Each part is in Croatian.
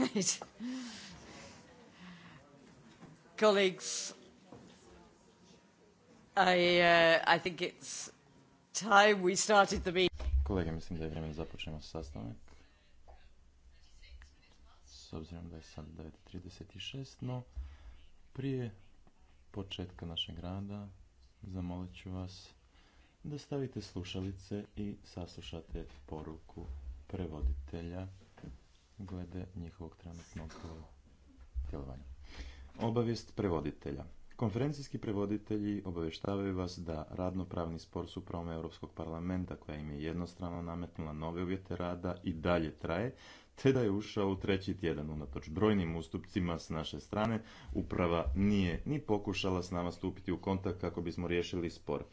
Right. Colleagues, I, uh, I think it's time we started the meeting. Kolege, mislim da je vrijeme da započnemo sastanak. S obzirom da je sad 9.36, no prije početka našeg rada zamolit ću vas da stavite slušalice i saslušate poruku prevoditelja glede njihovog trenutnog eh, djelovanja. Obavijest prevoditelja. Konferencijski prevoditelji obavještavaju vas da radnopravni spor s upravom Europskog parlamenta koja im je jednostrano nametnula nove uvjete rada i dalje traje, te da je ušao u treći tjedan unatoč brojnim ustupcima s naše strane, uprava nije ni pokušala s nama stupiti u kontakt kako bismo riješili spor.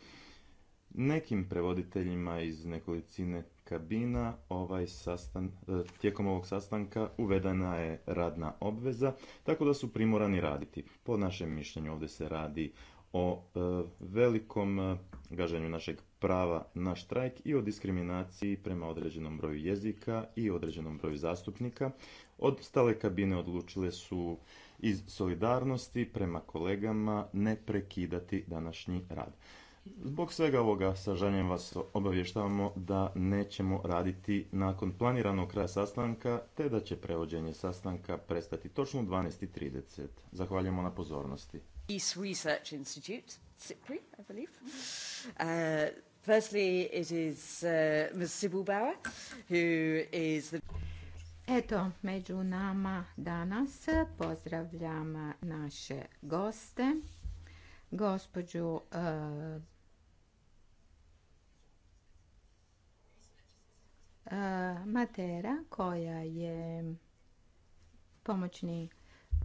Nekim prevoditeljima iz nekolicine kabina. Ovaj sastan, e, tijekom ovog sastanka uvedena je radna obveza, tako da su primorani raditi. Po našem mišljenju ovdje se radi o e, velikom e, gaženju našeg prava na štrajk i o diskriminaciji prema određenom broju jezika i određenom broju zastupnika. Odstale kabine odlučile su iz solidarnosti prema kolegama ne prekidati današnji rad. Zbog svega ovoga sažaljem vas obavještavamo da nećemo raditi nakon planiranog kraja sastanka, te da će prevođenje sastanka prestati točno u 12.30. Zahvaljujemo na pozornosti. East Research Institute, CIPRI, I believe. Uh, firstly, it is uh, Ms. who is Eto, među nama danas pozdravljam naše goste, gospođu uh, Matera koja je pomoćni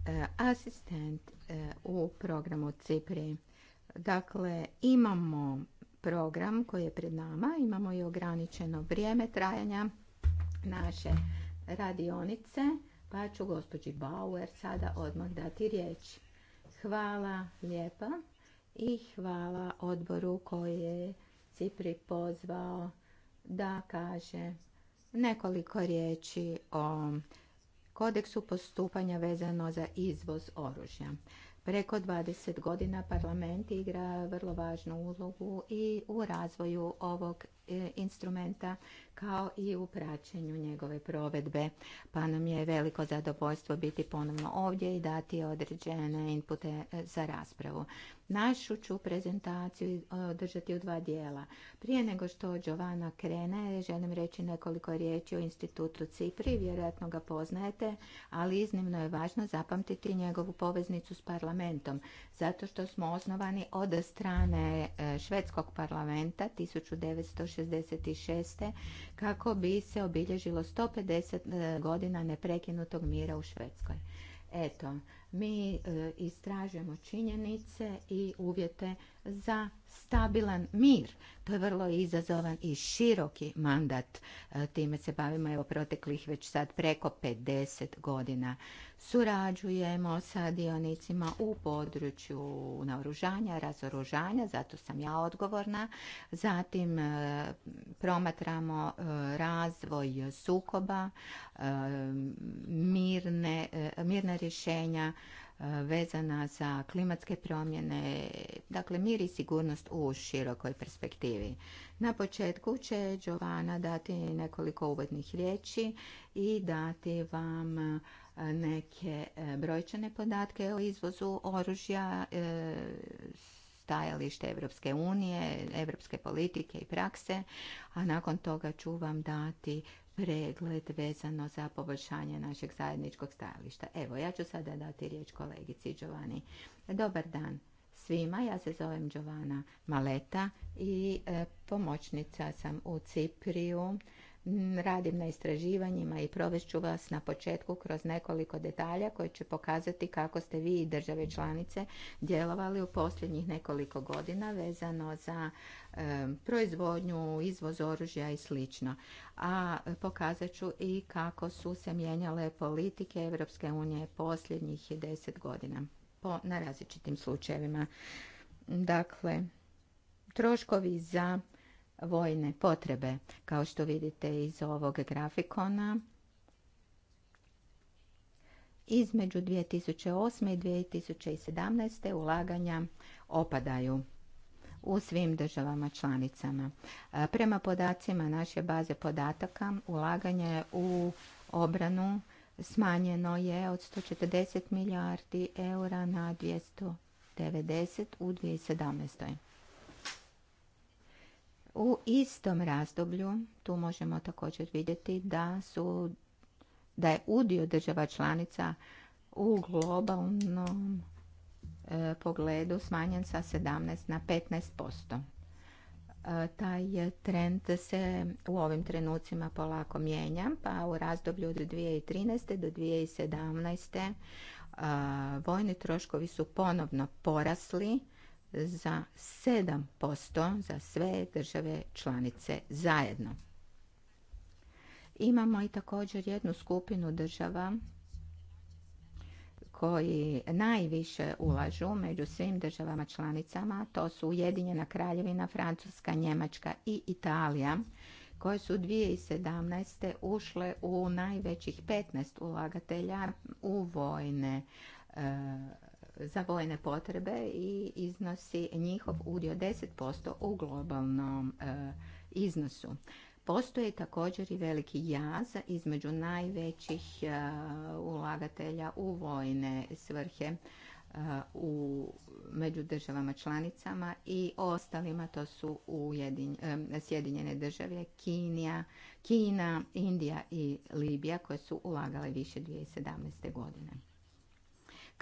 e, asistent e, u programu Cipri. Dakle, imamo program koji je pred nama, imamo i ograničeno vrijeme trajanja naše radionice, pa ću gospođi Bauer sada odmah dati riječ. Hvala lijepa i hvala odboru koji je Cipri pozvao da kaže Nekoliko riječi o kodeksu postupanja vezano za izvoz oružja. Preko 20 godina parlament igra vrlo važnu ulogu i u razvoju ovog e, instrumenta kao i u praćenju njegove provedbe. Pa nam je veliko zadovoljstvo biti ponovno ovdje i dati određene inpute e, za raspravu. Našu ću prezentaciju e, držati u dva dijela. Prije nego što Giovanna krene, želim reći nekoliko riječi o institutu Cipri. Vjerojatno ga poznajete, ali iznimno je važno zapamtiti njegovu poveznicu s parlamentom, zato što smo osnovani od strane e, švedskog parlamenta 1966 kako bi se obilježilo 150 e, godina neprekinutog mira u Švedskoj. Eto, mi e, istražujemo činjenice i uvjete za stabilan mir. To je vrlo izazovan i široki mandat. E, time se bavimo evo proteklih već sad preko 50 godina. Surađujemo sa dionicima u području naoružanja, razoružanja, zato sam ja odgovorna. Zatim e, promatramo e, razvoj sukoba, mirne, mirna rješenja, E, vezana za klimatske promjene, dakle mir i sigurnost u širokoj perspektivi. Na početku će Giovanna dati nekoliko uvodnih riječi i dati vam e, neke e, brojčane podatke o izvozu oružja, stajalište Evropske unije, evropske politike i prakse, a nakon toga ću vam dati pregled vezano za poboljšanje našeg zajedničkog stajališta. Evo, ja ću sada dati riječ kolegici Giovanni. Dobar dan svima, ja se zovem Giovanna Maleta i e, pomoćnica sam u Cipriju Mm, radim na istraživanjima i provešću vas na početku kroz nekoliko detalja koje će pokazati kako ste vi i države članice djelovali u posljednjih nekoliko godina vezano za e, proizvodnju, izvoz oružja i sl. A e, pokazat ću i kako su se mijenjale politike Europske unije posljednjih deset godina po, na različitim slučajevima. Dakle, troškovi za vojne potrebe. Kao što vidite iz ovog grafikona, između 2008. i 2017. ulaganja opadaju u svim državama članicama. Prema podacima naše baze podataka, ulaganje u obranu smanjeno je od 140 milijardi eura na 290 u 2017. U istom razdoblju tu možemo također vidjeti da su da je udio država članica u globalnom e, pogledu smanjen sa 17 na 15%. E, taj trend se u ovim trenucima polako mijenja, pa u razdoblju od 2013. do 2017. E, vojni troškovi su ponovno porasli za 7% za sve države članice zajedno. Imamo i također jednu skupinu država koji najviše ulažu među svim državama članicama, to su Ujedinjena kraljevina, Francuska, Njemačka i Italija, koje su 2017. ušle u najvećih 15 ulagatelja u vojne e, za vojne potrebe i iznosi njihov udio 10% u globalnom e, iznosu. Postoji također i veliki jaz između najvećih e, ulagatelja u vojne svrhe e, u, među državama članicama i ostalima to su Sjedinjene države, Kinija, Kina, Indija i Libija koje su ulagale više 2017. godine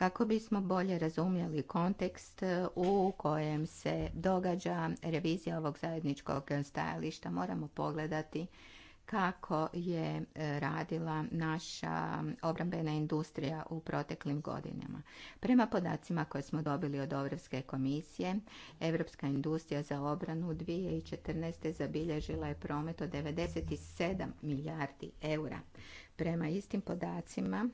kako bismo bolje razumjeli kontekst e, u kojem se događa revizija ovog zajedničkog stajališta. Moramo pogledati kako je e, radila naša obrambena industrija u proteklim godinama. Prema podacima koje smo dobili od Europske komisije, Europska industrija za obranu 2014. zabilježila je promet od 97 milijardi eura. Prema istim podacima,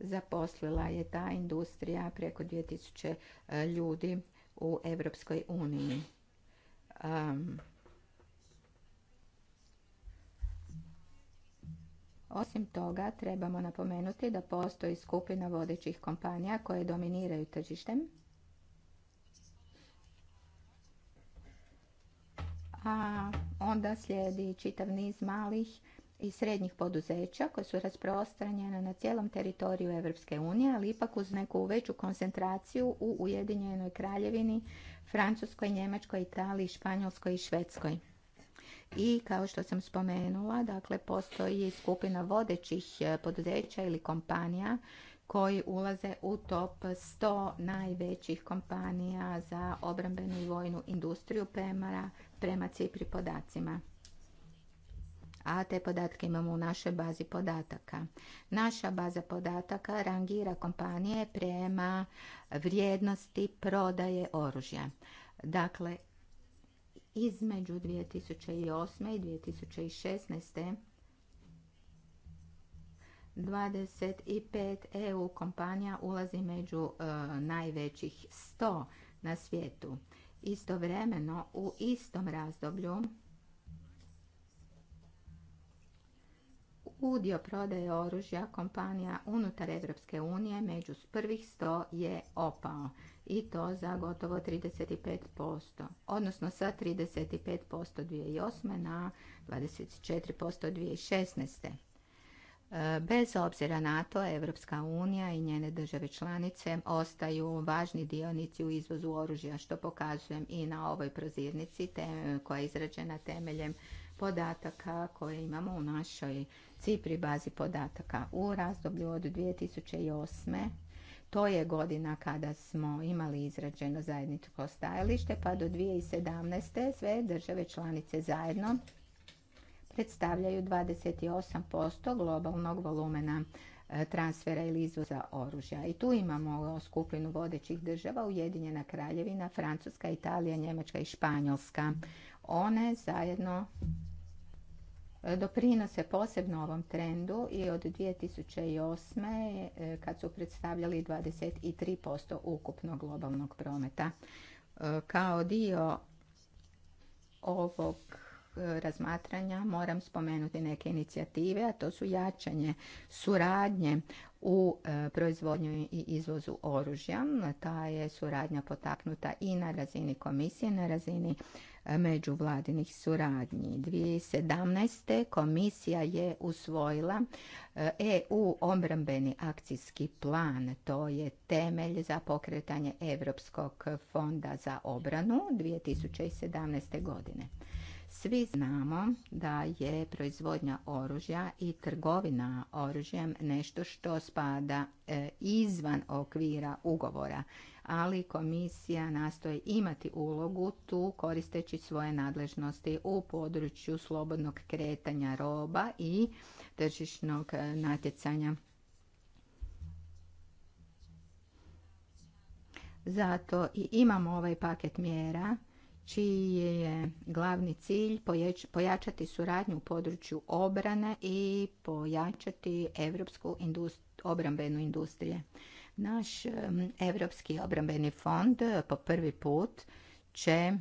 zaposlila je ta industrija preko 2000 e, ljudi u Europskoj uniji. Osim toga, trebamo napomenuti da postoji skupina vodećih kompanija koje dominiraju tržištem. A onda slijedi čitav niz malih i srednjih poduzeća koje su rasprostranjene na cijelom teritoriju Europske unije, ali ipak uz neku veću koncentraciju u Ujedinjenoj kraljevini, Francuskoj, Njemačkoj, Italiji, Španjolskoj i Švedskoj. I kao što sam spomenula, dakle postoji skupina vodećih e, poduzeća ili kompanija koji ulaze u top 100 najvećih kompanija za obrambenu i vojnu industriju prema, prema Cipri podacima a te podatke imamo u našoj bazi podataka. Naša baza podataka rangira kompanije prema vrijednosti prodaje oružja. Dakle, između 2008. i 2016. 25 EU kompanija ulazi među e, najvećih 100 na svijetu. Istovremeno u istom razdoblju Udio prodaje oružja kompanija unutar Evropske unije među prvih sto je opao i to za gotovo 35%, odnosno sa 35% 2008. na 24% 2016. E, bez obzira na to, Evropska unija i njene države članice ostaju važni dionici u izvozu oružja, što pokazujem i na ovoj prozirnici koja je izrađena temeljem podataka koje imamo u našoj Cipri bazi podataka u razdoblju od 2008. To je godina kada smo imali izrađeno zajedničko stajalište, pa do 2017. sve države članice zajedno predstavljaju 28% globalnog volumena e, transfera ili izvoza oružja. I tu imamo skupinu vodećih država, Ujedinjena kraljevina, Francuska, Italija, Njemačka i Španjolska. One zajedno E, doprinose posebno ovom trendu i od 2008. E, kad su predstavljali 23% ukupnog globalnog prometa. E, kao dio ovog razmatranja moram spomenuti neke inicijative, a to su jačanje suradnje u proizvodnju i izvozu oružja. Ta je suradnja potaknuta i na razini komisije, na razini međuvladinih suradnji. 2017. komisija je usvojila EU e obrambeni akcijski plan. To je temelj za pokretanje Europskog fonda za obranu 2017. godine. Svi znamo da je proizvodnja oružja i trgovina oružjem nešto što spada e, izvan okvira ugovora, ali komisija nastoji imati ulogu tu koristeći svoje nadležnosti u području slobodnog kretanja roba i tržišnog e, natjecanja. Zato i imamo ovaj paket mjera čiji je glavni cilj pojačati suradnju u području obrane i pojačati evropsku obrambenu industriju. Naš Evropski obrambeni fond eh, po prvi put će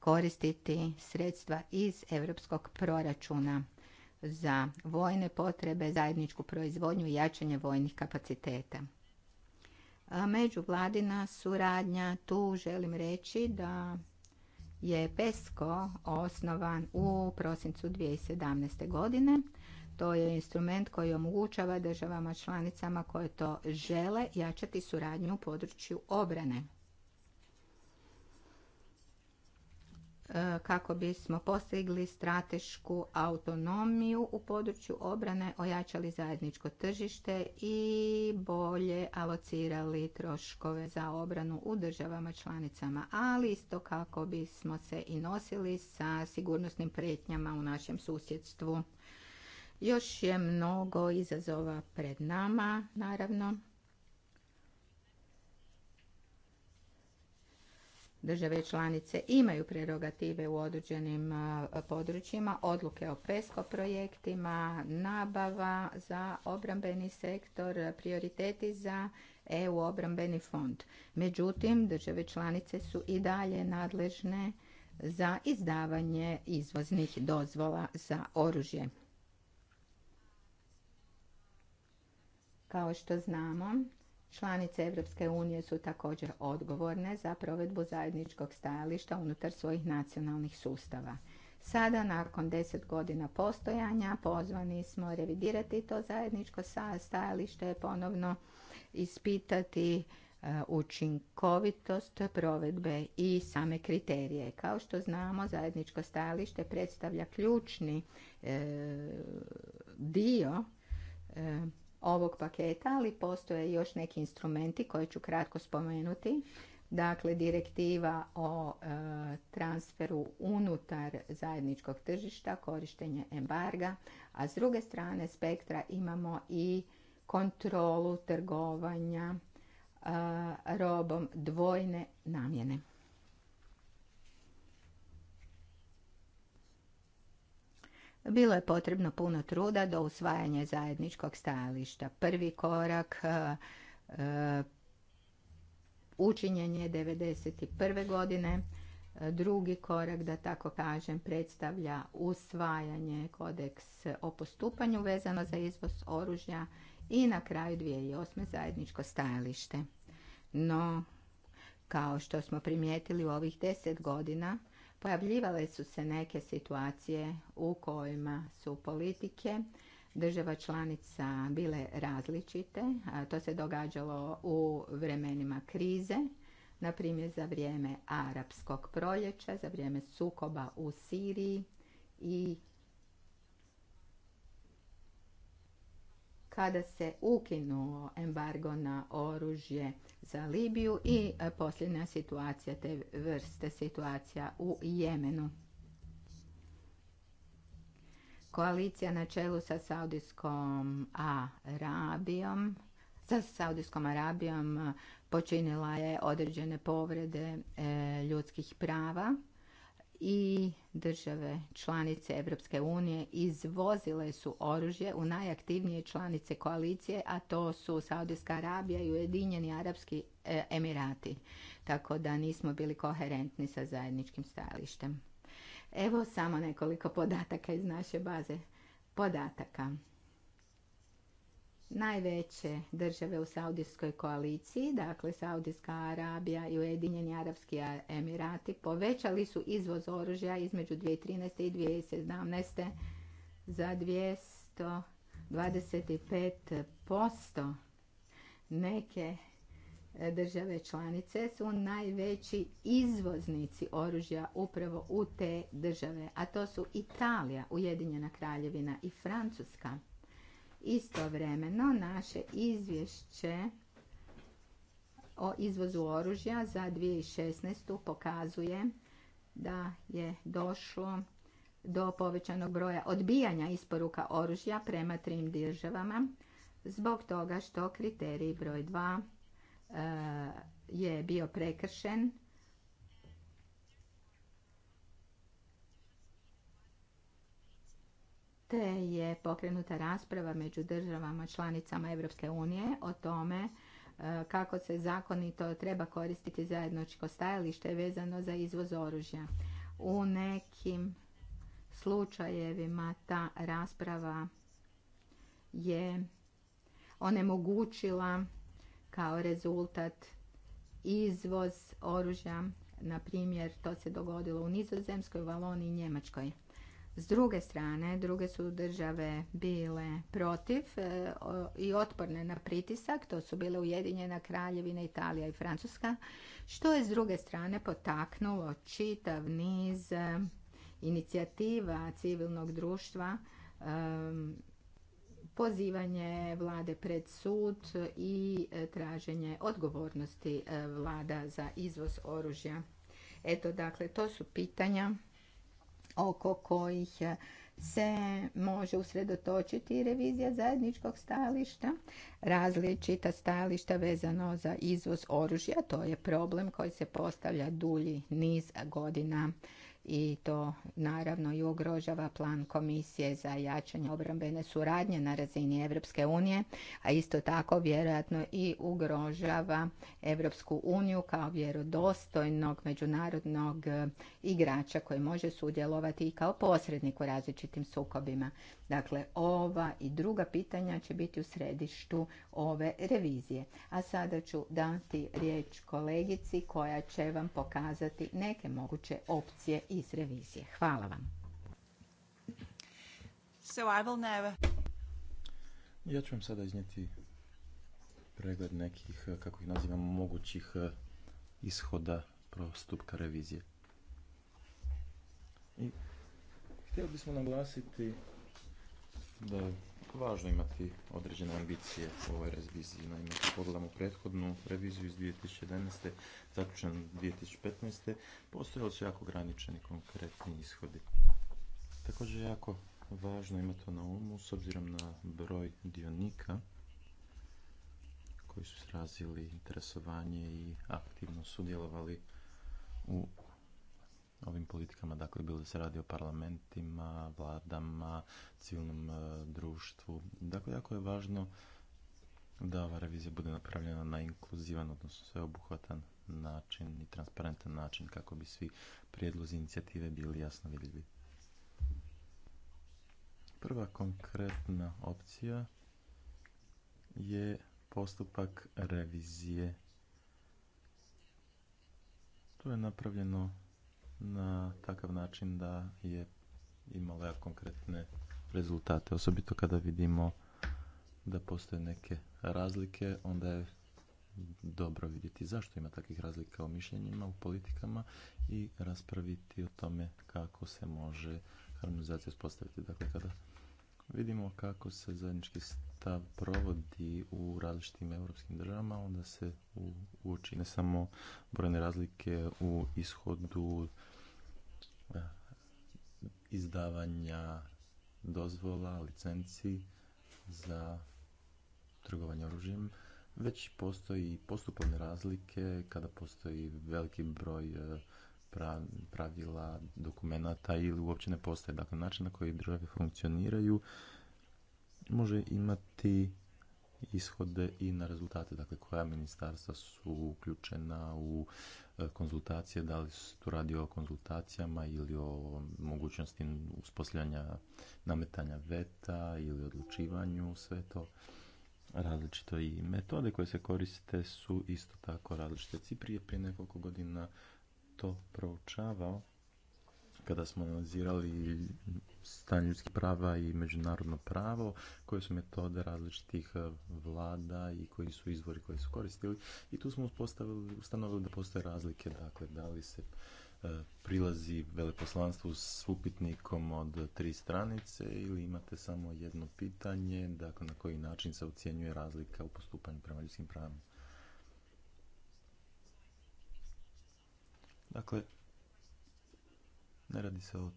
koristiti sredstva iz europskog proračuna za vojne potrebe, zajedničku proizvodnju i jačanje vojnih kapaciteta. Međuvladina suradnja, tu želim reći da je PESCO osnovan u prosincu 2017. godine. To je instrument koji omogućava državama članicama koje to žele jačati suradnju u području obrane. E, kako bismo postigli stratešku autonomiju u području obrane, ojačali zajedničko tržište i bolje alocirali troškove za obranu u državama članicama, ali isto kako bismo se i nosili sa sigurnosnim prijetnjama u našem susjedstvu. Još je mnogo izazova pred nama, naravno države članice imaju prerogative u određenim e, područjima, odluke o PESCO projektima, nabava za obrambeni sektor, prioriteti za EU obrambeni fond. Međutim, države članice su i dalje nadležne za izdavanje izvoznih dozvola za oružje. Kao što znamo, Članice Europske unije su također odgovorne za provedbu zajedničkog stajališta unutar svojih nacionalnih sustava. Sada, nakon deset godina postojanja, pozvani smo revidirati to zajedničko stajalište, ponovno ispitati e, učinkovitost provedbe i same kriterije. Kao što znamo, zajedničko stajalište predstavlja ključni e, dio e, ovog paketa, ali postoje još neki instrumenti koje ću kratko spomenuti. Dakle, direktiva o e, transferu unutar zajedničkog tržišta, korištenje embarga, a s druge strane spektra imamo i kontrolu trgovanja e, robom dvojne namjene. bilo je potrebno puno truda do usvajanja zajedničkog stajališta. Prvi korak e, e, učinjen je 1991. godine, e, drugi korak, da tako kažem, predstavlja usvajanje kodeks o postupanju vezano za izvoz oružja i na kraju 2008. zajedničko stajalište. No, kao što smo primijetili u ovih deset godina, Pojavljivale su se neke situacije u kojima su politike država članica bile različite. to se događalo u vremenima krize, na primjer za vrijeme arapskog proljeća, za vrijeme sukoba u Siriji i kada se ukinuo embargo na oružje za Libiju i e, posljedna situacija te vrste situacija u Jemenu. Koalicija na čelu sa Saudijskom Arabijom sa Saudijskom Arabijom e, počinila je određene povrede e, ljudskih prava i države članice Europske unije izvozile su oružje u najaktivnije članice koalicije, a to su Saudijska Arabija i Ujedinjeni Arapski e, Emirati. Tako da nismo bili koherentni sa zajedničkim stajalištem. Evo samo nekoliko podataka iz naše baze podataka najveće države u Saudijskoj koaliciji, dakle Saudijska Arabija i Ujedinjeni Arabski Emirati, povećali su izvoz oružja između 2013. i 2017. za 225%. Neke države članice su najveći izvoznici oružja upravo u te države, a to su Italija, Ujedinjena Kraljevina i Francuska. Istovremeno naše izvješće o izvozu oružja za 2016. pokazuje da je došlo do povećanog broja odbijanja isporuka oružja prema trim državama zbog toga što kriterij broj 2 e, je bio prekršen te je pokrenuta rasprava među državama članicama Europske unije o tome e, kako se zakonito treba koristiti zajedničko stajalište vezano za izvoz oružja. U nekim slučajevima ta rasprava je onemogućila kao rezultat izvoz oružja. Na primjer, to se dogodilo u Nizozemskoj, Valoniji i Njemačkoj. S druge strane, druge su države bile protiv e, i otporne na pritisak, to su bile Ujedinjena Kraljevina, Italija i Francuska, što je s druge strane potaknulo čitav niz e, inicijativa civilnog društva, e, pozivanje vlade pred sud i traženje odgovornosti vlada za izvoz oružja. Eto, dakle, to su pitanja oko kojih se može usredotočiti revizija zajedničkog stajališta, različita stajališta vezano za izvoz oružja, to je problem koji se postavlja dulji niz godina i to naravno i ugrožava plan komisije za jačanje obrambene suradnje na razini Europske unije, a isto tako vjerojatno i ugrožava Europsku uniju kao vjerodostojnog međunarodnog igrača koji može sudjelovati i kao posrednik u različitim sukobima. Dakle, ova i druga pitanja će biti u središtu ove revizije. A sada ću dati riječ kolegici koja će vam pokazati neke moguće opcije iz revizije. Hvala vam. Ja ću vam sada iznijeti pregled nekih, kako ih nazivamo, mogućih e, ishoda prostupka revizije. I htjeli bismo naglasiti da je važno imati određene ambicije u ovoj reviziji. Naime, kad pogledamo prethodnu reviziju iz 2011. zaključenu 2015. postojali su jako ograničeni konkretni ishodi. Također je jako važno imati to na umu s obzirom na broj dionika koji su srazili interesovanje i aktivno sudjelovali u ovim politikama, dakle bilo da se radi o parlamentima, vladama, civilnom e, društvu. Dakle, jako je važno da ova revizija bude napravljena na inkluzivan, odnosno sveobuhvatan način i transparentan način kako bi svi prijedlozi inicijative bili jasno vidljivi. Prva konkretna opcija je postupak revizije. To je napravljeno na takav način da je imala konkretne rezultate. Osobito kada vidimo da postoje neke razlike, onda je dobro vidjeti zašto ima takvih razlika u mišljenjima, u politikama i raspraviti o tome kako se može harmonizacija uspostaviti. Dakle, kada vidimo kako se zajednički stav provodi u različitim europskim državama, onda se uoči ne samo brojne razlike u ishodu Eh, izdavanja dozvola, licenci za trgovanje oružjem, već postoji postupovne razlike kada postoji veliki broj eh, pravila, dokumenata ili uopće ne postoje. Dakle, način na koji države funkcioniraju može imati ishode i na rezultate. Dakle, koja ministarstva su uključena u konzultacije, da li se tu radi o konzultacijama ili o mogućnosti uspostavljanja nametanja veta ili odlučivanju, sve to različito i metode koje se koriste su isto tako različite. Cipri je prije nekoliko godina to proučavao kada smo analizirali stanje ljudskih prava i međunarodno pravo, koje su metode različitih e, vlada i koji su izvori koji su koristili. I tu smo ustanovili da postoje razlike, dakle, da li se e, prilazi veleposlanstvu s upitnikom od tri stranice ili imate samo jedno pitanje, dakle na koji način se ocjenjuje razlika u postupanju prema ljudskim pravima. Dakle, ne radi se o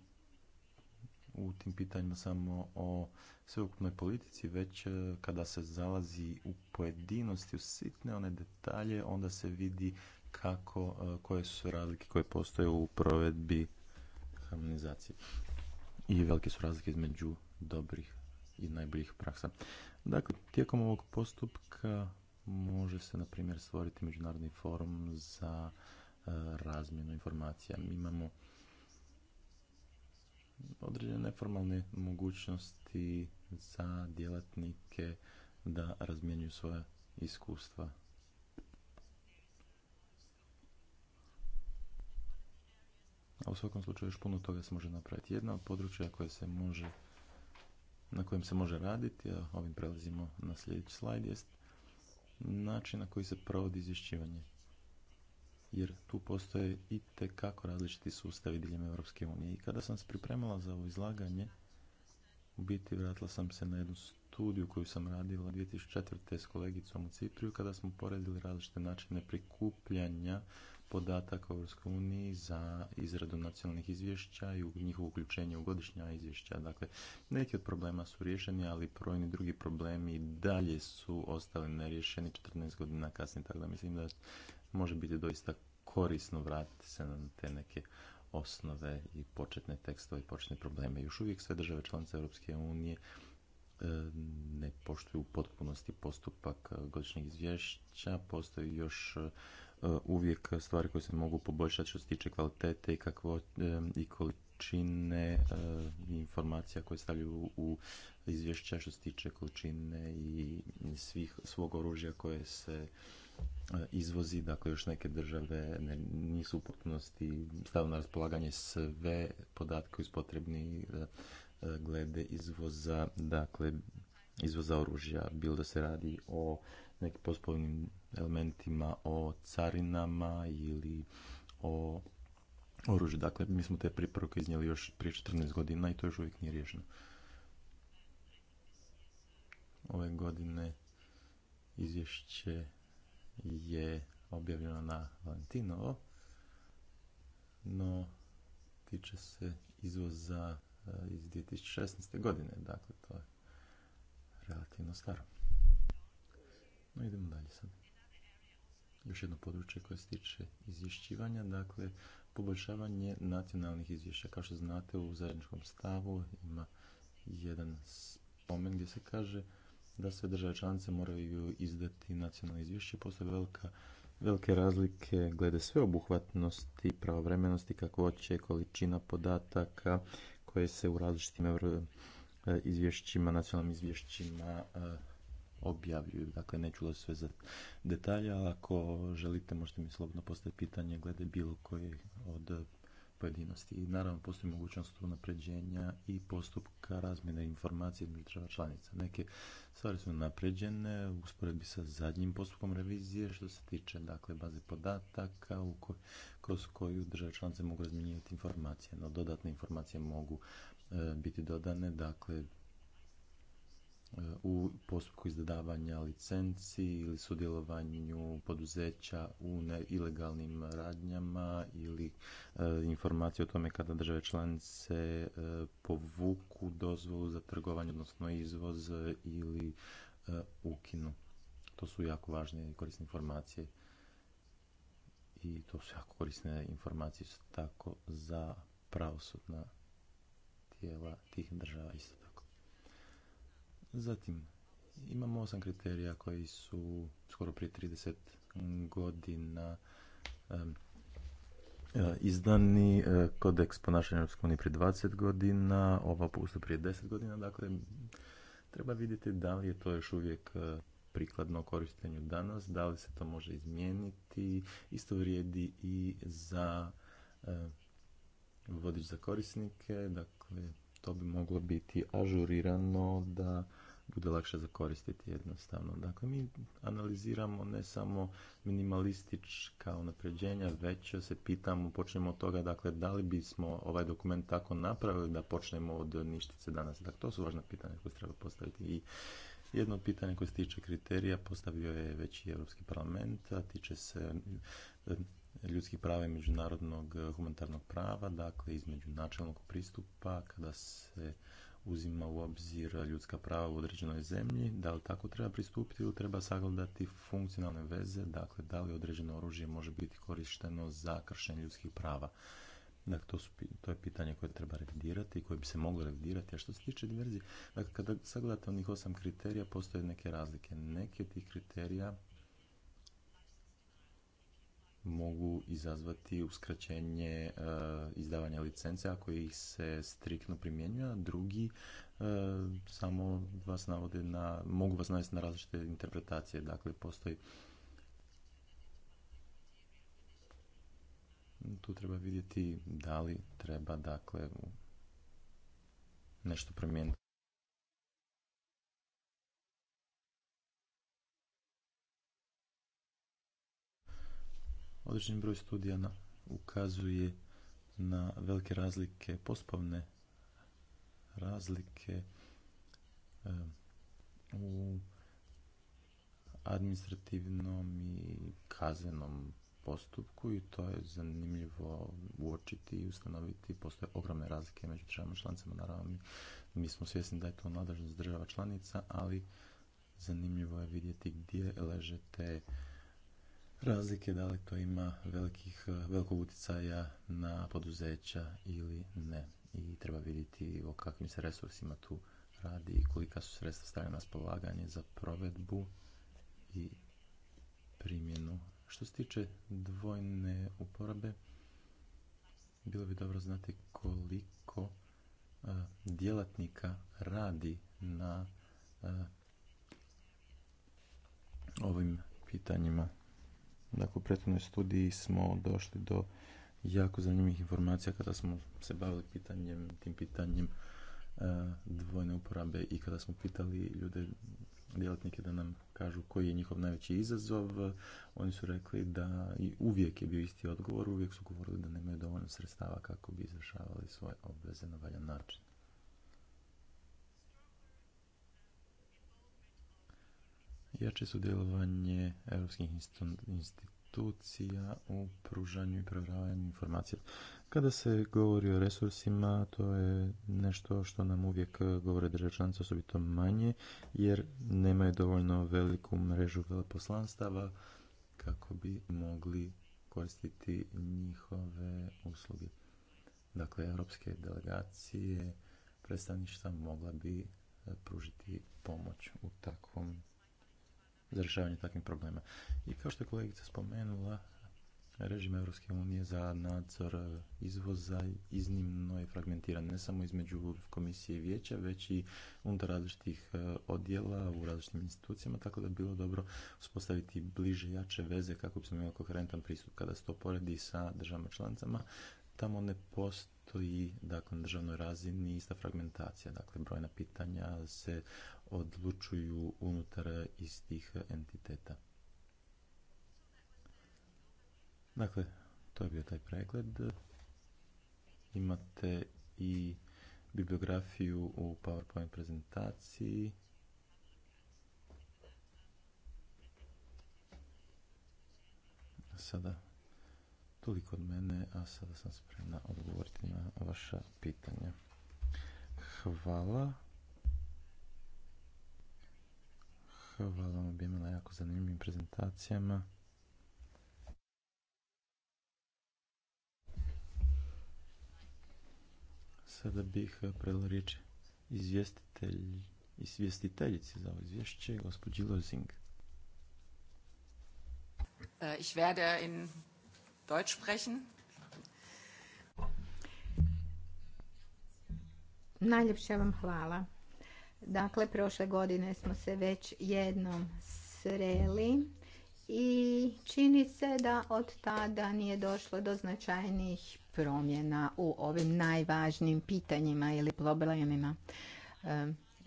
u tim pitanjima samo o sveukupnoj politici, već e, kada se zalazi u pojedinosti, u sitne one detalje, onda se vidi kako, e, koje su razlike koje postoje u provedbi harmonizacije. I velike su razlike između dobrih i najboljih praksa. Dakle, tijekom ovog postupka može se, na primjer, stvoriti međunarodni forum za e, razmjenu informacija. Mi imamo određene neformalne mogućnosti za djelatnike da razmjenjuju svoja iskustva. A u svakom slučaju još puno toga se može napraviti. Jedna od područja koje se može, na kojem se može raditi, a ovim prelazimo na sljedeći slajd, jest način na koji se provodi izvješćivanje jer tu postoje i različiti sustavi diljem Europske unije. I kada sam se pripremala za ovo izlaganje, u biti vratila sam se na jednu studiju koju sam radila 2004. s kolegicom u Cipriju kada smo poredili različite načine prikupljanja podataka u Europskoj uniji za izradu nacionalnih izvješća i njihovo uključenje u godišnja izvješća. Dakle, neki od problema su riješeni, ali brojni drugi problemi dalje su ostali neriješeni 14 godina kasnije. Tako da mislim da može biti doista korisno vratiti se na te neke osnove i početne tekstove i početne probleme. Još uvijek sve države članice Europske unije e, ne poštuju u potpunosti postupak e, godišnjeg izvješća. Postoji još e, uvijek stvari koje se mogu poboljšati što se tiče kvalitete i, kakvo, i količine informacija koje stavljaju u izvješća što se tiče količine i svih, svog oružja koje se E, izvozi, dakle još neke države ne, nisu u potpunosti stavili na raspolaganje sve podatke koji su potrebni e, glede izvoza, dakle izvoza oružja, bilo da se radi o nekim poslovnim elementima, o carinama ili o oružju. Dakle, mi smo te priporuke iznijeli još prije 14 godina i to još uvijek nije riješeno. Ove godine izvješće je objavljeno na Valentinovo, no tiče se izvoza eh, iz 2016. godine, dakle to je relativno staro. No idemo dalje sad. Još jedno područje koje se tiče izvješćivanja, dakle poboljšavanje nacionalnih izvješća. Kao što znate u zajedničkom stavu ima jedan spomen gdje se kaže da sve države članice moraju izdati nacionalno izvješće. Postoje velike razlike glede sveobuhvatnosti, pravovremenosti, kakvoće, količina podataka koje se u različitim e, izvješćima, nacionalnim izvješćima e, objavljuju. Dakle, neću ulaziti sve za detalje, ali ako želite možete mi slobodno postaviti pitanje glede bilo koje od pojedinosti. I naravno postoji mogućnost unapređenja i postupka razmjene informacije između država članica. Neke stvari su napređene u usporedbi sa zadnjim postupkom revizije što se tiče dakle, baze podataka u kroz koju države članice mogu razmjenjivati informacije, no dodatne informacije mogu e, biti dodane, dakle u postupku izdavanja licenci ili sudjelovanju poduzeća u ilegalnim radnjama ili e, informacije o tome kada države članice e, povuku dozvolu za trgovanje, odnosno izvoz ili e, ukinu. To su jako važne i korisne informacije i to su jako korisne informacije tako za pravosudna tijela tih država isto Zatim, imamo osam kriterija koji su skoro prije 30 godina e, izdani e, kodeks ponašanja Europske unije prije 20 godina, ova pusta prije 10 godina, dakle treba vidjeti da li je to još uvijek e, prikladno korištenju danas, da li se to može izmijeniti, isto vrijedi i za vodič za korisnike, dakle to bi moglo biti ažurirano da bude lakše zakoristiti jednostavno. Dakle, mi analiziramo ne samo minimalistička unapređenja, već se pitamo, počnemo od toga, dakle, da li bismo ovaj dokument tako napravili da počnemo od ništice danas. Dakle, to su važna pitanja koje treba postaviti i jedno pitanje koje se tiče kriterija postavio je već i Europski parlament, a tiče se e, ljudskih prava i međunarodnog humanitarnog prava, dakle između načelnog pristupa kada se uzima u obzir ljudska prava u određenoj zemlji, da li tako treba pristupiti ili treba sagledati funkcionalne veze, dakle da li određeno oružje može biti korišteno za kršenje ljudskih prava. Dakle, to, to je pitanje koje treba revidirati i koje bi se moglo revidirati. A što se tiče diverzije, dakle, kada sagledate onih osam kriterija, postoje neke razlike. Neki od tih kriterija mogu izazvati uskraćenje e, izdavanja licence ako ih se striktno primjenjuje, drugi e, samo vas navode na, mogu vas navesti na različite interpretacije. Dakle, postoji tu treba vidjeti da li treba dakle nešto promijeniti. Određeni broj studija ukazuje na velike razlike, pospavne razlike u administrativnom i kaznenom postupku i to je zanimljivo uočiti i ustanoviti. Postoje ogromne razlike među državama članicama. Naravno, mi, mi smo svjesni da je to nadležnost država članica, ali zanimljivo je vidjeti gdje leže te razlike, da li to ima velikih, eh, velikog utjecaja na poduzeća ili ne. I treba vidjeti o kakvim se resursima tu radi i kolika su sredstva stavljena na spolaganje za provedbu i primjenu. Što se tiče dvojne uporabe, bilo bi dobro znati koliko eh, djelatnika radi na eh, ovim pitanjima. Dakle, u prethodnoj studiji smo došli do jako zanimljivih informacija kada smo se bavili pitanjem, tim pitanjem e, dvojne uporabe i kada smo pitali ljude, djelatnike da nam kažu koji je njihov najveći izazov, oni su rekli da i uvijek je bio isti odgovor, uvijek su govorili da nemaju dovoljno sredstava kako bi izvršavali svoje obveze na valjan način. jače sudjelovanje europskih institucija u pružanju i provjeravanju informacija. Kada se govori o resursima, to je nešto što nam uvijek govore države članice, osobito manje, jer nemaju dovoljno veliku mrežu veleposlanstava kako bi mogli koristiti njihove usluge. Dakle, europske delegacije, predstavništva mogla bi pružiti pomoć u takvom za rješavanje takvih problema. I kao što je kolegica spomenula, režim Europske unije za nadzor e, izvoza iznimno je fragmentiran ne samo između komisije i vijeća već i unutar različitih e, odjela u različitim institucijama tako da bi bilo dobro uspostaviti bliže jače veze kako bismo imali koherentan pristup kada se to poredi sa državama članicama tamo ne postoji postoji dakle, na državnoj razini ista fragmentacija. Dakle, brojna pitanja se odlučuju unutar istih entiteta. Dakle, to je bio taj pregled. Imate i bibliografiju u PowerPoint prezentaciji. Sada Toliko od mene, a sada sam spremna odgovoriti na vaša pitanja. Hvala. Hvala vam objema na jako zanimljivim prezentacijama. Sada bih predala riječ izvjestitelj, izvjestiteljici za ovo izvješće, gospođi Lozing. Äh, ich werde in Deutsch sprechen. vam hvala. Dakle, prošle godine smo se već jednom sreli i čini se da od tada nije došlo do značajnih promjena u ovim najvažnijim pitanjima ili problemima.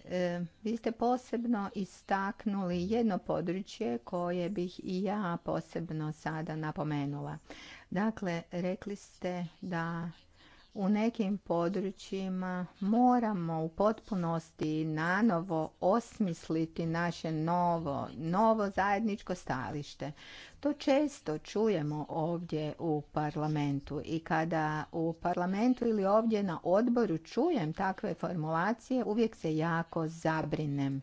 E, vi ste posebno istaknuli jedno područje koje bih i ja posebno sada napomenula. Dakle, rekli ste da u nekim područjima moramo u potpunosti nanovo osmisliti naše novo, novo zajedničko stajalište. To često čujemo ovdje u parlamentu i kada u parlamentu ili ovdje na odboru čujem takve formulacije, uvijek se jako zabrinem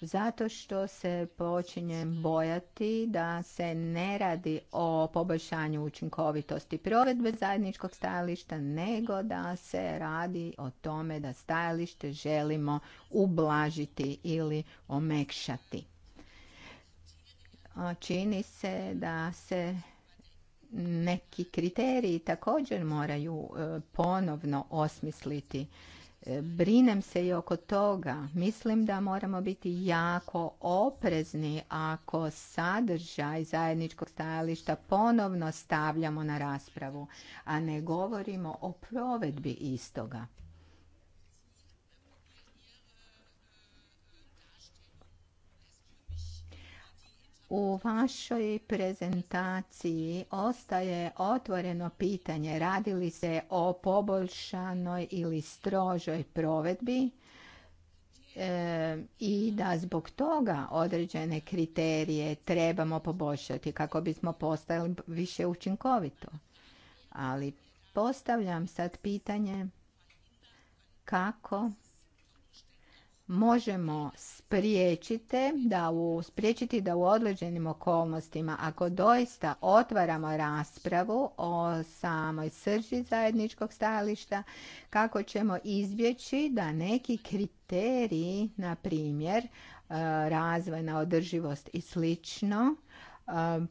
zato što se počinje bojati da se ne radi o poboljšanju učinkovitosti provedbe zajedničkog stajališta, nego da se radi o tome da stajalište želimo ublažiti ili omekšati. Čini se da se neki kriteriji također moraju e, ponovno osmisliti E, brinem se i oko toga. Mislim da moramo biti jako oprezni ako sadržaj zajedničkog stajališta ponovno stavljamo na raspravu, a ne govorimo o provedbi istoga. U vašoj prezentaciji ostaje otvoreno pitanje radi li se o poboljšanoj ili strožoj provedbi e, i da zbog toga određene kriterije trebamo poboljšati kako bismo postali više učinkovito. Ali postavljam sad pitanje kako možemo spriječiti da u, spriječiti da u određenim okolnostima ako doista otvaramo raspravu o samoj srži zajedničkog stajališta kako ćemo izbjeći da neki kriteriji na primjer e, razvojna održivost i slično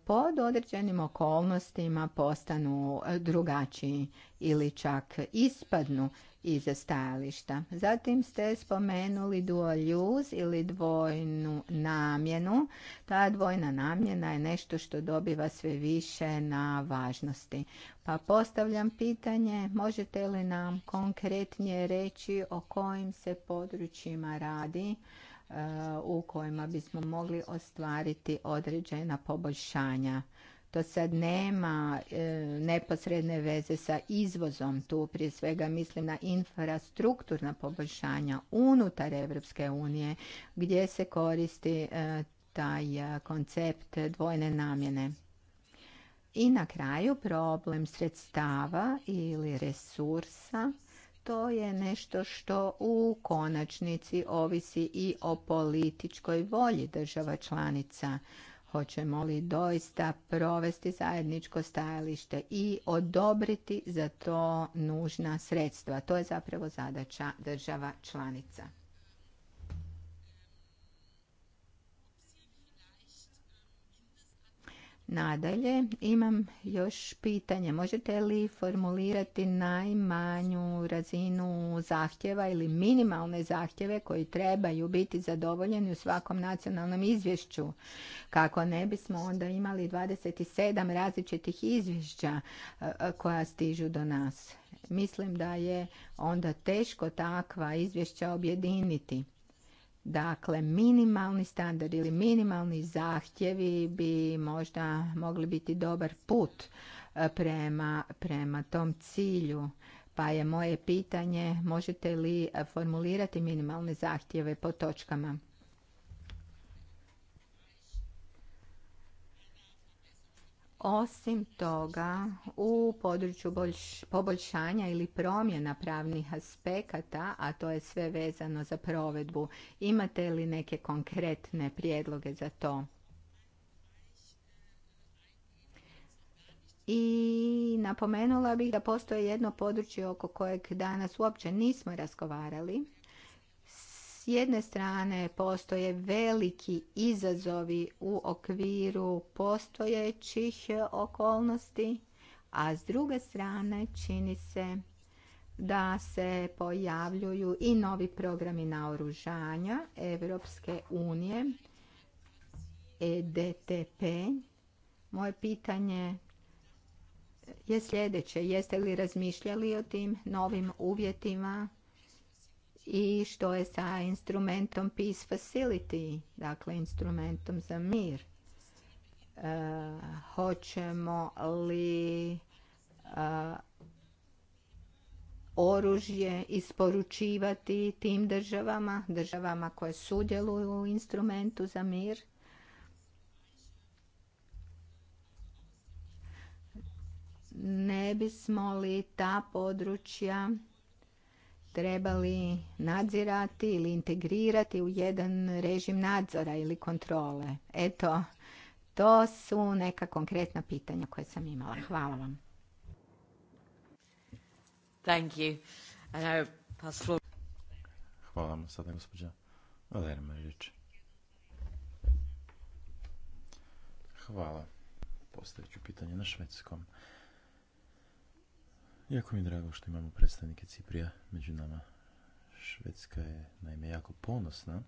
pod određenim okolnostima postanu e, drugačiji ili čak ispadnu iz stajališta. Zatim ste spomenuli dual use ili dvojnu namjenu. Ta dvojna namjena je nešto što dobiva sve više na važnosti. Pa postavljam pitanje, možete li nam konkretnije reći o kojim se područjima radi? E, u kojima bismo mogli ostvariti određena poboljšanja. To sad nema e, neposredne veze sa izvozom, tu prije svega mislim na infrastrukturna poboljšanja unutar Europske unije gdje se koristi e, taj koncept dvojne namjene. I na kraju problem sredstava ili resursa to je nešto što u konačnici ovisi i o političkoj volji država članica. Hoćemo li doista provesti zajedničko stajalište i odobriti za to nužna sredstva? To je zapravo zadaća država članica. Nadalje, imam još pitanje. Možete li formulirati najmanju razinu zahtjeva ili minimalne zahtjeve koji trebaju biti zadovoljeni u svakom nacionalnom izvješću? Kako ne bismo onda imali 27 različitih izvješća e, e, koja stižu do nas. Mislim da je onda teško takva izvješća objediniti. Dakle, minimalni standard ili minimalni zahtjevi bi možda mogli biti dobar put e, prema, prema tom cilju. Pa je moje pitanje, možete li formulirati minimalne zahtjeve po točkama? Osim toga, u području poboljšanja ili promjena pravnih aspekata, a to je sve vezano za provedbu, imate li neke konkretne prijedloge za to? I napomenula bih da postoje jedno područje oko kojeg danas uopće nismo razgovarali, s jedne strane postoje veliki izazovi u okviru postojećih okolnosti, a s druge strane čini se da se pojavljuju i novi programi naoružanja Europske unije, EDTP. Moje pitanje je sljedeće. Jeste li razmišljali o tim novim uvjetima i što je sa instrumentom Peace Facility, dakle instrumentom za mir. E, hoćemo li e, oružje isporučivati tim državama, državama koje sudjeluju u instrumentu za mir? Ne bismo li ta područja trebali nadzirati ili integrirati u jedan režim nadzora ili kontrole? Eto, to su neka konkretna pitanja koje sam imala. Hvala vam. Thank you. And I Hvala vam sada, gospođa Hvala. Postavit ću pitanje na švedskom. Jako mi je drago što imamo predstavnike Ciprija među nama. Švedska je naime jako ponosna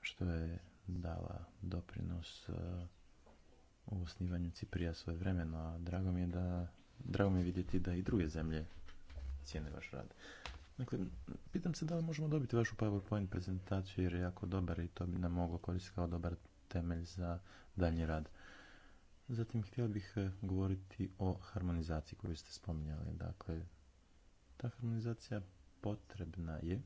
što je dala doprinos eh, u osnivanju Ciprija svoje vremeno, a drago mi je da drago mi je vidjeti da i druge zemlje cijene vaš rad. Dakle, pitam se da li možemo dobiti vašu PowerPoint prezentaciju jer je jako dobar i to bi nam moglo koristiti kao dobar temelj za daljnji rad. Zatim htio bih e, govoriti o harmonizaciji koju ste spominjali. Dakle, ta harmonizacija potrebna je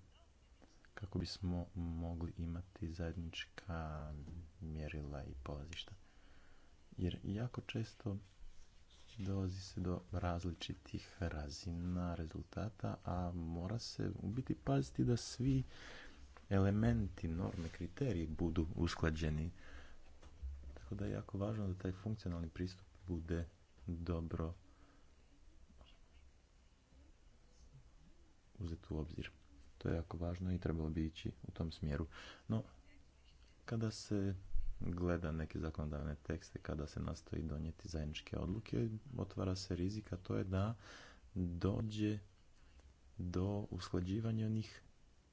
kako bismo mogli imati zajednička mjerila i polazišta. Jer jako često dolazi se do različitih razina rezultata, a mora se u biti paziti da svi elementi, norme, kriteriji budu usklađeni tako da je jako važno da taj funkcionalni pristup bude dobro uzeti u obzir. To je jako važno i trebalo bi ići u tom smjeru. No, kada se gleda neke zakonodavne tekste, kada se nastoji donijeti zajedničke odluke, otvara se rizika, to je da dođe do usklađivanja onih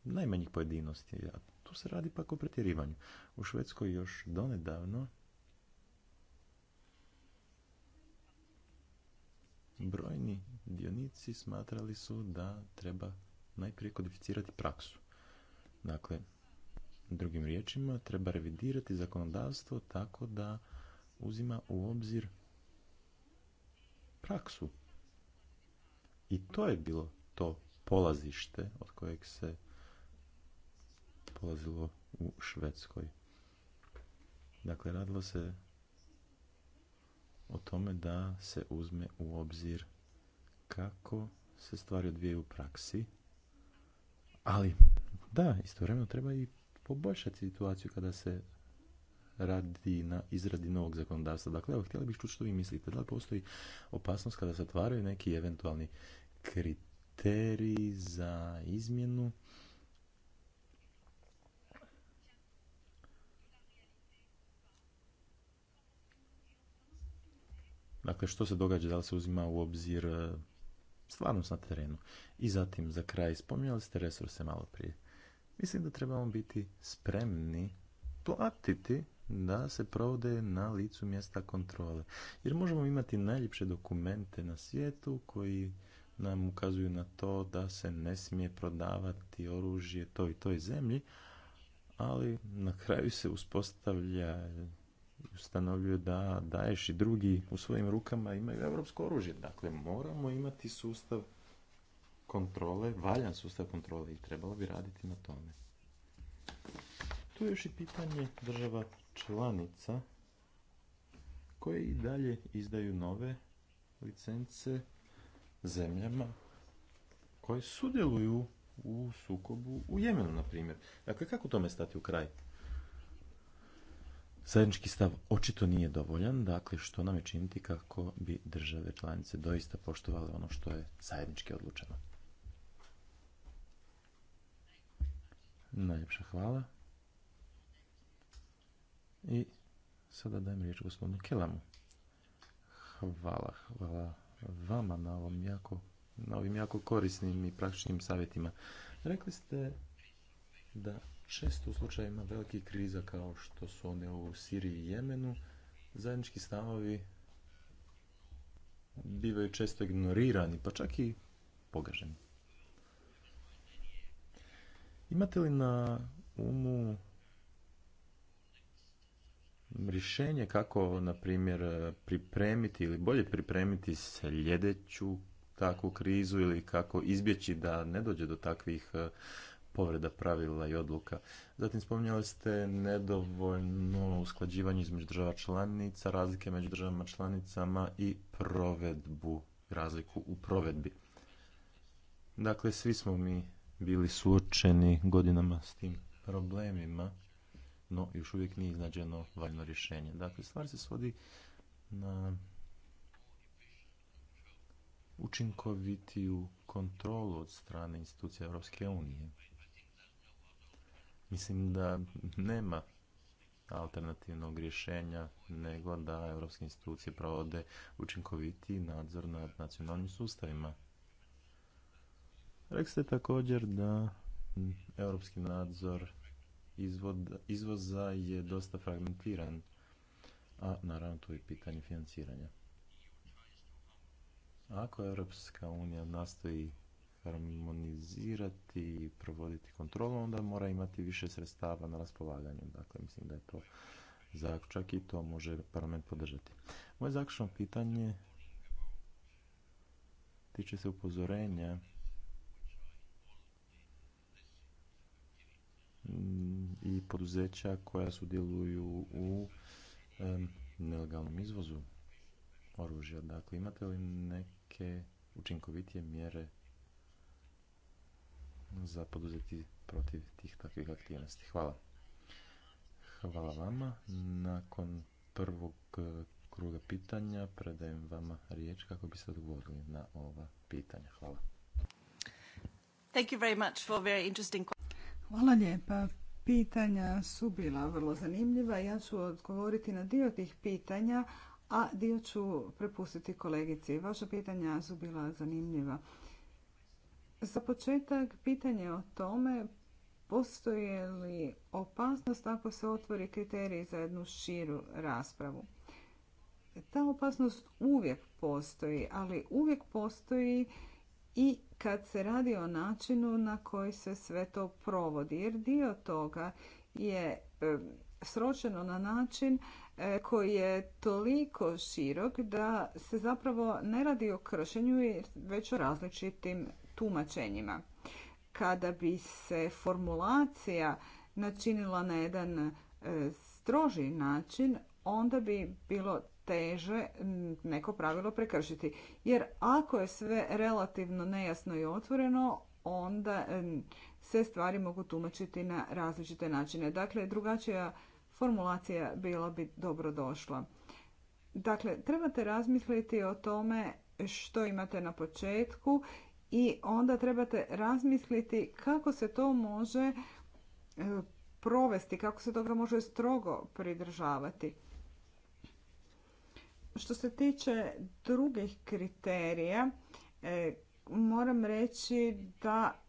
najmanjih pojedinosti. A tu se radi pak o pretjerivanju. U Švedskoj još donedavno brojni dionici smatrali su da treba najprije kodificirati praksu. Dakle, drugim riječima, treba revidirati zakonodavstvo tako da uzima u obzir praksu. I to je bilo to polazište od kojeg se polazilo u Švedskoj. Dakle, radilo se o tome da se uzme u obzir kako se stvari odvijaju u praksi, ali da, istovremeno treba i poboljšati situaciju kada se radi na izradi novog zakonodavstva. Dakle, evo, htjeli bih čuti što vi mislite. Da li postoji opasnost kada se otvaraju neki eventualni kriteriji za izmjenu Dakle, što se događa, da li se uzima u obzir e, stvarnost na terenu. I zatim, za kraj, spominjali ste resurse malo prije. Mislim da trebamo biti spremni platiti da se provode na licu mjesta kontrole. Jer možemo imati najljepše dokumente na svijetu koji nam ukazuju na to da se ne smije prodavati oružje toj i toj zemlji, ali na kraju se uspostavlja ustanovljuju da Daješ i drugi u svojim rukama imaju europsko oružje. Dakle, moramo imati sustav kontrole, valjan sustav kontrole i trebalo bi raditi na tome. Tu je još i pitanje država članica koje i dalje izdaju nove licence zemljama koje sudjeluju u sukobu u Jemenu, na primjer. Dakle, kako tome stati u kraj? zajednički stav očito nije dovoljan, dakle što nam je činiti kako bi države članice doista poštovale ono što je zajednički odlučeno. Najljepša hvala. I sada dajem riječ gospodinu Kelamu. Hvala, hvala vama na ovom jako na ovim jako korisnim i praktičnim savjetima. Rekli ste da Često u slučajima velikih kriza kao što su one u Siriji i Jemenu, zajednički stavovi bivaju često ignorirani, pa čak i pogaženi. Imate li na umu rješenje kako, na primjer, pripremiti ili bolje pripremiti sljedeću takvu krizu ili kako izbjeći da ne dođe do takvih povreda pravila i odluka. Zatim spominjali ste nedovoljno usklađivanje između država članica, razlike među državama članicama i provedbu, razliku u provedbi. Dakle, svi smo mi bili suočeni godinama s tim problemima, no još uvijek nije iznađeno valjno rješenje. Dakle, stvar se svodi na učinkovitiju kontrolu od strane institucija Europske unije. Mislim da nema alternativnog rješenja nego da europske institucije provode učinkoviti nadzor nad nacionalnim sustavima. Rekli ste također da europski nadzor izvoza je dosta fragmentiran, a naravno tu je pitanje financiranja. Ako Europska unija nastoji harmonizirati i provoditi kontrolu, onda mora imati više sredstava na raspolaganju. Dakle, mislim da je to zaključak i to može parlament podržati. Moje zaključno pitanje tiče se upozorenja i poduzeća koja sudjeluju u nelegalnom izvozu oružja. Dakle, imate li neke učinkovitije mjere za poduzeti protiv tih takvih aktivnosti. Hvala. Hvala vama. Nakon prvog e, kruga pitanja predajem vama riječ kako biste odgovorili na ova pitanja. Hvala. Thank you very much for very interesting... Hvala lijepa. Pitanja su bila vrlo zanimljiva. Ja ću odgovoriti na dio tih pitanja, a dio ću prepustiti kolegici. Vaša pitanja su bila zanimljiva. Za početak pitanje o tome postoje li opasnost ako se otvori kriterij za jednu širu raspravu. Ta opasnost uvijek postoji, ali uvijek postoji i kad se radi o načinu na koji se sve to provodi, jer dio toga je sročeno na način e, koji je toliko širok da se zapravo ne radi o kršenju već o različitim tumačenjima. Kada bi se formulacija načinila na jedan e, stroži način, onda bi bilo teže neko pravilo prekršiti. Jer ako je sve relativno nejasno i otvoreno, onda e, se stvari mogu tumačiti na različite načine. Dakle, drugačija formulacija bila bi dobro došla. Dakle, trebate razmisliti o tome što imate na početku i onda trebate razmisliti kako se to može e, provesti, kako se toga može strogo pridržavati. Što se tiče drugih kriterija, e, moram reći da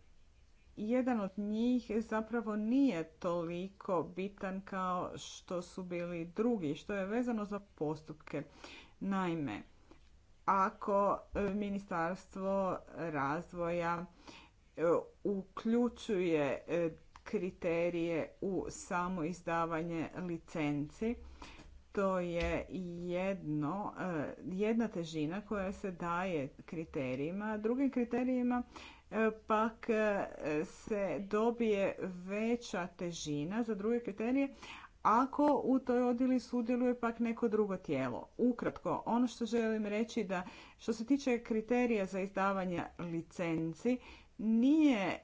jedan od njih zapravo nije toliko bitan kao što su bili drugi, što je vezano za postupke. Naime, ako e, ministarstvo razvoja e, uključuje e, kriterije u samo izdavanje licenci. To je jedno, jedna težina koja se daje kriterijima. Drugim kriterijima pak se dobije veća težina za druge kriterije, ako u toj odjeli sudjeluje pak neko drugo tijelo. Ukratko, ono što želim reći da što se tiče kriterija za izdavanje licenci, nije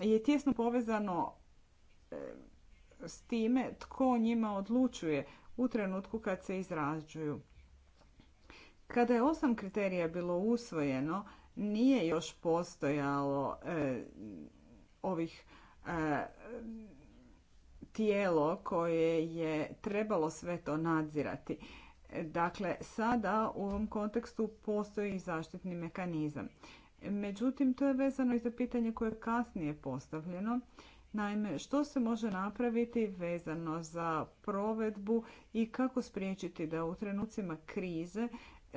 je tjesno povezano e, s time tko njima odlučuje u trenutku kad se izrađuju. Kada je osam kriterija bilo usvojeno, nije još postojalo e, ovih e, tijelo koje je trebalo sve to nadzirati. Dakle, sada u ovom kontekstu postoji zaštitni mekanizam. Međutim, to je vezano i za pitanje koje je kasnije postavljeno. Naime, što se može napraviti vezano za provedbu i kako spriječiti da u trenucima krize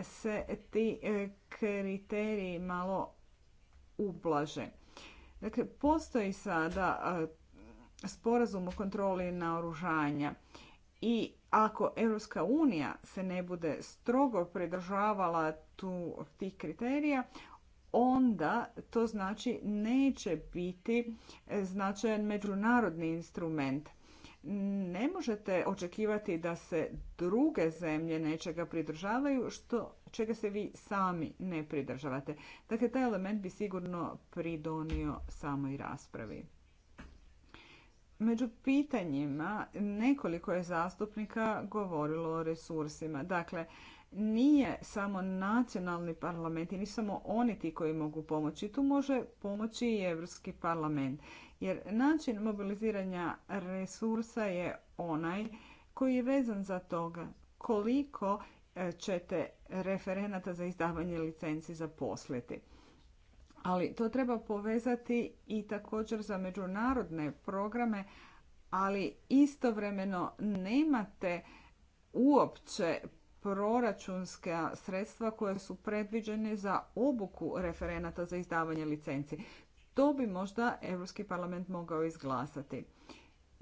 se ti e, kriteriji malo ublaže. Dakle, postoji sada sporazum o kontroli naoružanja i ako Europska unija se ne bude strogo pridržavala tu, tih kriterija, onda to znači neće biti značajan međunarodni instrument. Ne možete očekivati da se druge zemlje nečega pridržavaju što čega se vi sami ne pridržavate. Dakle, taj element bi sigurno pridonio samoj raspravi. Među pitanjima nekoliko je zastupnika govorilo o resursima. Dakle, nije samo nacionalni parlament i nisu samo oni ti koji mogu pomoći. Tu može pomoći i Europski parlament. Jer način mobiliziranja resursa je onaj koji je vezan za toga koliko e, ćete referenata za izdavanje licenci zaposliti ali to treba povezati i također za međunarodne programe, ali istovremeno nemate uopće proračunska sredstva koja su predviđene za obuku referenata za izdavanje licenci. To bi možda Europski parlament mogao izglasati.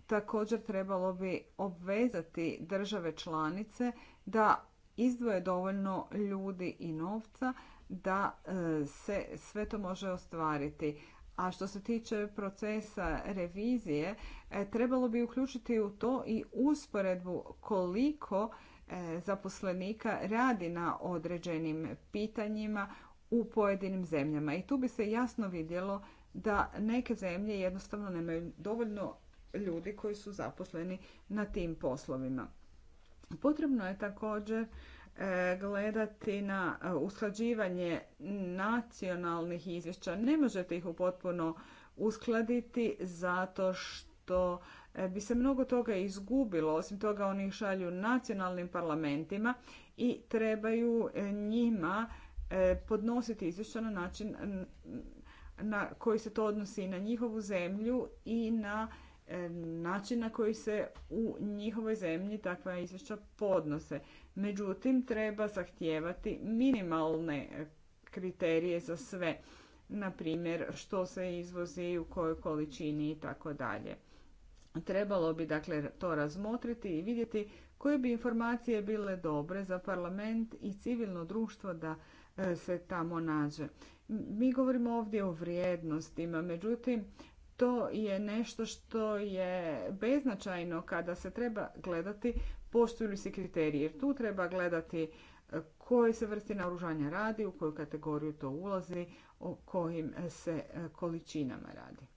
Također trebalo bi obvezati države članice da izdvoje dovoljno ljudi i novca da e, se sve to može ostvariti. A što se tiče procesa revizije, e, trebalo bi uključiti u to i usporedbu koliko e, zaposlenika radi na određenim pitanjima u pojedinim zemljama. I tu bi se jasno vidjelo da neke zemlje jednostavno nemaju dovoljno ljudi koji su zaposleni na tim poslovima. Potrebno je također E, gledati na e, usklađivanje nacionalnih izvješća. Ne možete ih u potpuno uskladiti zato što e, bi se mnogo toga izgubilo. Osim toga oni šalju nacionalnim parlamentima i trebaju njima podnositi izvješća na način na koji se to odnosi i na njihovu zemlju i na E, način na koji se u njihovoj zemlji takva izvješća podnose. Međutim, treba zahtijevati minimalne kriterije za sve, na primjer što se izvozi, u kojoj količini i tako dalje. Trebalo bi dakle to razmotriti i vidjeti koje bi informacije bile dobre za parlament i civilno društvo da e, se tamo nađe. Mi govorimo ovdje o vrijednostima, međutim to je nešto što je beznačajno kada se treba gledati poštuju li se kriteriji. Jer tu treba gledati e, koje se vrsti naoružanja radi, u koju kategoriju to ulazi, o kojim se e, količinama radi.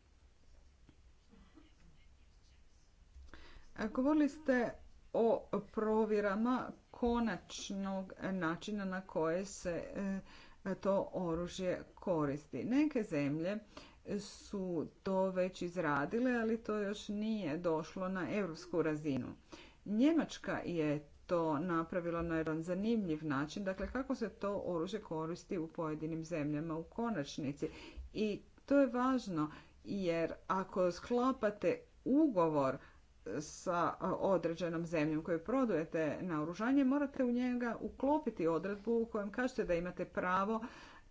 E, govorili ste o provjerama konačnog načina na koje se to oružje koristi. Neke zemlje su to već izradile, ali to još nije došlo na europsku razinu. Njemačka je to napravila na jedan zanimljiv način, dakle kako se to oružje koristi u pojedinim zemljama u konačnici. I to je važno jer ako sklapate ugovor sa određenom zemljom koju produjete oružanje, morate u njega uklopiti odredbu u kojem kažete da imate pravo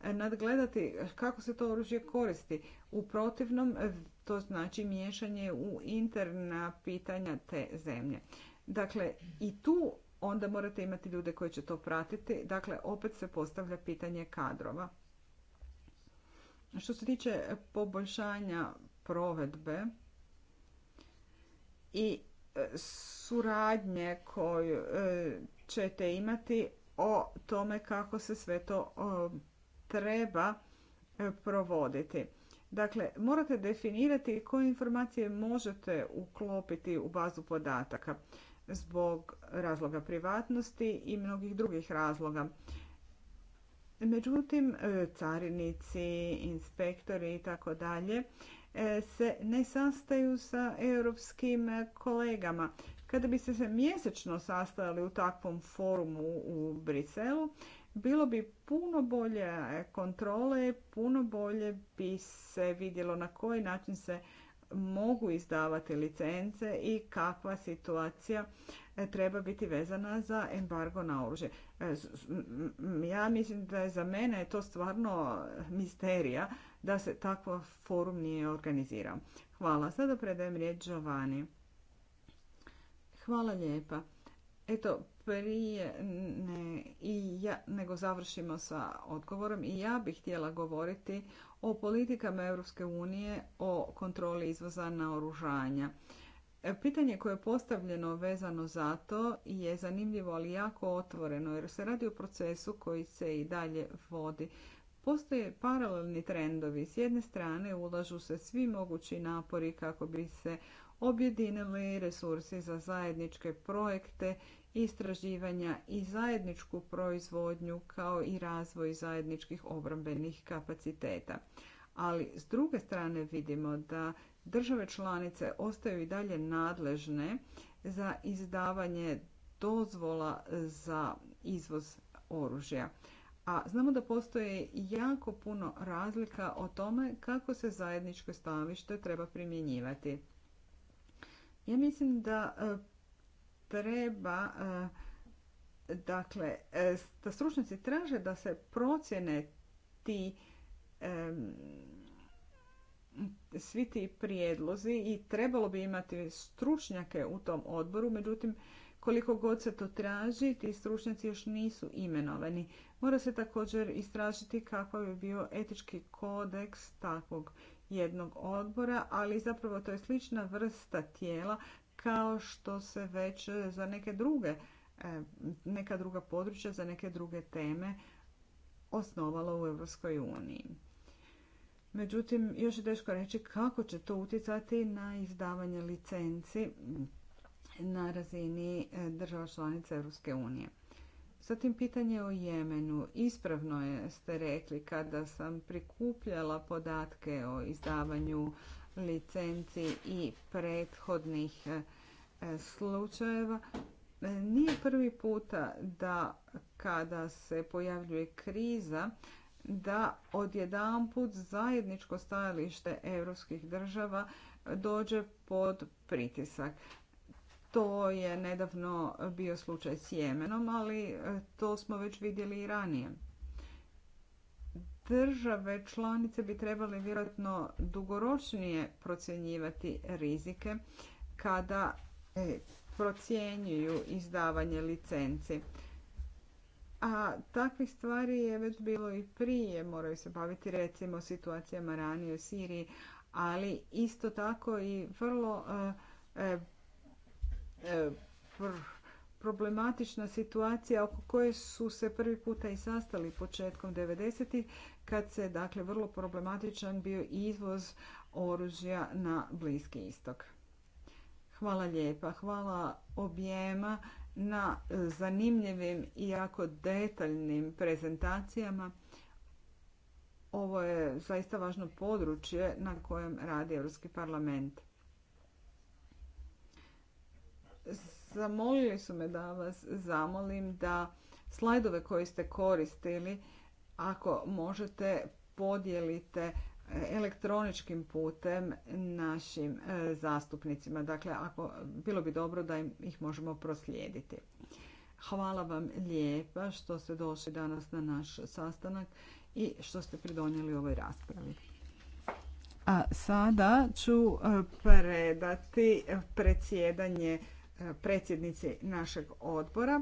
nadgledati kako se to oružje koristi. U protivnom to znači miješanje u interna pitanja te zemlje. Dakle, i tu onda morate imati ljude koji će to pratiti. Dakle, opet se postavlja pitanje kadrova. Što se tiče poboljšanja provedbe i e, suradnje koju e, ćete imati o tome kako se sve to e, treba e, provoditi. Dakle, morate definirati koje informacije možete uklopiti u bazu podataka zbog razloga privatnosti i mnogih drugih razloga. Međutim, e, carinici, inspektori i tako dalje e, se ne sastaju sa europskim kolegama. Kada bi se mjesečno sastajali u takvom forumu u Briselu, bilo bi puno bolje eh, kontrole, puno bolje bi se vidjelo na koji način se mogu izdavati licence i kakva situacija eh, treba biti vezana za embargo na oružje. Eh, ja mislim da je za mene to stvarno misterija da se takav forum nije organizirao. Hvala. Sada predajem riječ Giovanni. Hvala lijepa. Eto, prije ne, i ja, nego završimo sa odgovorom i ja bih htjela govoriti o politikama Europske unije o kontroli izvoza na oružanja. E, pitanje koje je postavljeno vezano za to je zanimljivo, ali jako otvoreno, jer se radi o procesu koji se i dalje vodi. Postoje paralelni trendovi. S jedne strane ulažu se svi mogući napori kako bi se objedinili resursi za zajedničke projekte, istraživanja i zajedničku proizvodnju kao i razvoj zajedničkih obrambenih kapaciteta. Ali s druge strane vidimo da države članice ostaju i dalje nadležne za izdavanje dozvola za izvoz oružja. A znamo da postoje jako puno razlika o tome kako se zajedničko stavište treba primjenjivati. Ja mislim da e, treba e, dakle e, da stručnjaci traže da se procjene ti svi ti prijedlozi i trebalo bi imati stručnjake u tom odboru, međutim koliko god se to traži, ti stručnjaci još nisu imenovani. Mora se također istražiti kakav bi bio etički kodeks takvog jednog odbora, ali zapravo to je slična vrsta tijela kao što se već za neke druge, e, neka druga područja, za neke druge teme osnovalo u Europskoj uniji. Međutim, još je teško reći kako će to utjecati na izdavanje licenci na razini e, država članica Europske unije. Zatim pitanje o Jemenu. Ispravno je, ste rekli, kada sam prikupljala podatke o izdavanju licenci i prethodnih e, slučajeva, e, nije prvi puta da kada se pojavljuje kriza, da odjedanput zajedničko stajalište europskih država dođe pod pritisak. To je nedavno bio slučaj s Jemenom, ali e, to smo već vidjeli i ranije. Države članice bi trebale vjerojatno dugoročnije procjenjivati rizike kada e, procjenjuju izdavanje licenci. A takvih stvari je već bilo i prije, moraju se baviti recimo situacijama ranije u Siriji, ali isto tako i vrlo e, E, problematična situacija oko koje su se prvi puta i sastali početkom 90. ih kad se dakle vrlo problematičan bio izvoz oružja na Bliski istok. Hvala lijepa, hvala objema na zanimljivim i jako detaljnim prezentacijama. Ovo je zaista važno područje na kojem radi Europski parlament. Zamolili su me da vas zamolim da slajdove koje ste koristili, ako možete, podijelite e, elektroničkim putem našim e, zastupnicima. Dakle, ako, bilo bi dobro da ih možemo proslijediti. Hvala vam lijepa što ste došli danas na naš sastanak i što ste pridonijeli ovoj raspravi. A sada ću e, predati predsjedanje predsjednici našeg odbora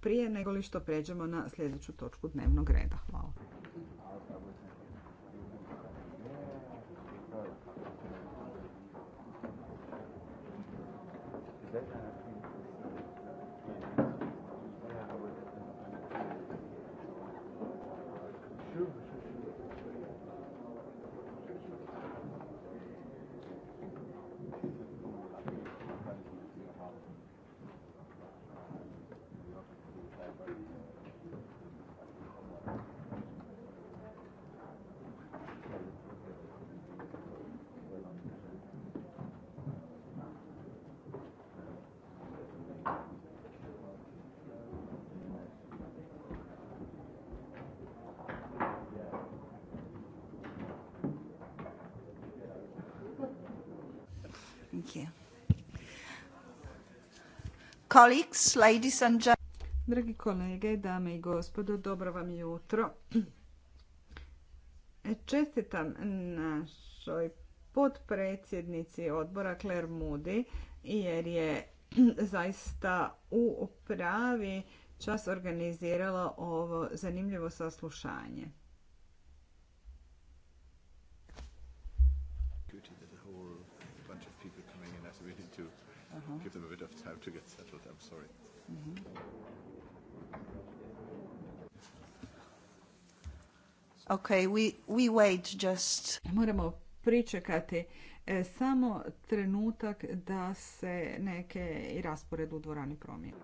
prije nego li što pređemo na sljedeću točku dnevnog reda. Hvala. Hvala. Colleagues, Dragi kolege, dame i gospodo, dobro vam jutro. E, čestitam našoj potpredsjednici odbora Claire Moody, jer je zaista u pravi čas organizirala ovo zanimljivo saslušanje. -hmm. give them a bit of time to get settled. I'm sorry. Mm -hmm. Okay, we, we wait just. Moramo pričekati e, samo trenutak da se neke i raspored u dvorani promijeni.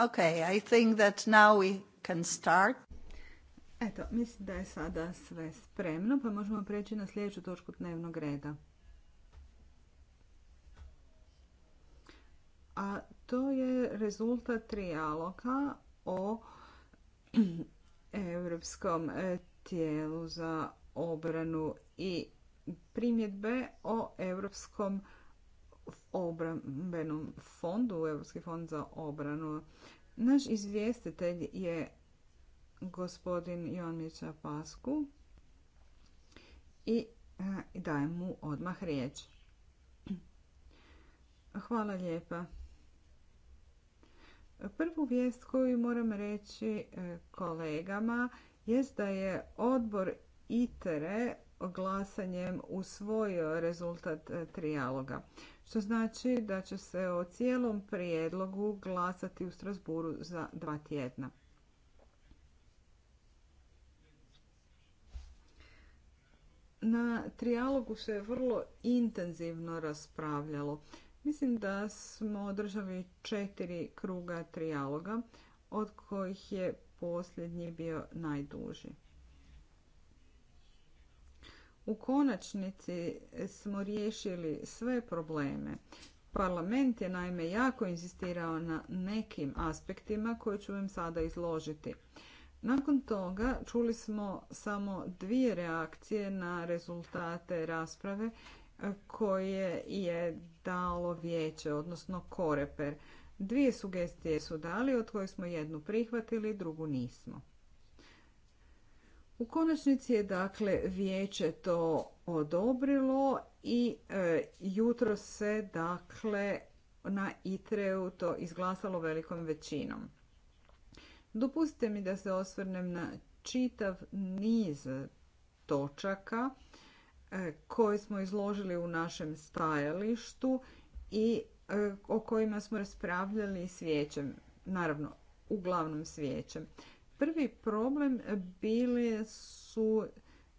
Okay, I think that now we can start. Eto, mislim da je sada sve spremno, pa možemo preći na sljedeću točku dnevnog reda. A to je rezultat trijaloga o Europskom e, tijelu za obranu i primjedbe o Europskom obrambenom fondu, Europski fond za obranu. Naš izvjestitelj je gospodin Jonića Pasku i e, dajem mu odmah riječ. Hvala lijepa. Prvu vijest koju moram reći e, kolegama jest da je odbor ITERE glasanjem usvojio rezultat e, trijaloga što znači da će se o cijelom prijedlogu glasati u Strasburu za dva tjedna. Na trijalogu se vrlo intenzivno raspravljalo. Mislim da smo održali četiri kruga trijaloga, od kojih je posljednji bio najduži. U konačnici smo riješili sve probleme. Parlament je naime jako inzistirao na nekim aspektima koje ću vam sada izložiti. Nakon toga čuli smo samo dvije reakcije na rezultate rasprave e, koje je dalo vijeće, odnosno koreper. Dvije sugestije su dali, od kojih smo jednu prihvatili, drugu nismo. U konačnici je dakle vijeće to odobrilo i e, jutro se dakle na itreu to izglasalo velikom većinom. Dopustite mi da se osvrnem na čitav niz točaka e, koje smo izložili u našem stajalištu i e, o kojima smo raspravljali s vijećem, naravno uglavnom s vijećem. Prvi problem bile su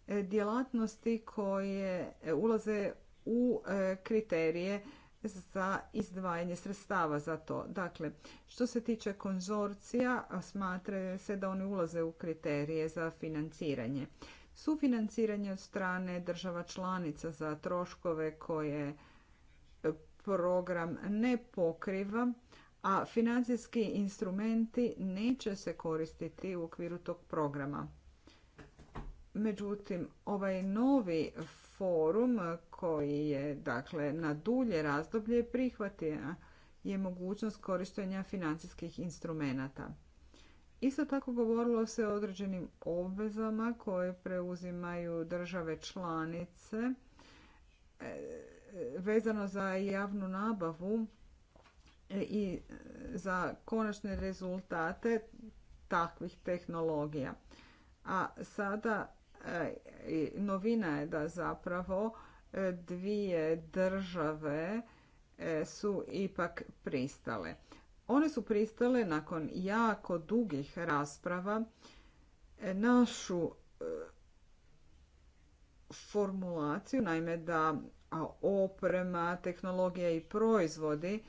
e, djelatnosti koje e, ulaze u e, kriterije za izdvajanje sredstava za to. Dakle, što se tiče konzorcija, smatra se da oni ulaze u kriterije za financiranje. Sufinanciranje od strane država članica za troškove koje program ne pokriva a financijski instrumenti neće se koristiti u okviru tog programa. Međutim, ovaj novi forum koji je dakle, na dulje razdoblje prihvatio je mogućnost korištenja financijskih instrumenata. Isto tako govorilo se o određenim obvezama koje preuzimaju države članice e, vezano za javnu nabavu i za konačne rezultate takvih tehnologija. A sada e, novina je da zapravo e, dvije države e, su ipak pristale. One su pristale nakon jako dugih rasprava našu formulaciju, naime da oprema, tehnologija i proizvodi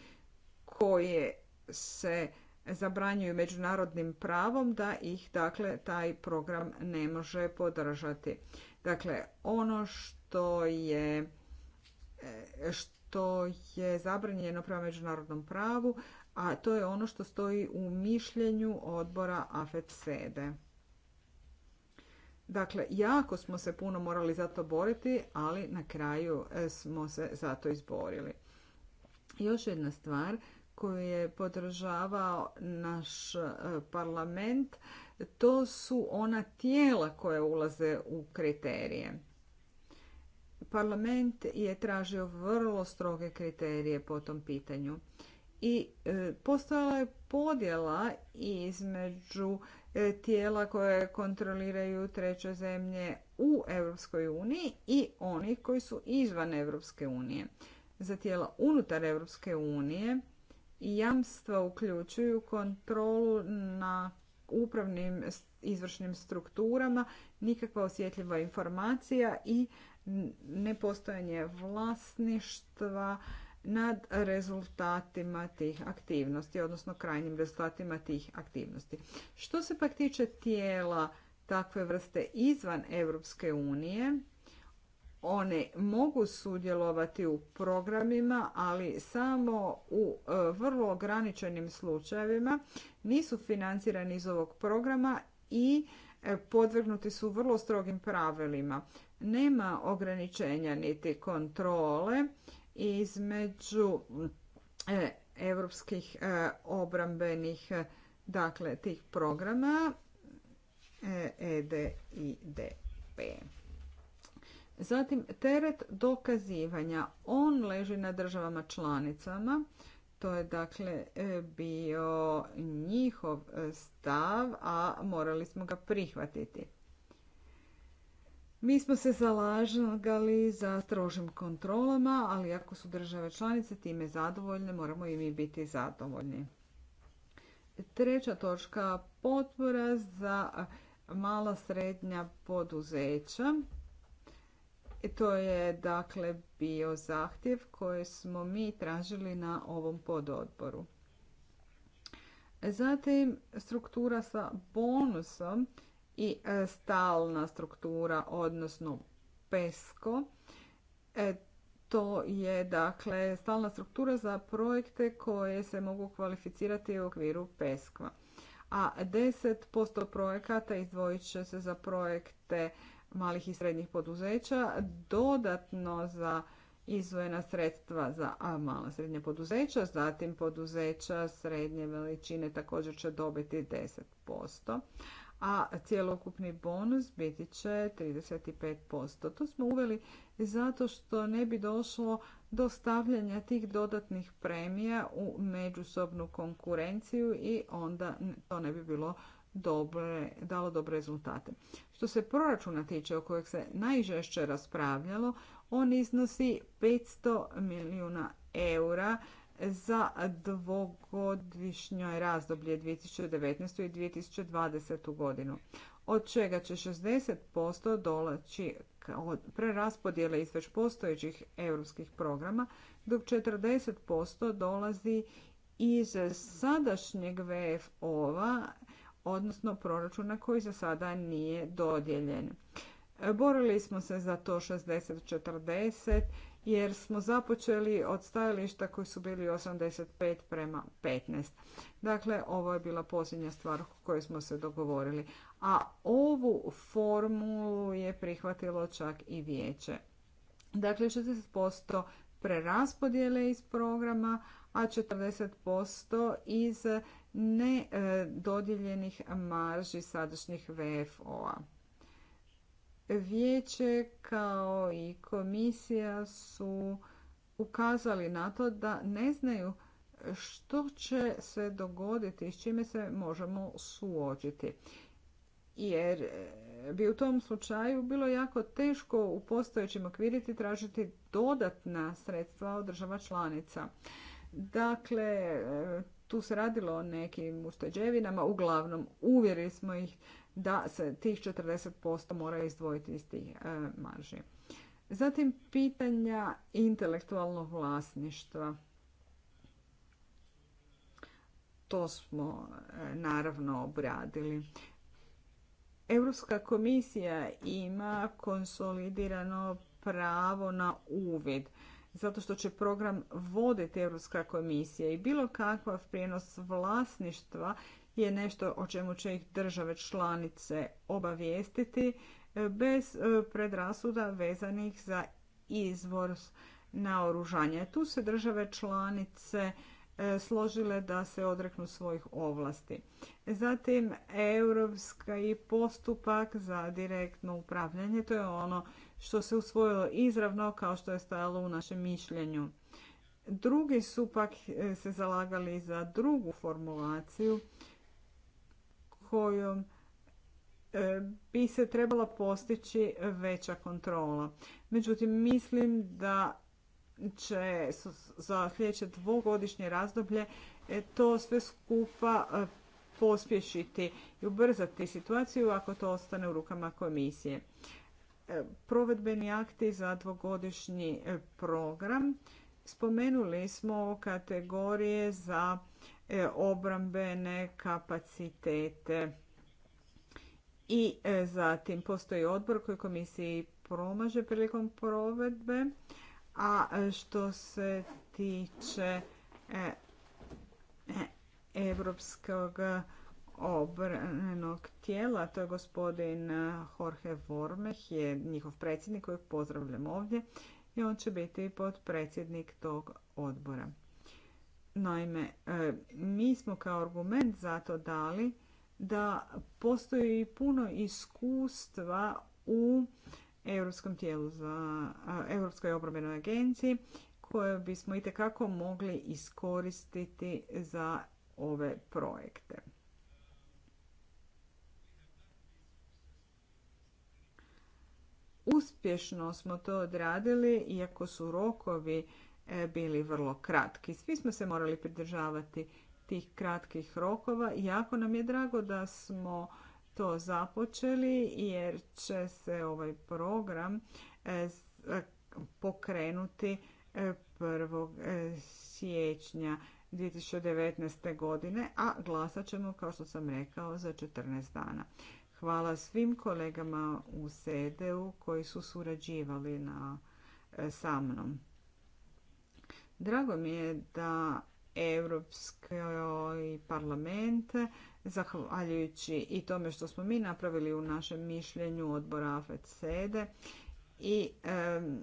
koje se zabranjuju međunarodnim pravom da ih dakle taj program ne može podržati. Dakle, ono što je e, što je zabranjeno prema međunarodnom pravu, a to je ono što stoji u mišljenju odbora AFET sede. Dakle, jako smo se puno morali za to boriti, ali na kraju e, smo se za to izborili. Još jedna stvar koju je podržavao naš e, parlament, to su ona tijela koje ulaze u kriterije. Parlament je tražio vrlo stroge kriterije po tom pitanju. I e, postojala je podjela između e, tijela koje kontroliraju treće zemlje u Europskoj uniji i onih koji su izvan Europske unije. Za tijela unutar Europske unije Jamstva uključuju kontrolu na upravnim izvršnim strukturama, nikakva osjetljiva informacija i nepostojanje vlasništva nad rezultatima tih aktivnosti, odnosno krajnjim rezultatima tih aktivnosti. Što se pak tiče tijela takve vrste izvan Europske unije, oni mogu sudjelovati u programima, ali samo u e, vrlo ograničenim slučajevima nisu financirani iz ovog programa i e, podvrgnuti su vrlo strogim pravilima. Nema ograničenja niti kontrole između europskih e, obrambenih dakle tih programa ED Zatim teret dokazivanja. On leži na državama članicama. To je dakle e, bio njihov stav, a morali smo ga prihvatiti. Mi smo se zalažali za strožim kontrolama, ali ako su države članice time zadovoljne, moramo i mi biti zadovoljni. Treća točka potpora za mala srednja poduzeća. To je dakle bio zahtjev koji smo mi tražili na ovom pododboru. Zatim struktura sa bonusom i e, stalna struktura, odnosno PESCO. E, to je dakle stalna struktura za projekte koje se mogu kvalificirati u okviru PESCO. A 10% projekata izdvojit će se za projekte malih i srednjih poduzeća, dodatno za izvojena sredstva za mala srednja poduzeća, zatim poduzeća srednje veličine također će dobiti 10%, a cjelokupni bonus biti će 35%. To smo uveli zato što ne bi došlo do stavljanja tih dodatnih premija u međusobnu konkurenciju i onda to ne bi bilo dobre, dalo dobre rezultate. Što se proračuna tiče, o kojeg se najžešće raspravljalo, on iznosi 500 milijuna eura za dvogodišnje razdoblje 2019. i 2020. godinu, od čega će 60% dolaći od preraspodjele iz već postojećih europskih programa, dok 40% dolazi iz sadašnjeg vfo odnosno proračuna koji za sada nije dodijeljen. Borili smo se za to 60-40 jer smo započeli od stajališta koji su bili 85 prema 15. Dakle, ovo je bila posljednja stvar o kojoj smo se dogovorili. A ovu formulu je prihvatilo čak i vijeće. Dakle, 60% preraspodjele iz programa, a 40% iz nedodjeljenih marži sadašnjih VFO-a. Vijeće kao i komisija su ukazali na to da ne znaju što će se dogoditi i s čime se možemo suočiti. Jer bi u tom slučaju bilo jako teško u postojećim okviriti tražiti dodatna sredstva od država članica. Dakle, e, tu se radilo o nekim ušteđevinama, uglavnom uvjerili smo ih da se tih 40% mora izdvojiti iz tih e, marži. Zatim pitanja intelektualnog vlasništva. To smo e, naravno obradili. Europska komisija ima konsolidirano pravo na uvid zato što će program voditi Europska komisija i bilo kakav prijenos vlasništva je nešto o čemu će ih države članice obavijestiti e, bez e, predrasuda vezanih za izvor naoružanja. Tu se države članice e, složile da se odreknu svojih ovlasti. Zatim, europski postupak za direktno upravljanje, to je ono što se usvojilo izravno kao što je stajalo u našem mišljenju. Drugi su pak e, se zalagali za drugu formulaciju kojom e, bi se trebala postići veća kontrola. Međutim, mislim da će za sljedeće dvogodišnje razdoblje e, to sve skupa pospješiti i ubrzati situaciju ako to ostane u rukama komisije. E, provedbeni akti za dvogodišnji e, program. Spomenuli smo kategorije za e, obrambene kapacitete. I zatim postoji odbor koji komisiji promaže prilikom provedbe, a što se tiče Europskog obrnenog tijela, to je gospodin eh, Jorge Vormeh, je njihov predsjednik kojeg pozdravljam ovdje i on će biti potpredsjednik tog odbora. Naime, eh, mi smo kao argument za to dali da postoji puno iskustva u Europskom tijelu za eh, Europskoj obrambenoj agenciji koje bismo itekako mogli iskoristiti za ove projekte. uspješno smo to odradili, iako su rokovi e, bili vrlo kratki. Svi smo se morali pridržavati tih kratkih rokova. Jako nam je drago da smo to započeli jer će se ovaj program e, e, pokrenuti 1. siječnja 2019. godine, a glasat ćemo, kao što sam rekao, za 14 dana. Hvala svim kolegama u SEDEU koji su surađivali na, e, sa mnom. Drago mi je da Europski parlament, zahvaljujući i tome što smo mi napravili u našem mišljenju odbora AFED SEDE, i e,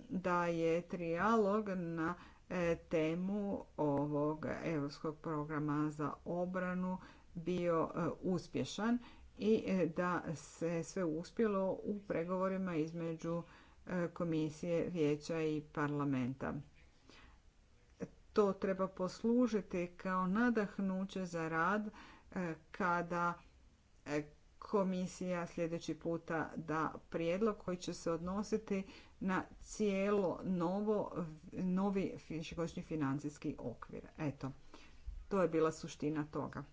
da je trijalog na e, temu ovog europskog programa za obranu bio uspješan i e, da se sve uspjelo u pregovorima između e, komisije, vijeća i parlamenta. To treba poslužiti kao nadahnuće za rad e, kada komisija sljedeći puta da prijedlog koji će se odnositi na cijelo novo, novi višegodišnji financijski okvir. Eto, to je bila suština toga.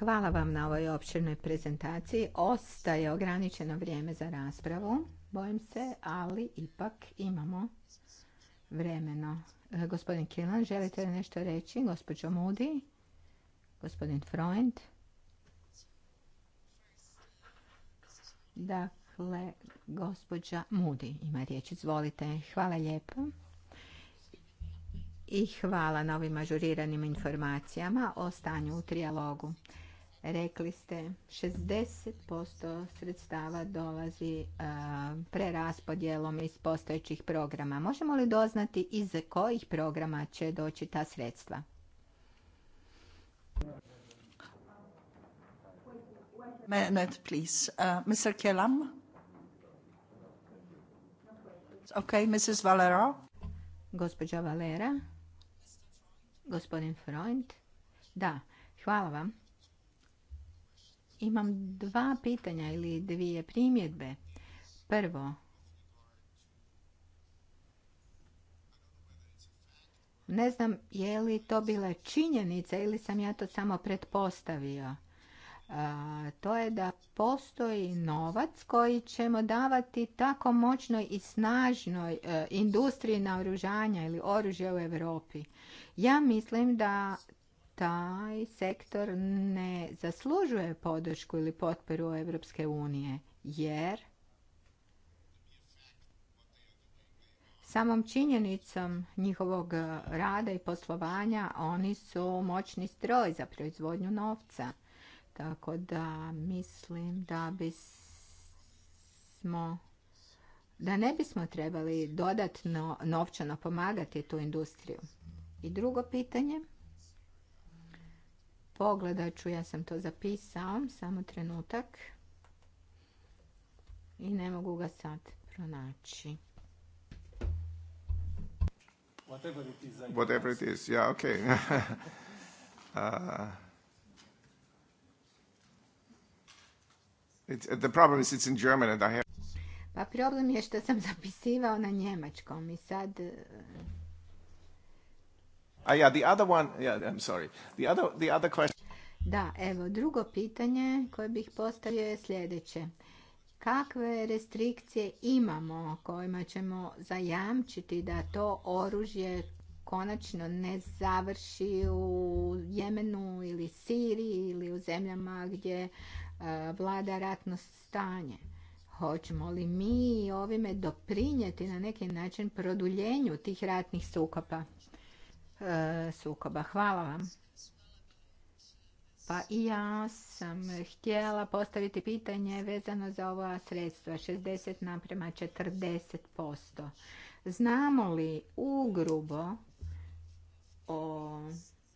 Hvala vam na ovoj opširnoj prezentaciji. Ostaje ograničeno vrijeme za raspravu, bojim se, ali ipak imamo vremeno. E, gospodin Kilan, želite li nešto reći? Gospođo Mudi? Gospodin Freund? Dakle, gospođa Mudi ima riječ. Izvolite. Hvala lijepo i hvala na ovim ažuriranim informacijama o stanju u trijalogu rekli ste 60% sredstava dolazi e, preraspodjelom iz postojećih programa. Možemo li doznati iz kojih programa će doći ta sredstva? Minute, please. Uh, Mr. Kelam? Mrs. Gospođa Valera. Gospodin Freund. Da, hvala vam. Imam dva pitanja ili dvije primjedbe. Prvo, ne znam je li to bila činjenica ili sam ja to samo pretpostavio. to je da postoji novac koji ćemo davati tako moćnoj i snažnoj e, industriji naoružanja ili oružja u Europi. Ja mislim da taj sektor ne zaslužuje podršku ili potporu Evropske unije jer samom činjenicom njihovog rada i poslovanja oni su moćni stroj za proizvodnju novca. Tako da mislim da bismo da ne bismo trebali dodatno novčano pomagati tu industriju. I drugo pitanje Pogledat ću, ja sam to zapisao, samo trenutak. I ne mogu ga sad pronaći. Whatever it is. I Whatever it is, yeah, okay. uh, it's, the problem is it's in German and I have... Pa problem je što sam zapisivao na njemačkom i sad da, evo, drugo pitanje koje bih postavio je sljedeće. Kakve restrikcije imamo kojima ćemo zajamčiti da to oružje konačno ne završi u Jemenu ili Siriji ili u zemljama gdje e, vlada ratno stanje? Hoćemo li mi ovime doprinijeti na neki način produljenju tih ratnih sukopa? E, sukoba. Hvala vam. Pa i ja sam htjela postaviti pitanje vezano za ova sredstva 60 naprema 40%. Znamo li ugrubo o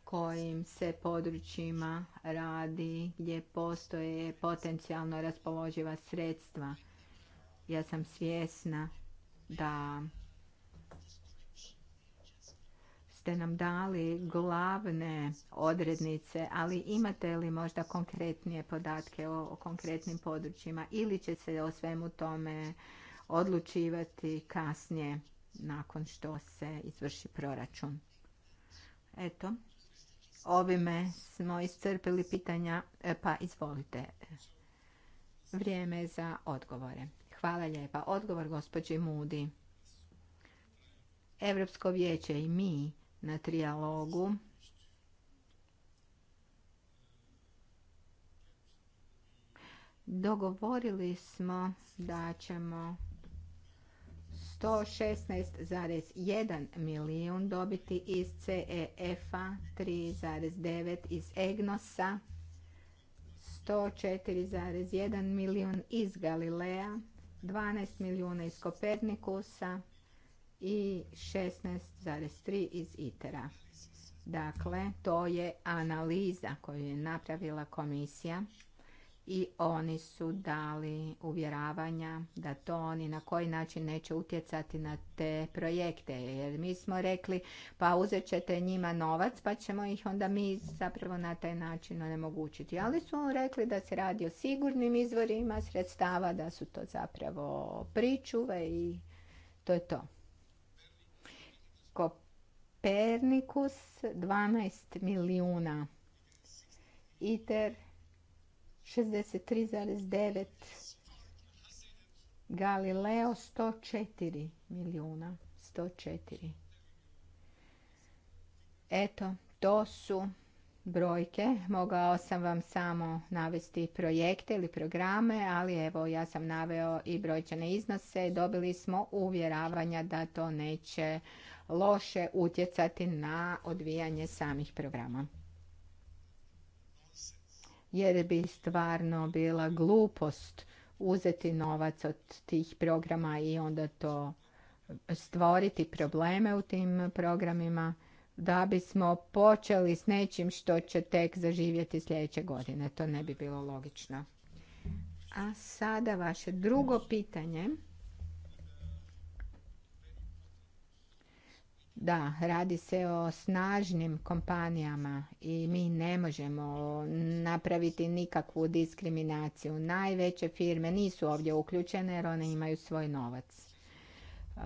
kojim se područjima radi, gdje postoje potencijalno raspoloživa sredstva? Ja sam svjesna da ste nam dali glavne odrednice, ali imate li možda konkretnije podatke o, konkretnim područjima ili će se o svemu tome odlučivati kasnije nakon što se izvrši proračun? Eto, ovime smo iscrpili pitanja, e, pa izvolite. Vrijeme za odgovore. Hvala lijepa. Odgovor gospođi Mudi. Europsko vijeće i mi na trijalogu. Dogovorili smo da ćemo 116,1 milijun dobiti iz CEF-a, 3,9 iz EGNOS-a, 104,1 milijun iz Galilea, 12 milijuna iz Kopernikusa, i 16,3 iz ITERA. Dakle, to je analiza koju je napravila komisija i oni su dali uvjeravanja da to oni na koji način neće utjecati na te projekte. Jer mi smo rekli pa uzet ćete njima novac pa ćemo ih onda mi zapravo na taj način onemogućiti. Ali su rekli da se radi o sigurnim izvorima sredstava, da su to zapravo pričuve i to je to. Pernikus 12 milijuna. ITER 63,9 Galileo 104 milijuna. 104. Eto, to su brojke. Mogao sam vam samo navesti projekte ili programe, ali evo ja sam naveo i brojčane iznose. Dobili smo uvjeravanja da to neće loše utjecati na odvijanje samih programa. Jer bi stvarno bila glupost uzeti novac od tih programa i onda to stvoriti probleme u tim programima da bismo počeli s nečim što će tek zaživjeti sljedeće godine. To ne bi bilo logično. A sada vaše drugo pitanje. Da, radi se o snažnim kompanijama i mi ne možemo napraviti nikakvu diskriminaciju. Najveće firme nisu ovdje uključene jer one imaju svoj novac. E,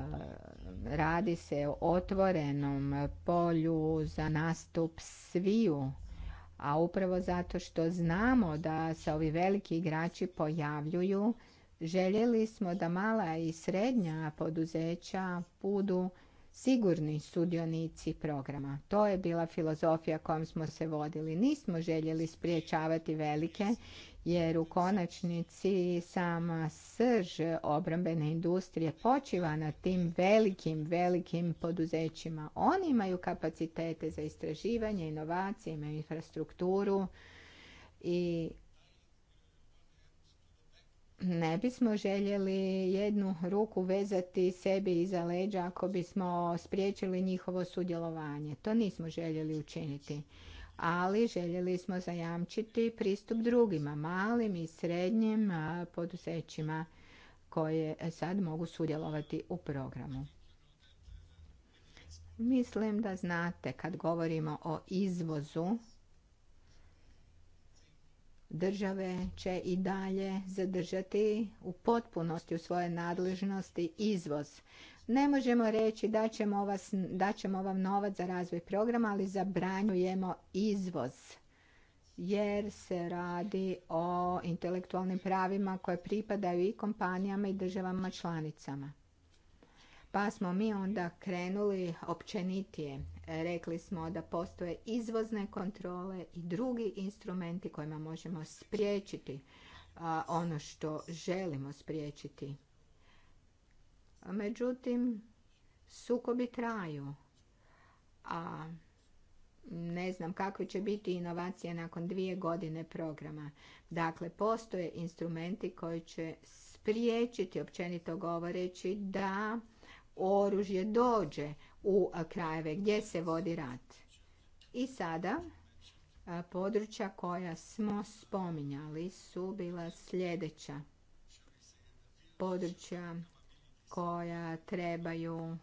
radi se o otvorenom polju za nastup sviju, a upravo zato što znamo da se ovi veliki igrači pojavljuju, željeli smo da mala i srednja poduzeća budu sigurni sudionici programa. To je bila filozofija kojom smo se vodili. Nismo željeli spriječavati velike, jer u konačnici sama srž obrambene industrije počiva na tim velikim, velikim poduzećima. Oni imaju kapacitete za istraživanje, inovacije, imaju infrastrukturu i ne bismo željeli jednu ruku vezati sebi iza leđa ako bismo spriječili njihovo sudjelovanje. To nismo željeli učiniti. Ali željeli smo zajamčiti pristup drugima, malim i srednjim poduzećima koje sad mogu sudjelovati u programu. Mislim da znate kad govorimo o izvozu države će i dalje zadržati u potpunosti u svoje nadležnosti izvoz. Ne možemo reći da ćemo, vas, ćemo vam novac za razvoj programa, ali zabranjujemo izvoz jer se radi o intelektualnim pravima koje pripadaju i kompanijama i državama članicama. Pa smo mi onda krenuli općenitije. Rekli smo da postoje izvozne kontrole i drugi instrumenti kojima možemo spriječiti ono što želimo spriječiti. Međutim, sukobi traju. A ne znam kakve će biti inovacije nakon dvije godine programa. Dakle, postoje instrumenti koji će spriječiti, općenito govoreći, da oružje dođe u krajeve gdje se vodi rat. I sada područja koja smo spominjali su bila sljedeća područja koja trebaju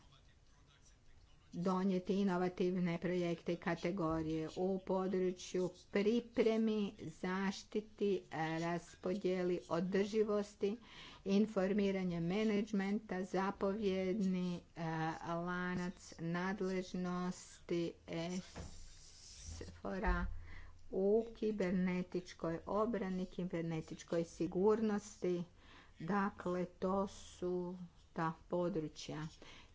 donijeti inovativne projekte i kategorije u području pripremi, zaštiti, raspodjeli, održivosti, informiranje menadžmenta, zapovjedni e, lanac nadležnosti SFORA u kibernetičkoj obrani, kibernetičkoj sigurnosti. Dakle, to su ta područja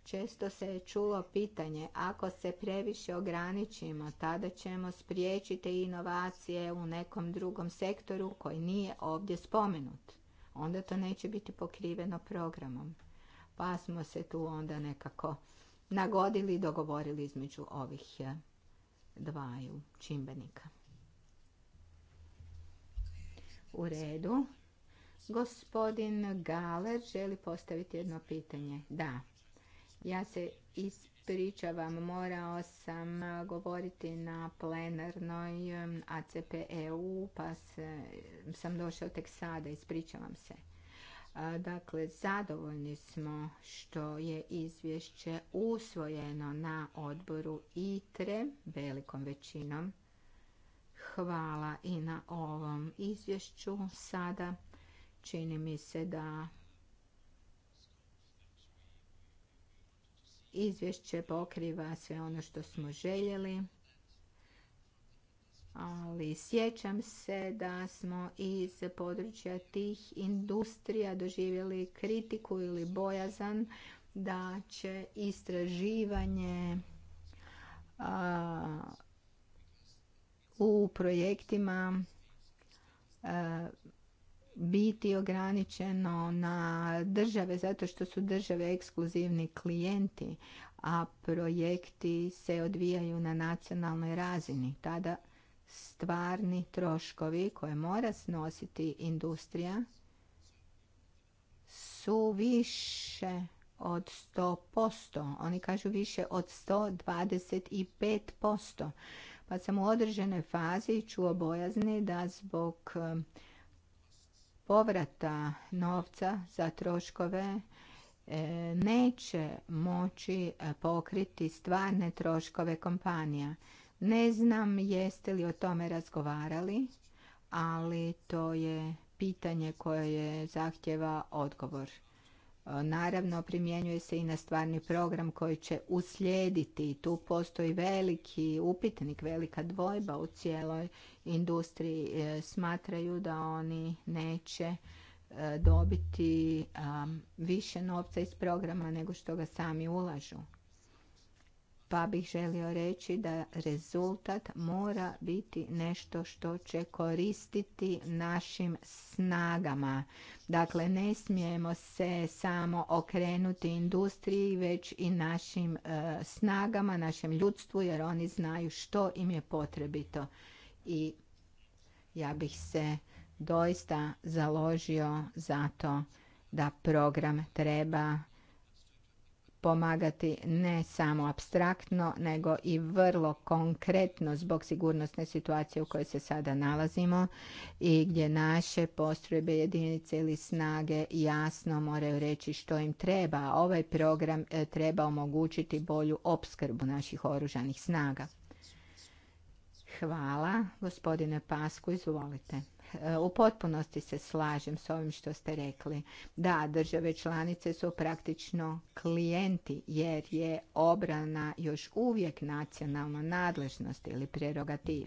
Često se je čulo pitanje, ako se previše ograničimo, tada ćemo spriječiti inovacije u nekom drugom sektoru koji nije ovdje spomenut. Onda to neće biti pokriveno programom. Pa smo se tu onda nekako nagodili i dogovorili između ovih e, dvaju čimbenika. U redu. Gospodin Galer želi postaviti jedno pitanje. Da. Ja se ispričavam, morao sam govoriti na plenarnoj ACPEU, pa se, sam došao tek sada, ispričavam se. Dakle, zadovoljni smo što je izvješće usvojeno na odboru ITRE velikom većinom. Hvala i na ovom izvješću sada. Čini mi se da Izvješće pokriva sve ono što smo željeli, ali sjećam se da smo iz područja tih industrija doživjeli kritiku ili bojazan da će istraživanje u projektima a, biti ograničeno na države zato što su države ekskluzivni klijenti, a projekti se odvijaju na nacionalnoj razini. Tada stvarni troškovi koje mora snositi industrija su više od 100%. Oni kažu više od 125%. Pa sam u određenoj fazi čuo bojazni da zbog povrata novca za troškove e, neće moći e, pokriti stvarne troškove kompanija. Ne znam jeste li o tome razgovarali, ali to je pitanje koje zahtjeva odgovor. E, naravno, primjenjuje se i na stvarni program koji će uslijediti tu postoji veliki upitnik, velika dvojba u cijeloj industriji. E, smatraju da oni neće e, dobiti više novca iz programa nego što ga sami ulažu pa bih želio reći da rezultat mora biti nešto što će koristiti našim snagama. Dakle, ne smijemo se samo okrenuti industriji, već i našim e, snagama, našem ljudstvu, jer oni znaju što im je potrebito. I ja bih se doista založio za to da program treba pomagati ne samo abstraktno, nego i vrlo konkretno zbog sigurnosne situacije u kojoj se sada nalazimo i gdje naše postrojbe, jedinice ili snage jasno moraju reći što im treba. Ovaj program e, treba omogućiti bolju opskrbu naših oružanih snaga. Hvala. Gospodine Pasku, izvolite. E, u potpunosti se slažem s ovim što ste rekli. Da, države članice su praktično klijenti jer je obrana još uvijek nacionalna nadležnost ili prerogativ.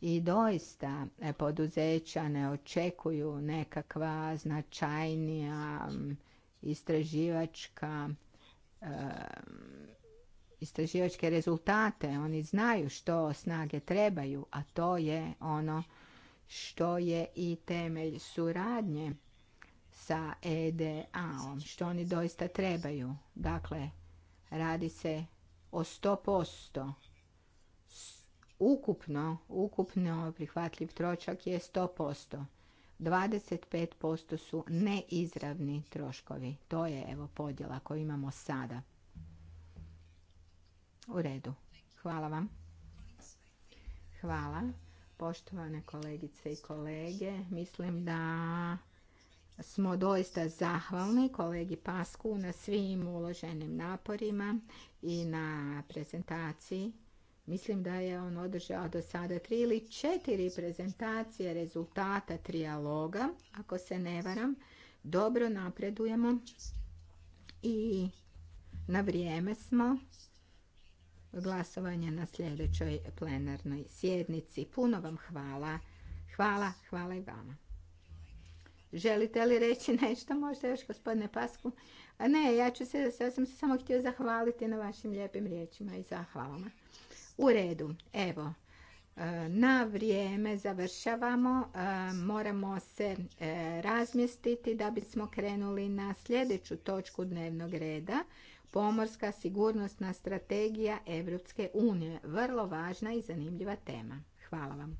I doista e, poduzeća ne očekuju nekakva značajnija istraživačka e, istraživačke rezultate. Oni znaju što snage trebaju, a to je ono što je i temelj suradnje sa EDA-om, što oni doista trebaju. Dakle, radi se o 100%. Ukupno, ukupno prihvatljiv tročak je 100%. 25% su neizravni troškovi. To je evo podjela koju imamo sada. U redu. Hvala vam. Hvala. Poštovane kolegice i kolege, mislim da smo doista zahvalni kolegi Pasku na svim uloženim naporima i na prezentaciji. Mislim da je on održao do sada tri ili četiri prezentacije rezultata trijaloga, ako se ne varam. Dobro napredujemo i na vrijeme smo glasovanja na sljedećoj plenarnoj sjednici. Puno vam hvala. Hvala, hvala i vama. Želite li reći nešto možda još gospodine Pasku? A ne, ja, ću se, ja sam se samo htio zahvaliti na vašim lijepim riječima i zahvalama. U redu, evo, e, na vrijeme završavamo. E, moramo se e, razmjestiti da bismo krenuli na sljedeću točku dnevnog reda pomorska sigurnosna strategija Europske unije. Vrlo važna i zanimljiva tema. Hvala vam.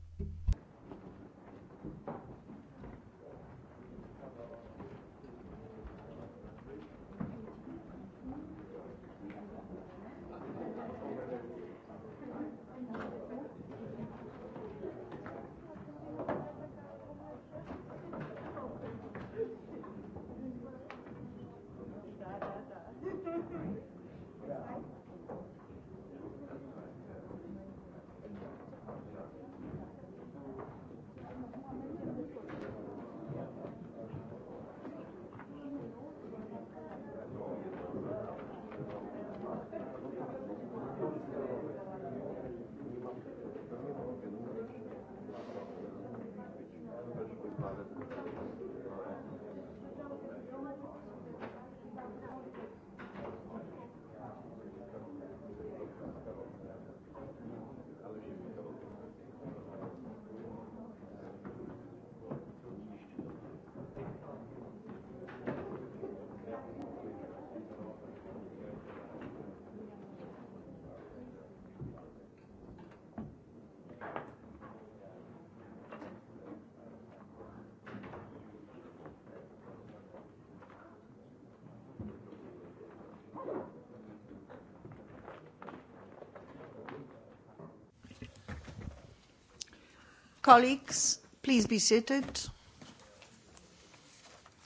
Colleagues, please be seated.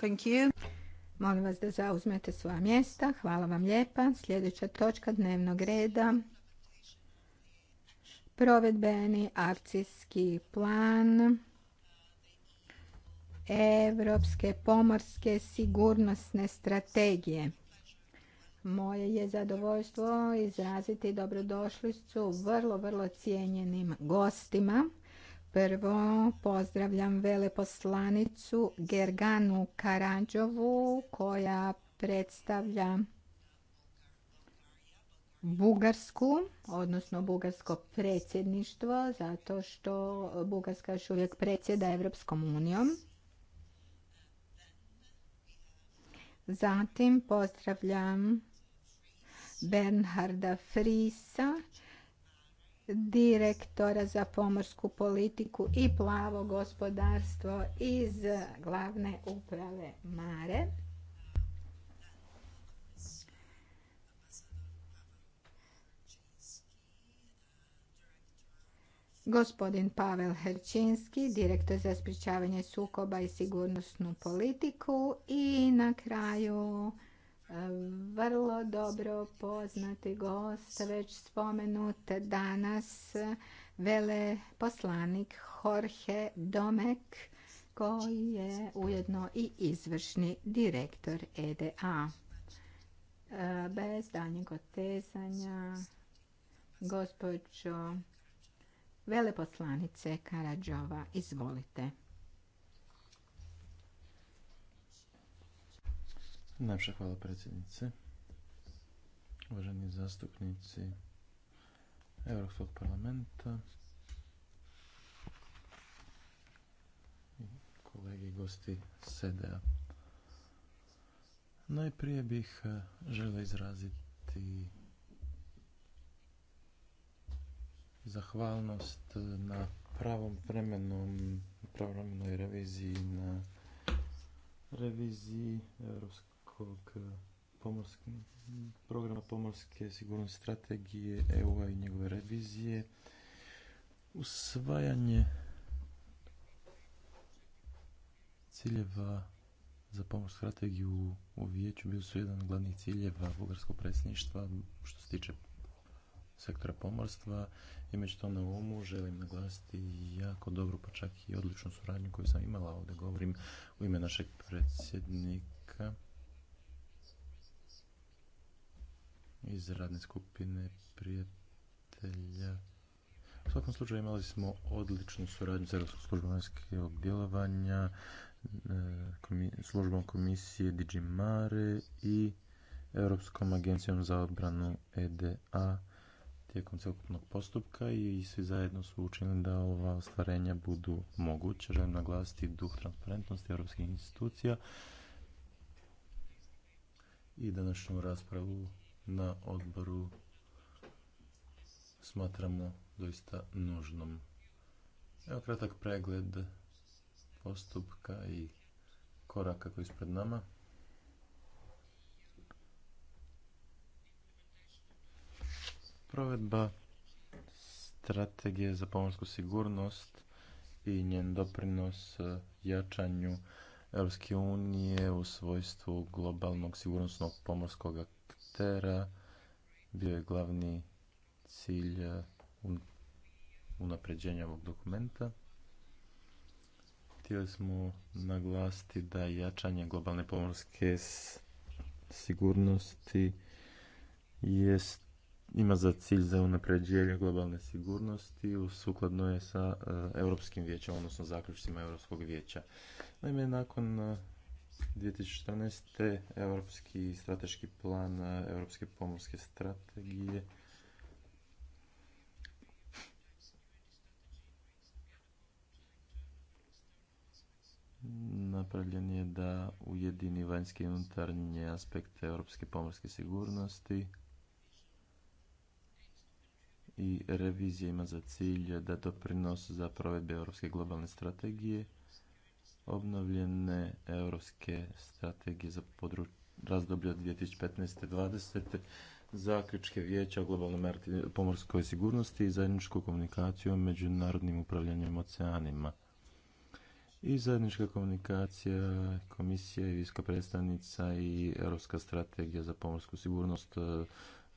Thank you. Molim vas da zauzmete svoja mjesta. Hvala vam lijepa. Sljedeća točka dnevnog reda. Provedbeni akcijski plan Europske pomorske sigurnosne strategije. Moje je zadovoljstvo izraziti dobrodošlicu vrlo, vrlo cijenjenim gostima. Prvo pozdravljam veleposlanicu Gerganu Karadžovu koja predstavlja Bugarsku, odnosno Bugarsko predsjedništvo, zato što Bugarska još uvijek predsjeda Evropskom unijom. Zatim pozdravljam Bernharda Frisa, direktora za pomorsku politiku i plavo gospodarstvo iz glavne uprave Mare. Gospodin Pavel Herčinski, direktor za spričavanje sukoba i sigurnosnu politiku i na kraju vrlo dobro poznati gost, već spomenute danas vele poslanik Jorge Domek, koji je ujedno i izvršni direktor EDA. Bez daljnjeg otezanja, gospođo veleposlanice Karadžova, izvolite. Najpša hvala predsjednice. Uvaženi zastupnici Europskog parlamenta. kolege i gosti SEDEA. Najprije bih e, želio izraziti zahvalnost na pravom vremenom, pravovremenoj reviziji na reviziji Europskog hog eh, programa pomorske sigurnosti strategije EU-a i njegove revizije, usvajanje ciljeva za pomorsku strategiju u vijeću bio su jedan od glavnih ciljeva bugarskog predsjedništva što se tiče sektora pomorstva i to na umu želim naglasiti jako dobru pa čak i odličnu suradnju koju sam imala ovdje govorim u ime našeg predsjednika iz radne skupine prijatelja. U svakom slučaju imali smo odličnu suradnju sa Europskom službom vanjskog djelovanja, e, službom komisije Digimare i Europskom agencijom za obranu EDA tijekom cjelokupnog postupka i svi zajedno su učinili da ova ostvarenja budu moguće. Želim naglasiti duh transparentnosti europskih institucija i današnju raspravu na odboru smatramo doista nužnom. Evo kratak pregled postupka i koraka koji je pred nama. Provedba strategije za pomorsku sigurnost i njen doprinos jačanju EU unije u svojstvu globalnog sigurnosnog pomorskog bio je glavni cilj unapređenja ovog dokumenta. Htjeli smo naglasiti da jačanje globalne pomorske sigurnosti jest, ima za cilj za unapređenje globalne sigurnosti sukladno je sa Europskim vijećem, odnosno zaključcima Europskog vijeća. Naime, nakon 2014. Europski strateški plan e, Europske pomorske strategije. Napravljen je da ujedini vanjske i unutarnje aspekte europske pomorske sigurnosti i revizija ima za cilj da doprinos za provedbe europske globalne strategije obnovljene europske strategije za razdoblje od 2015-2020, zaključke vijeća o globalnoj pomorskoj sigurnosti i zajedničku komunikaciju o međunarodnim upravljanjem oceanima. I zajednička komunikacija, komisija i viska predstavnica i europska strategija za pomorsku sigurnost e,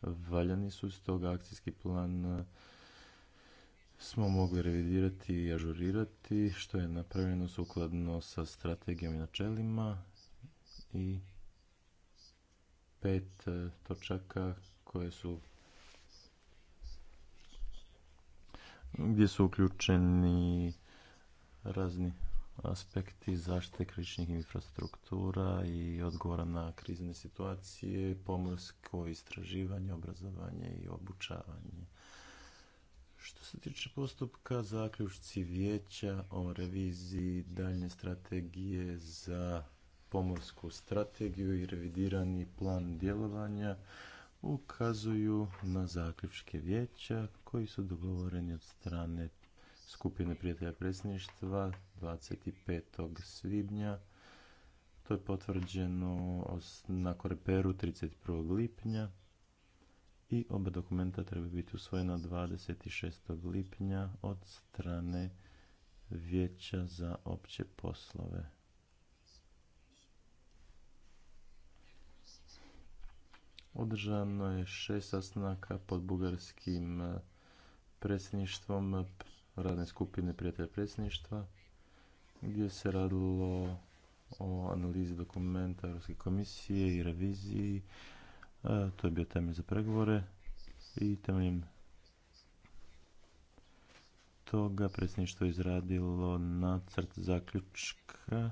valjani su, stoga akcijski plan e, smo mogli revidirati i ažurirati što je napravljeno sukladno sa strategijom i načelima i pet e, točaka koje su gdje su uključeni razni aspekti zaštite kričnih infrastruktura i odgovora na krizne situacije, pomorsko istraživanje, obrazovanje i obučavanje. Što se tiče postupka zaključci vijeća o reviziji daljne strategije za pomorsku strategiju i revidirani plan djelovanja ukazuju na zaključke vijeća koji su dogovoreni od strane skupine prijatelja predsjedništva 25. svibnja. To je potvrđeno na Koreperu 31. lipnja i oba dokumenta treba biti usvojena 26. lipnja od strane Vijeća za opće poslove. Održano je šest sastanaka pod bugarskim eh, predsjedništvom radne skupine prijatelja predsjedništva gdje se radilo o analizi dokumenta Europske komisije i reviziji to je bio temelj za pregovore i temeljem toga predsjedništvo je izradilo nacrt zaključka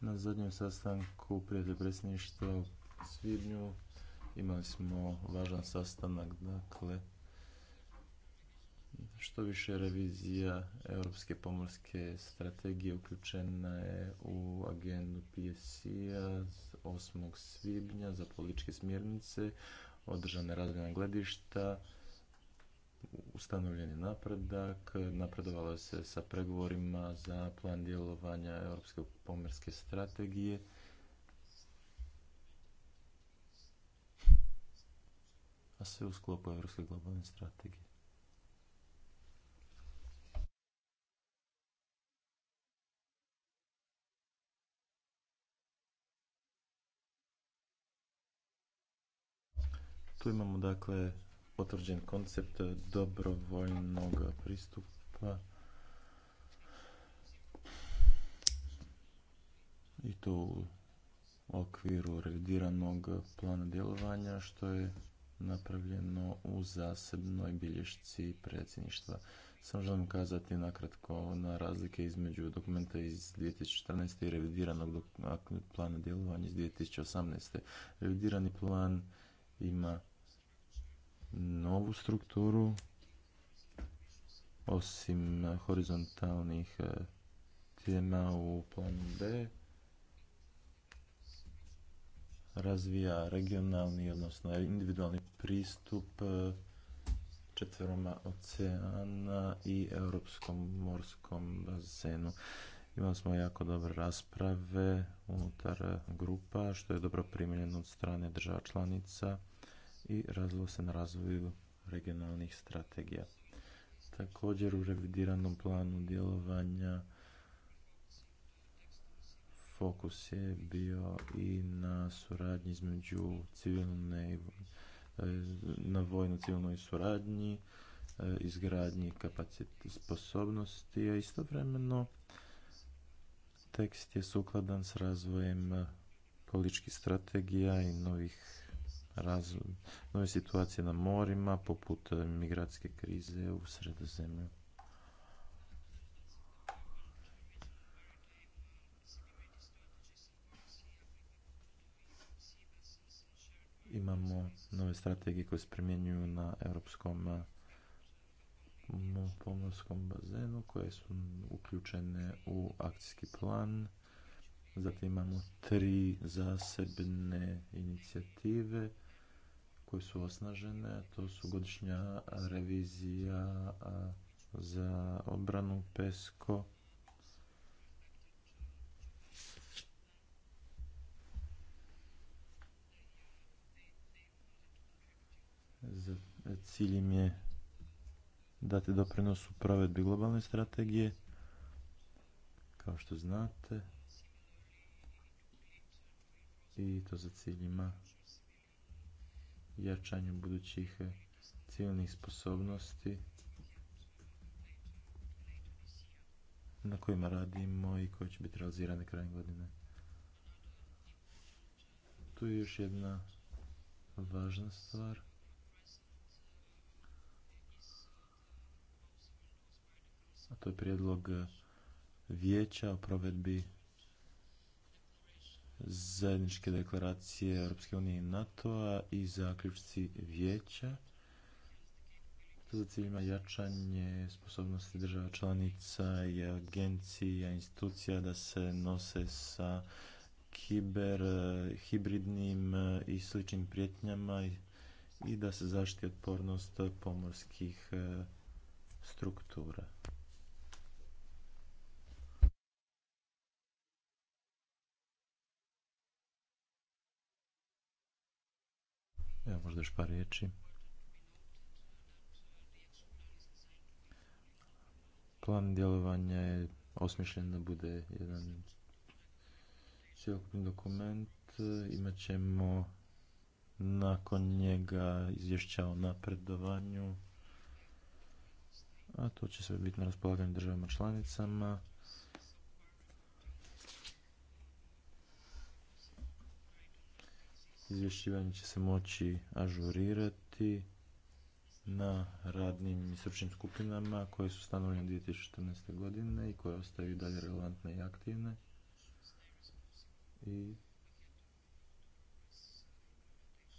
Na zadnjem sastanku za predsjedništva u Svibnju imali smo važan sastanak, dakle, što više revizija Europske pomorske strategije uključena je u agendu PSC-a 8. svibnja za političke smjernice, održane razvojna gledišta, ustanovljen napredak, napredovalo se sa pregovorima za plan djelovanja Europske pomorske strategije. A sve u sklopu Europske globalne strategije. Tu imamo dakle potvrđen koncept dobrovoljnog pristupa i to u okviru revidiranog plana djelovanja što je napravljeno u zasebnoj bilješci predsjedništva. Samo želim kazati nakratko na razlike između dokumenta iz 2014. i revidiranog plana djelovanja iz 2018. Revidirani plan ima novu strukturu osim horizontalnih e, tema u planu B razvija regionalni, odnosno individualni pristup e, četvroma oceana i europskom morskom bazenu. Imali smo jako dobre rasprave unutar grupa, što je dobro primljeno od strane država članica i razvilo se na razvoju regionalnih strategija. Također u revidiranom planu djelovanja fokus je bio i na suradnji između civilne e, na vojno-civilnoj suradnji, e, izgradnji kapaciteta sposobnosti, a istovremeno tekst je sukladan s razvojem političkih strategija i novih raz, nove situacije na morima, poput e, migratske krize u sredozemlju. Imamo nove strategije koje se primjenjuju na europskom e, pomorskom bazenu koje su uključene u akcijski plan. Zatim imamo tri zasebne inicijative koje su osnažene, to su godišnja revizija za obranu PESCO. Cilj im je dati doprinos u provedbi globalne strategije. Kao što znate, i to za ima jačanju budućih eh, civilnih sposobnosti na kojima radimo i koje će biti realizirane krajem godine. Tu je još jedna važna stvar. A to je prijedlog eh, vijeća o provedbi zajedničke deklaracije Europske unije i NATO-a i zaključci vijeća za ciljima jačanje sposobnosti država članica i agencija, institucija da se nose sa kiber, hibridnim i sličnim prijetnjama i da se zaštiti otpornost pomorskih eh, struktura. Evo možda još par riječi. Plan djelovanja je osmišljen da bude jedan cijelokupni dokument. ćemo nakon njega izvješća o napredovanju, a to će sve biti na raspolaganju državama članicama. Izvješćivanje će se moći ažurirati na radnim i stručnim skupinama koje su stanovljene 2014. godine i koje ostaju i dalje relevantne i aktivne. I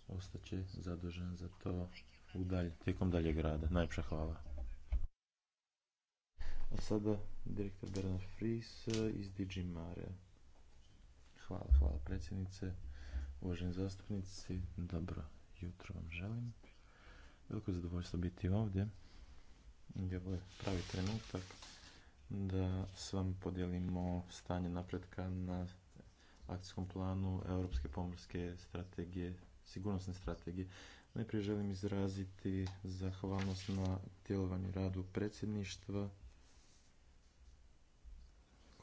ostaće zadužen za to u dalje, tijekom daljeg rada. Najpša hvala. A sada direktor Bernard Fries iz Digimare. Hvala, hvala predsjednice. Uvaženi zastupnici, dobro jutro vam želim. Veliko zadovoljstvo biti ovdje. pravi trenutak da s vam podijelimo stanje napretka na akcijskom planu Europske pomorske strategije, sigurnosne strategije. Najprije želim izraziti zahvalnost na djelovanju radu predsjedništva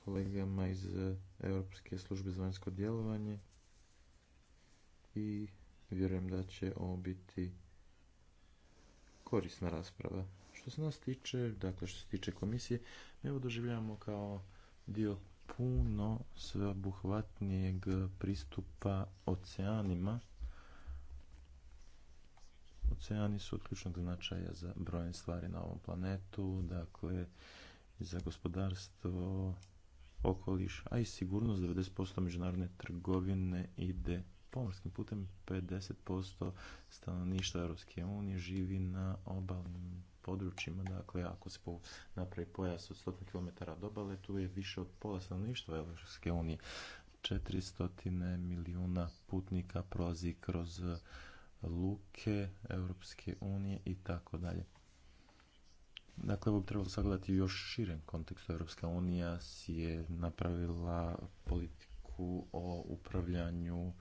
kolegama iz Europske službe za vanjsko djelovanje i vjerujem da će ovo biti korisna rasprava. Što se nas tiče, dakle što se tiče komisije, mi ovo doživljavamo kao dio puno sveobuhvatnijeg pristupa oceanima. Oceani su od ključnog značaja za brojne stvari na ovom planetu, dakle za gospodarstvo, okoliš, a i sigurnost 90% međunarodne trgovine ide pomorskim putem 50% stanovništva Europske unije živi na obalnim područjima. Dakle, ako se napravi pojas od 100 km od obale, tu je više od pola stanovništva Europske unije. 400 milijuna putnika prolazi kroz eh, luke Europske unije i tako dalje. Dakle, ovo bi trebalo sagledati u još širem kontekstu. Europska unija si je napravila politiku o upravljanju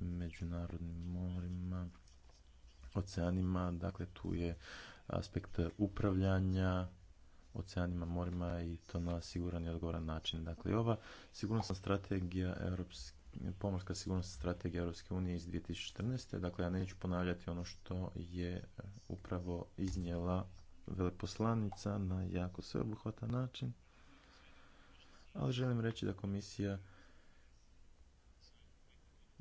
međunarodnim morima, oceanima, dakle tu je aspekt upravljanja oceanima, morima i to na siguran i odgovoran način. Dakle, ova sigurnosna strategija Europske pomorska sigurnosna strategija Europske unije iz 2014. Dakle, ja neću ponavljati ono što je upravo iznijela veleposlanica na jako sveobuhvatan način. Ali želim reći da komisija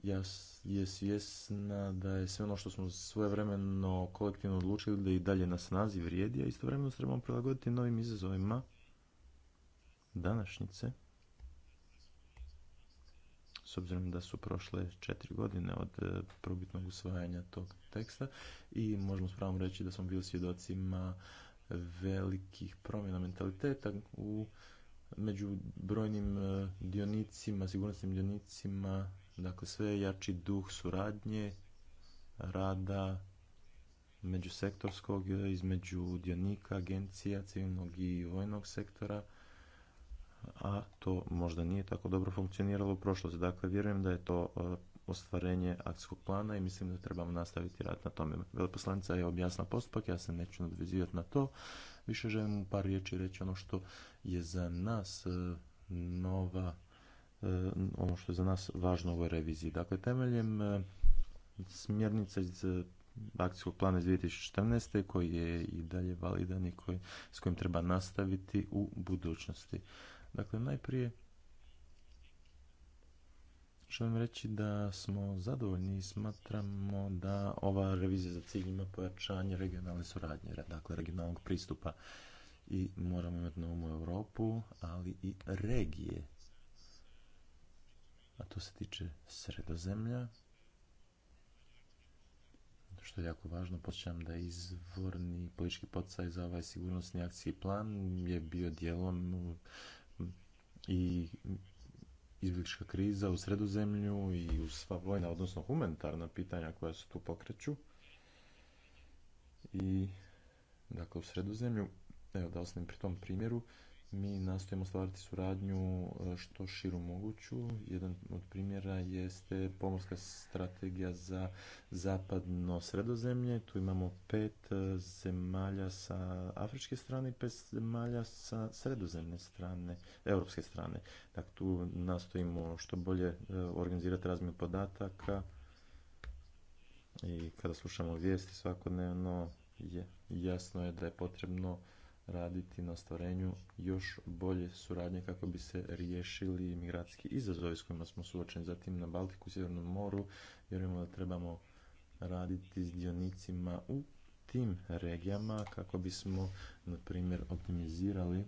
ja je svjesna da je sve ono što smo svojevremeno kolektivno odlučili da i dalje na snazi vrijedi, a istovremeno trebamo prilagoditi novim izazovima današnjice. S obzirom da su prošle četiri godine od e, probitnog usvajanja tog teksta i možemo s pravom reći da smo bili svjedocima velikih promjena mentaliteta u među brojnim e, dionicima, sigurnosnim dionicima Dakle, sve jači duh suradnje, rada međusektorskog, između dionika, agencija, civilnog i vojnog sektora, a to možda nije tako dobro funkcioniralo u prošlosti. Dakle, vjerujem da je to e, ostvarenje akcijskog plana i mislim da trebamo nastaviti rad na tome. Veleposlanica je objasna postupak, ja se neću nadvizivati na to. Više želim par riječi reći ono što je za nas e, nova E, ono što je za nas važno u ovoj reviziji. Dakle, temeljem e, smjernica iz e, akcijskog plana iz 2014. koji je i dalje validan i koji, s kojim treba nastaviti u budućnosti. Dakle, najprije želim reći da smo zadovoljni i smatramo da ova revizija za cilj ima pojačanje regionalne suradnje, dakle regionalnog pristupa i moramo imati na umu Europu, ali i regije a to se tiče sredozemlja, što je jako važno. Počećam da izvorni politički poticaj za ovaj sigurnosni akcijski plan je bio dijelom i izbjeglička kriza u sredozemlju i u sva vojna, odnosno humanitarna pitanja koja se tu pokreću. I, dakle, u sredozemlju, evo da ostanem pri tom primjeru, mi nastojimo stvarati suradnju e, što širu moguću. Jedan od primjera jeste pomorska strategija za zapadno sredozemlje. Tu imamo pet e, zemalja sa afričke strane i pet zemalja sa sredozemne strane, europske strane. Dakle, tu nastojimo što bolje e, organizirati razmjenu podataka i kada slušamo vijesti svakodnevno je, jasno je da je potrebno raditi na ostvarenju još bolje suradnje kako bi se riješili migracijski izazovi s kojima smo suočeni. Zatim na Baltiku i Sjevernom moru vjerujemo da trebamo raditi s dionicima u tim regijama kako bismo, na primjer, optimizirali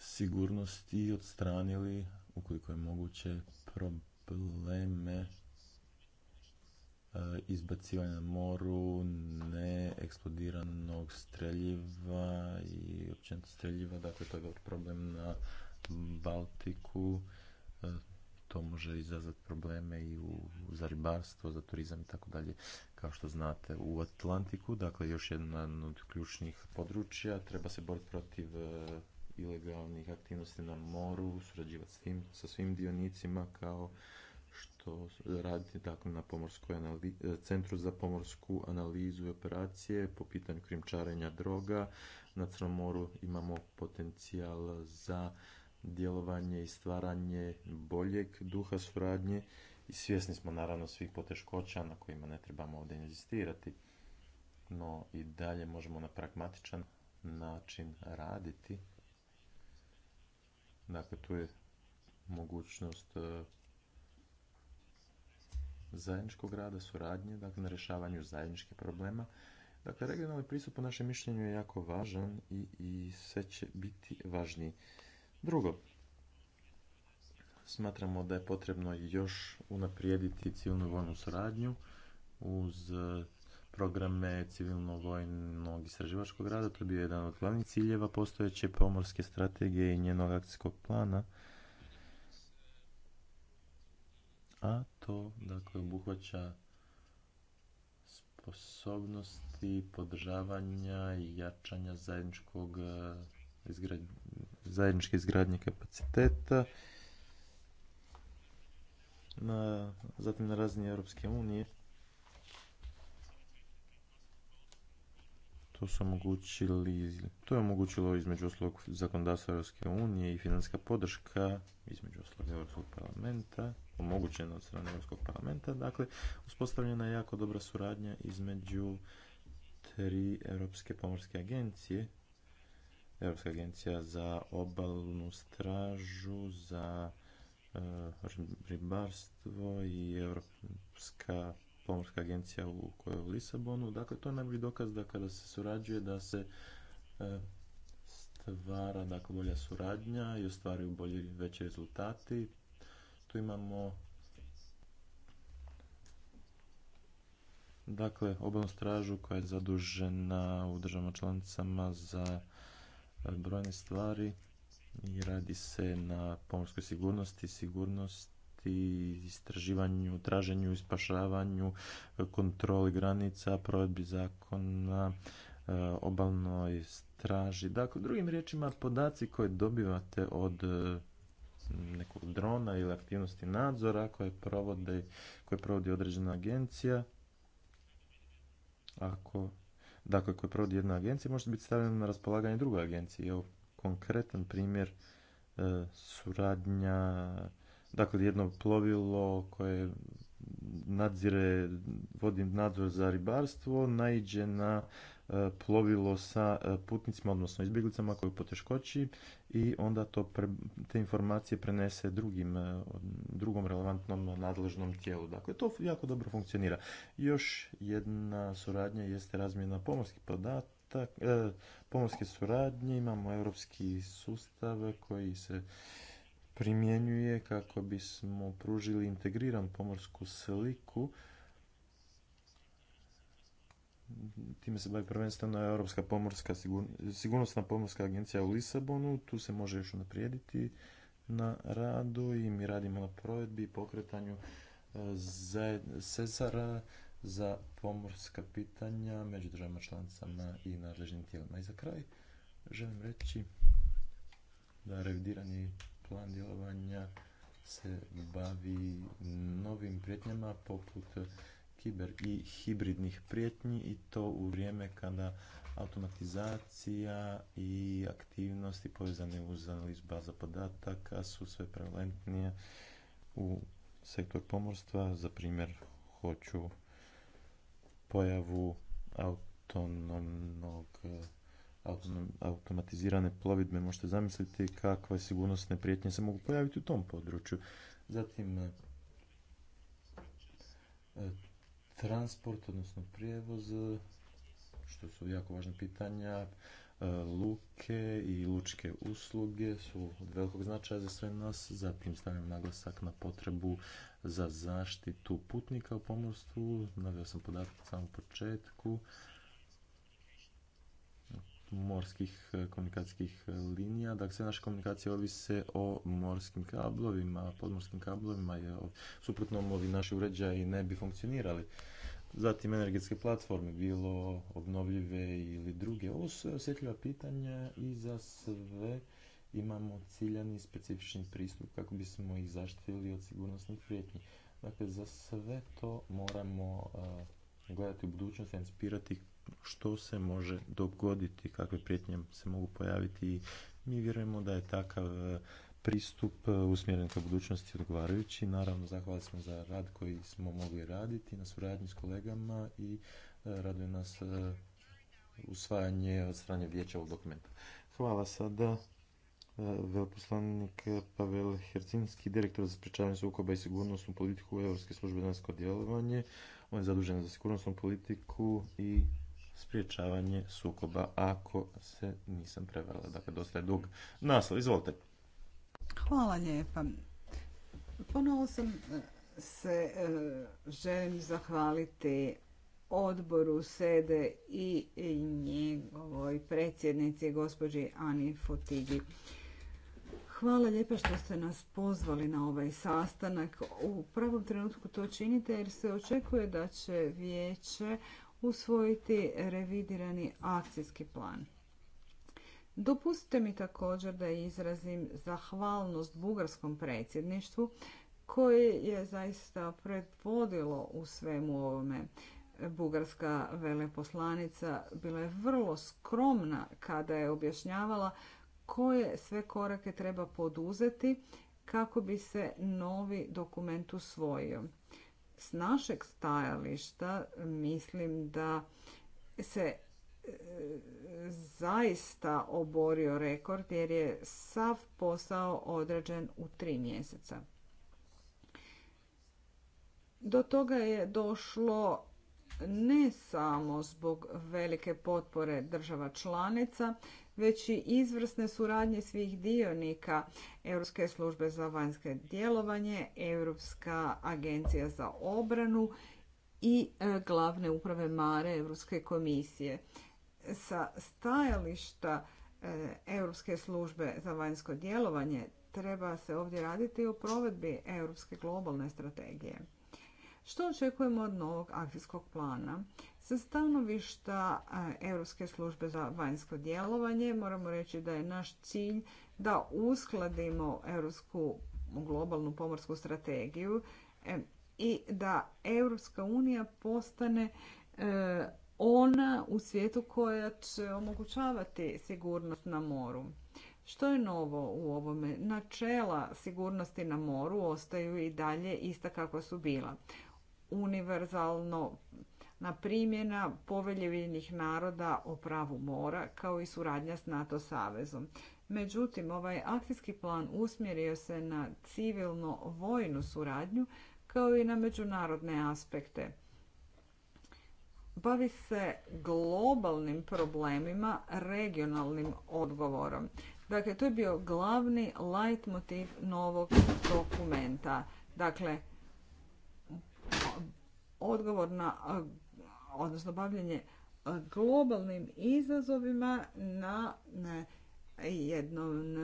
sigurnost i odstranili, ukoliko je moguće, probleme E, izbacivanja na moru, neeksplodiranog streljiva i općenito streljiva, dakle to je problem na Baltiku, e, to može izazvati probleme i u, za ribarstvo, za turizam i tako dalje, kao što znate u Atlantiku, dakle još jedan od ključnih područja, treba se boriti protiv e, ilegalnih aktivnosti na moru, surađivati svim, sa svim dionicima kao što raditi tako dakle, na pomorskoj Centru za pomorsku analizu i operacije po pitanju krimčarenja droga. Na Crnom moru imamo potencijal za djelovanje i stvaranje boljeg duha suradnje i svjesni smo naravno svih poteškoća na kojima ne trebamo ovdje inzistirati, no i dalje možemo na pragmatičan način raditi. Dakle, tu je mogućnost zajedničkog rada, suradnje, dakle na rješavanju zajedničkih problema. Dakle, regionalni pristup po našem mišljenju je jako važan i, i sve će biti važniji. Drugo, smatramo da je potrebno još unaprijediti civilnu vojnu suradnju uz e, programe civilno-vojnog istraživačkog rada. To je bio jedan od glavnih ciljeva postojeće pomorske strategije i njenog akcijskog plana a to dakle obuhvaća sposobnosti podržavanja i jačanja zajedničkog e, zajedničke izgradnje kapaciteta na, zatim na razini Europske unije To su to je omogućilo između oslog zakonodavstva Europske unije i financijska podrška između oslog Europskog parlamenta, omogućena od strane Europskog parlamenta. Dakle, uspostavljena je jako dobra suradnja između tri Europske pomorske agencije, Europska agencija za obalnu stražu, za e, ribarstvo i Europska pomorska agencija u koja je u Lisabonu. Dakle, to je najbolji dokaz da kada se surađuje da se e, stvara dakle, bolja suradnja i ostvaraju bolji veći rezultati. Tu imamo dakle obalnu stražu koja je zadužena u državama članicama za e, brojne stvari i radi se na pomorskoj sigurnosti, sigurnost i istraživanju, traženju, ispašavanju, e, kontroli granica, provedbi zakona, e, obalnoj straži. Dakle, drugim riječima, podaci koje dobivate od e, nekog drona ili aktivnosti nadzora koje, provode, koje provodi određena agencija, ako, dakle, koje provodi jedna agencija, može biti stavljena na raspolaganje drugoj agenciji. Evo, konkretan primjer suradnja dakle jedno plovilo koje nadzire, vodi nadzor za ribarstvo, naiđe na e, plovilo sa e, putnicima, odnosno izbjeglicama koji poteškoći i onda to te informacije prenese drugim, e, drugom relevantnom nadležnom tijelu. Dakle, to jako dobro funkcionira. Još jedna suradnja jeste razmjena pomorskih podataka, pomorske suradnje, imamo europski sustav koji se primjenjuje kako bismo pružili integriran pomorsku sliku time se bavi prvenstveno Europska pomorska sigurnosna pomorska agencija u Lisabonu, tu se može još unaprijediti na radu i mi radimo na provedbi i pokretanju Cezara za pomorska pitanja među državama članicama i nadležnim tijelima. I za kraj želim reći da revidirani plan djelovanja se bavi novim prijetnjama poput kiber i hibridnih prijetnji i to u vrijeme kada automatizacija i aktivnosti povezane uz analizu baza podataka su sve prevalentnije u sektor pomorstva. Za primjer, hoću pojavu autonomnog automatizirane plovidbe. Možete zamisliti kakve sigurnosne prijetnje se mogu pojaviti u tom području. Zatim, e, e, transport, odnosno prijevoz, što su jako važna pitanja, e, luke i lučke usluge su od velikog značaja za sve nas. Zatim stavljam naglasak na potrebu za zaštitu putnika u pomorstvu. Naveo sam podatak u samom početku morskih e, komunikacijskih e, linija. Dakle, sve naše komunikacije ovise o morskim kablovima, podmorskim kablovima, jer suprotno ovi naši uređaji ne bi funkcionirali. Zatim energetske platforme, bilo obnovljive ili druge. Ovo su osjetljiva pitanja i za sve imamo ciljani specifični pristup kako bismo ih zaštitili od sigurnosnih prijetnji. Dakle, za sve to moramo e, gledati u budućnost, anticipirati što se može dogoditi, kakve prijetnje se mogu pojaviti i mi vjerujemo da je takav e, pristup e, usmjeren ka budućnosti odgovarajući. Naravno, zahvali smo za rad koji smo mogli raditi na suradnji s kolegama i e, raduje nas usvajanje od strane vijeća ovog dokumenta. Hvala sada veleposlanik Pavel Hercinski, direktor za sprečavanje sukoba i sigurnosnu politiku u Europske službe djelovanje. On je zadužen za sigurnosnu politiku i sprječavanje sukoba, ako se nisam prevela. Dakle, dosta je dug naslov. Izvolite. Hvala lijepa. Ponovo sam e, se e, želim zahvaliti odboru sede i njegovoj predsjednici gospođi Ani Fotigi. Hvala lijepa što ste nas pozvali na ovaj sastanak. U pravom trenutku to činite jer se očekuje da će vijeće usvojiti revidirani akcijski plan. Dopustite mi također da izrazim zahvalnost bugarskom predsjedništvu koje je zaista predvodilo u svemu ovome. Bugarska veleposlanica bila je vrlo skromna kada je objašnjavala koje sve korake treba poduzeti kako bi se novi dokument usvojio. S našeg stajališta mislim da se e, zaista oborio rekord jer je sav posao odrađen u tri mjeseca. Do toga je došlo ne samo zbog velike potpore država članica, već i izvrsne suradnje svih dionika Europske službe za vanjske djelovanje, Europska agencija za obranu i e, glavne uprave Mare Europske komisije. Sa stajališta e, Europske službe za vanjsko djelovanje treba se ovdje raditi o provedbi Europske globalne strategije. Što očekujemo od novog akcijskog plana? Sa stanovišta e, Europske službe za vanjsko djelovanje moramo reći da je naš cilj da uskladimo europsku globalnu pomorsku strategiju e, i da Europska unija postane e, ona u svijetu koja će omogućavati sigurnost na moru. Što je novo u ovome? Načela sigurnosti na moru ostaju i dalje ista kako su bila univerzalno na primjena poveljevinih naroda o pravu mora kao i suradnja s NATO savezom. Međutim, ovaj akcijski plan usmjerio se na civilno vojnu suradnju kao i na međunarodne aspekte. Bavi se globalnim problemima regionalnim odgovorom. Dakle, to je bio glavni light motiv novog dokumenta. Dakle, odgovor na, odnosno bavljanje globalnim izazovima na jednom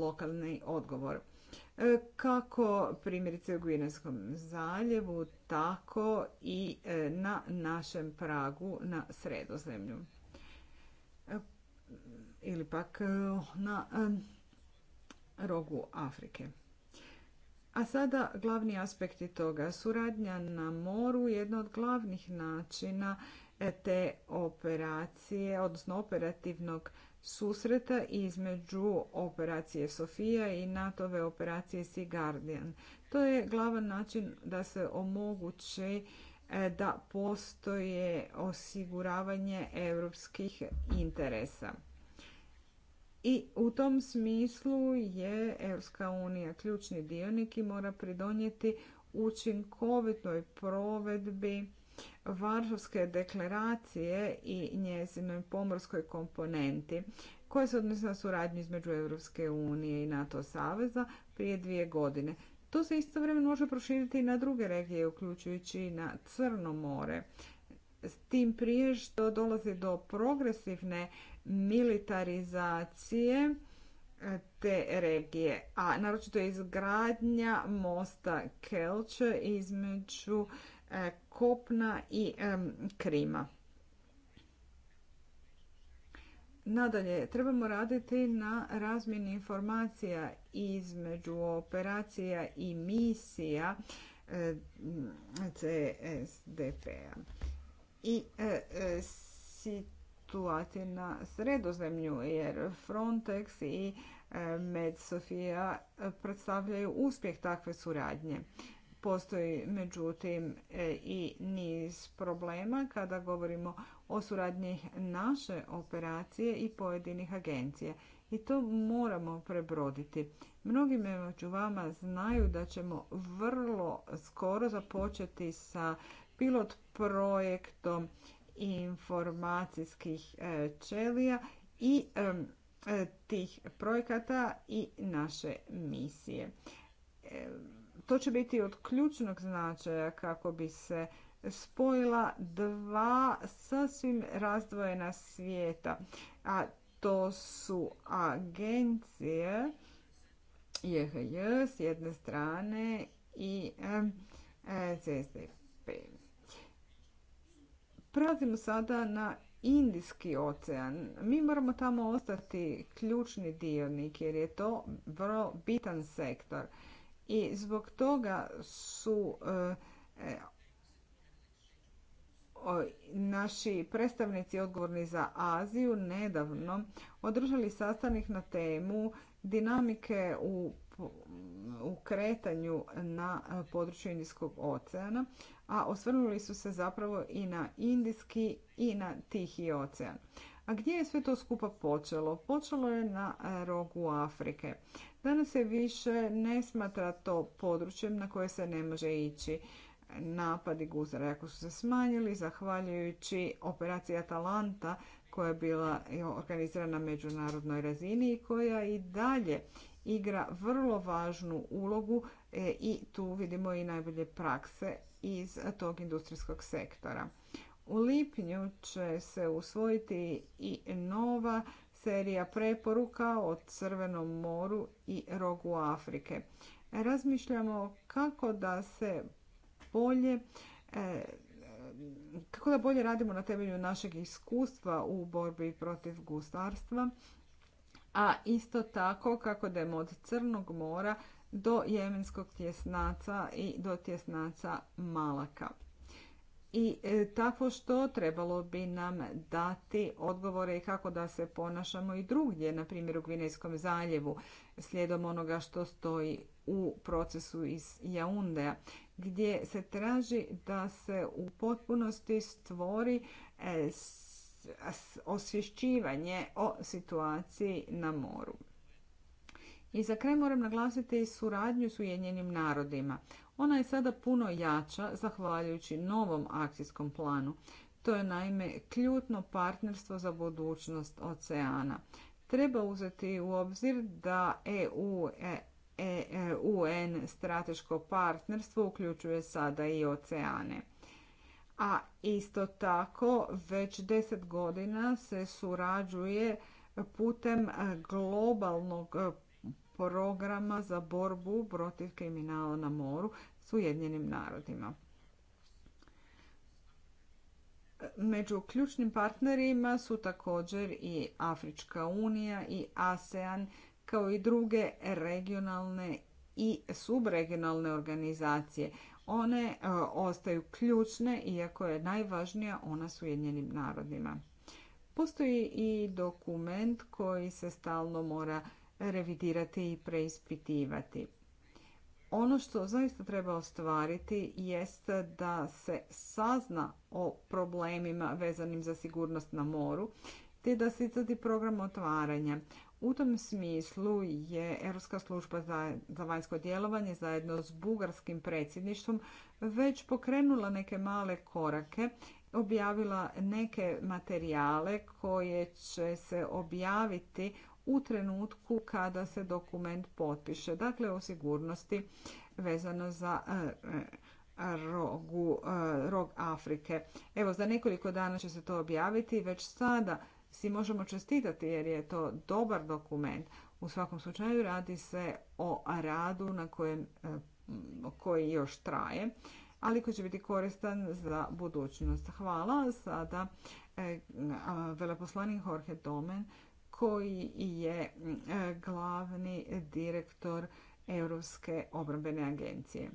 lokalni odgovor. E, kako primjerice u Gvinanskom zaljevu, tako i e, na našem pragu na sredozemlju. E, ili pak na rogu Afrike. A sada glavni aspekti toga. Suradnja na moru je jedna od glavnih načina e, te operacije, odnosno operativnog susreta između operacije Sofija i NATO-ve operacije Sea Guardian. To je glavan način da se omogući e, da postoje osiguravanje europskih interesa. I u tom smislu je Europska unija ključni dionik i mora pridonijeti učinkovitoj provedbi Varšavske deklaracije i njezinoj pomorskoj komponenti koja se odnosi na suradnju između Europske unije i NATO saveza prije dvije godine. To se istovremeno može proširiti i na druge regije, uključujući i na Crno more. S tim prije što dolazi do progresivne militarizacije e, te regije, a naročito izgradnja mosta Kelč između e, Kopna i e, Krima. Nadalje, trebamo raditi na razmjeni informacija između operacija i misija CSDP-a. I na sredozemlju jer Frontex i e, Med Sofia e, predstavljaju uspjeh takve suradnje. Postoji međutim e, i niz problema kada govorimo o suradnji naše operacije i pojedinih agencija. I to moramo prebroditi. Mnogi među vama znaju da ćemo vrlo skoro započeti sa pilot projektom informacijskih čelija e, i e, tih projekata i naše misije. E, to će biti od ključnog značaja kako bi se spojila dva sasvim razdvojena svijeta, a to su agencije JHJ s jedne strane i CSDP Prelazimo sada na Indijski ocean. Mi moramo tamo ostati ključni dionik jer je to vrlo bitan sektor. I zbog toga su e, e naši predstavnici odgovorni za Aziju nedavno održali sastanak na temu dinamike u, u kretanju na području Indijskog oceana a osvrnuli su se zapravo i na Indijski i na Tihi ocean. A gdje je sve to skupa počelo? Počelo je na rogu Afrike. Danas se više ne smatra to područjem na koje se ne može ići. Napadi guzara jako su se smanjili zahvaljujući operacija Atalanta koja je bila organizirana na međunarodnoj razini i koja i dalje igra vrlo važnu ulogu e, i tu vidimo i najbolje prakse iz tog industrijskog sektora. U lipnju će se usvojiti i nova serija preporuka o Crvenom moru i rogu Afrike. Razmišljamo kako da se bolje e, kako da bolje radimo na temelju našeg iskustva u borbi protiv gustarstva, a isto tako kako da od Crnog mora do jemenskog tjesnaca i do tjesnaca Malaka. I e, tako što trebalo bi nam dati odgovore i kako da se ponašamo i drugdje, na primjer u Gvinejskom zaljevu, slijedom onoga što stoji u procesu iz Jaundeja, gdje se traži da se u potpunosti stvori e, osvješćivanje o situaciji na moru. I za kraj moram naglasiti suradnju s Ujedinjenim narodima. Ona je sada puno jača zahvaljujući novom akcijskom planu. To je naime ključno partnerstvo za budućnost oceana. Treba uzeti u obzir da EU, e, e, e UN strateško partnerstvo uključuje sada i oceane. A isto tako već deset godina se surađuje putem globalnog programa za borbu protiv kriminala na moru s Ujedinjenim narodima. Među ključnim partnerima su također i Afrička unija i ASEAN kao i druge regionalne i subregionalne organizacije. One e, ostaju ključne iako je najvažnija ona s Ujedinjenim narodima. Postoji i dokument koji se stalno mora revidirati i preispitivati. Ono što zaista treba ostvariti jest da se sazna o problemima vezanim za sigurnost na moru, te da se izradi program otvaranja. U tom smislu je Europska služba za, za vanjsko djelovanje zajedno s bugarskim predsjedništvom već pokrenula neke male korake, objavila neke materijale koje će se objaviti u trenutku kada se dokument potpiše. Dakle, o sigurnosti vezano za e, e, rogu, e, rog Afrike. Evo, za nekoliko dana će se to objaviti. Već sada si možemo čestitati jer je to dobar dokument. U svakom slučaju radi se o radu na kojem, koji još traje, ali koji će biti koristan za budućnost. Hvala. Sada veleposlanik Jorge Domen koji je mm, glavni direktor Europske obrambene agencije.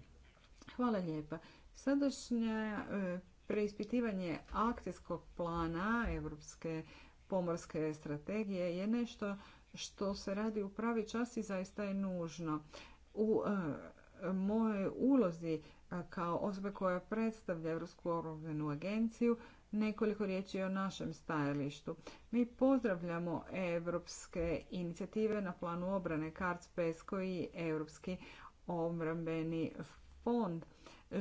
Hvala lijepa. Sadašnje e, preispitivanje akcijskog plana Europske pomorske strategije je nešto što se radi u pravi čas i zaista je nužno. U e, mojoj ulozi e, kao osobe koja predstavlja Europsku obrambenu agenciju Nekoliko riječi o našem stajalištu. Mi pozdravljamo europske inicijative na planu obrane CARDS, PESCO i Europski obrambeni fond,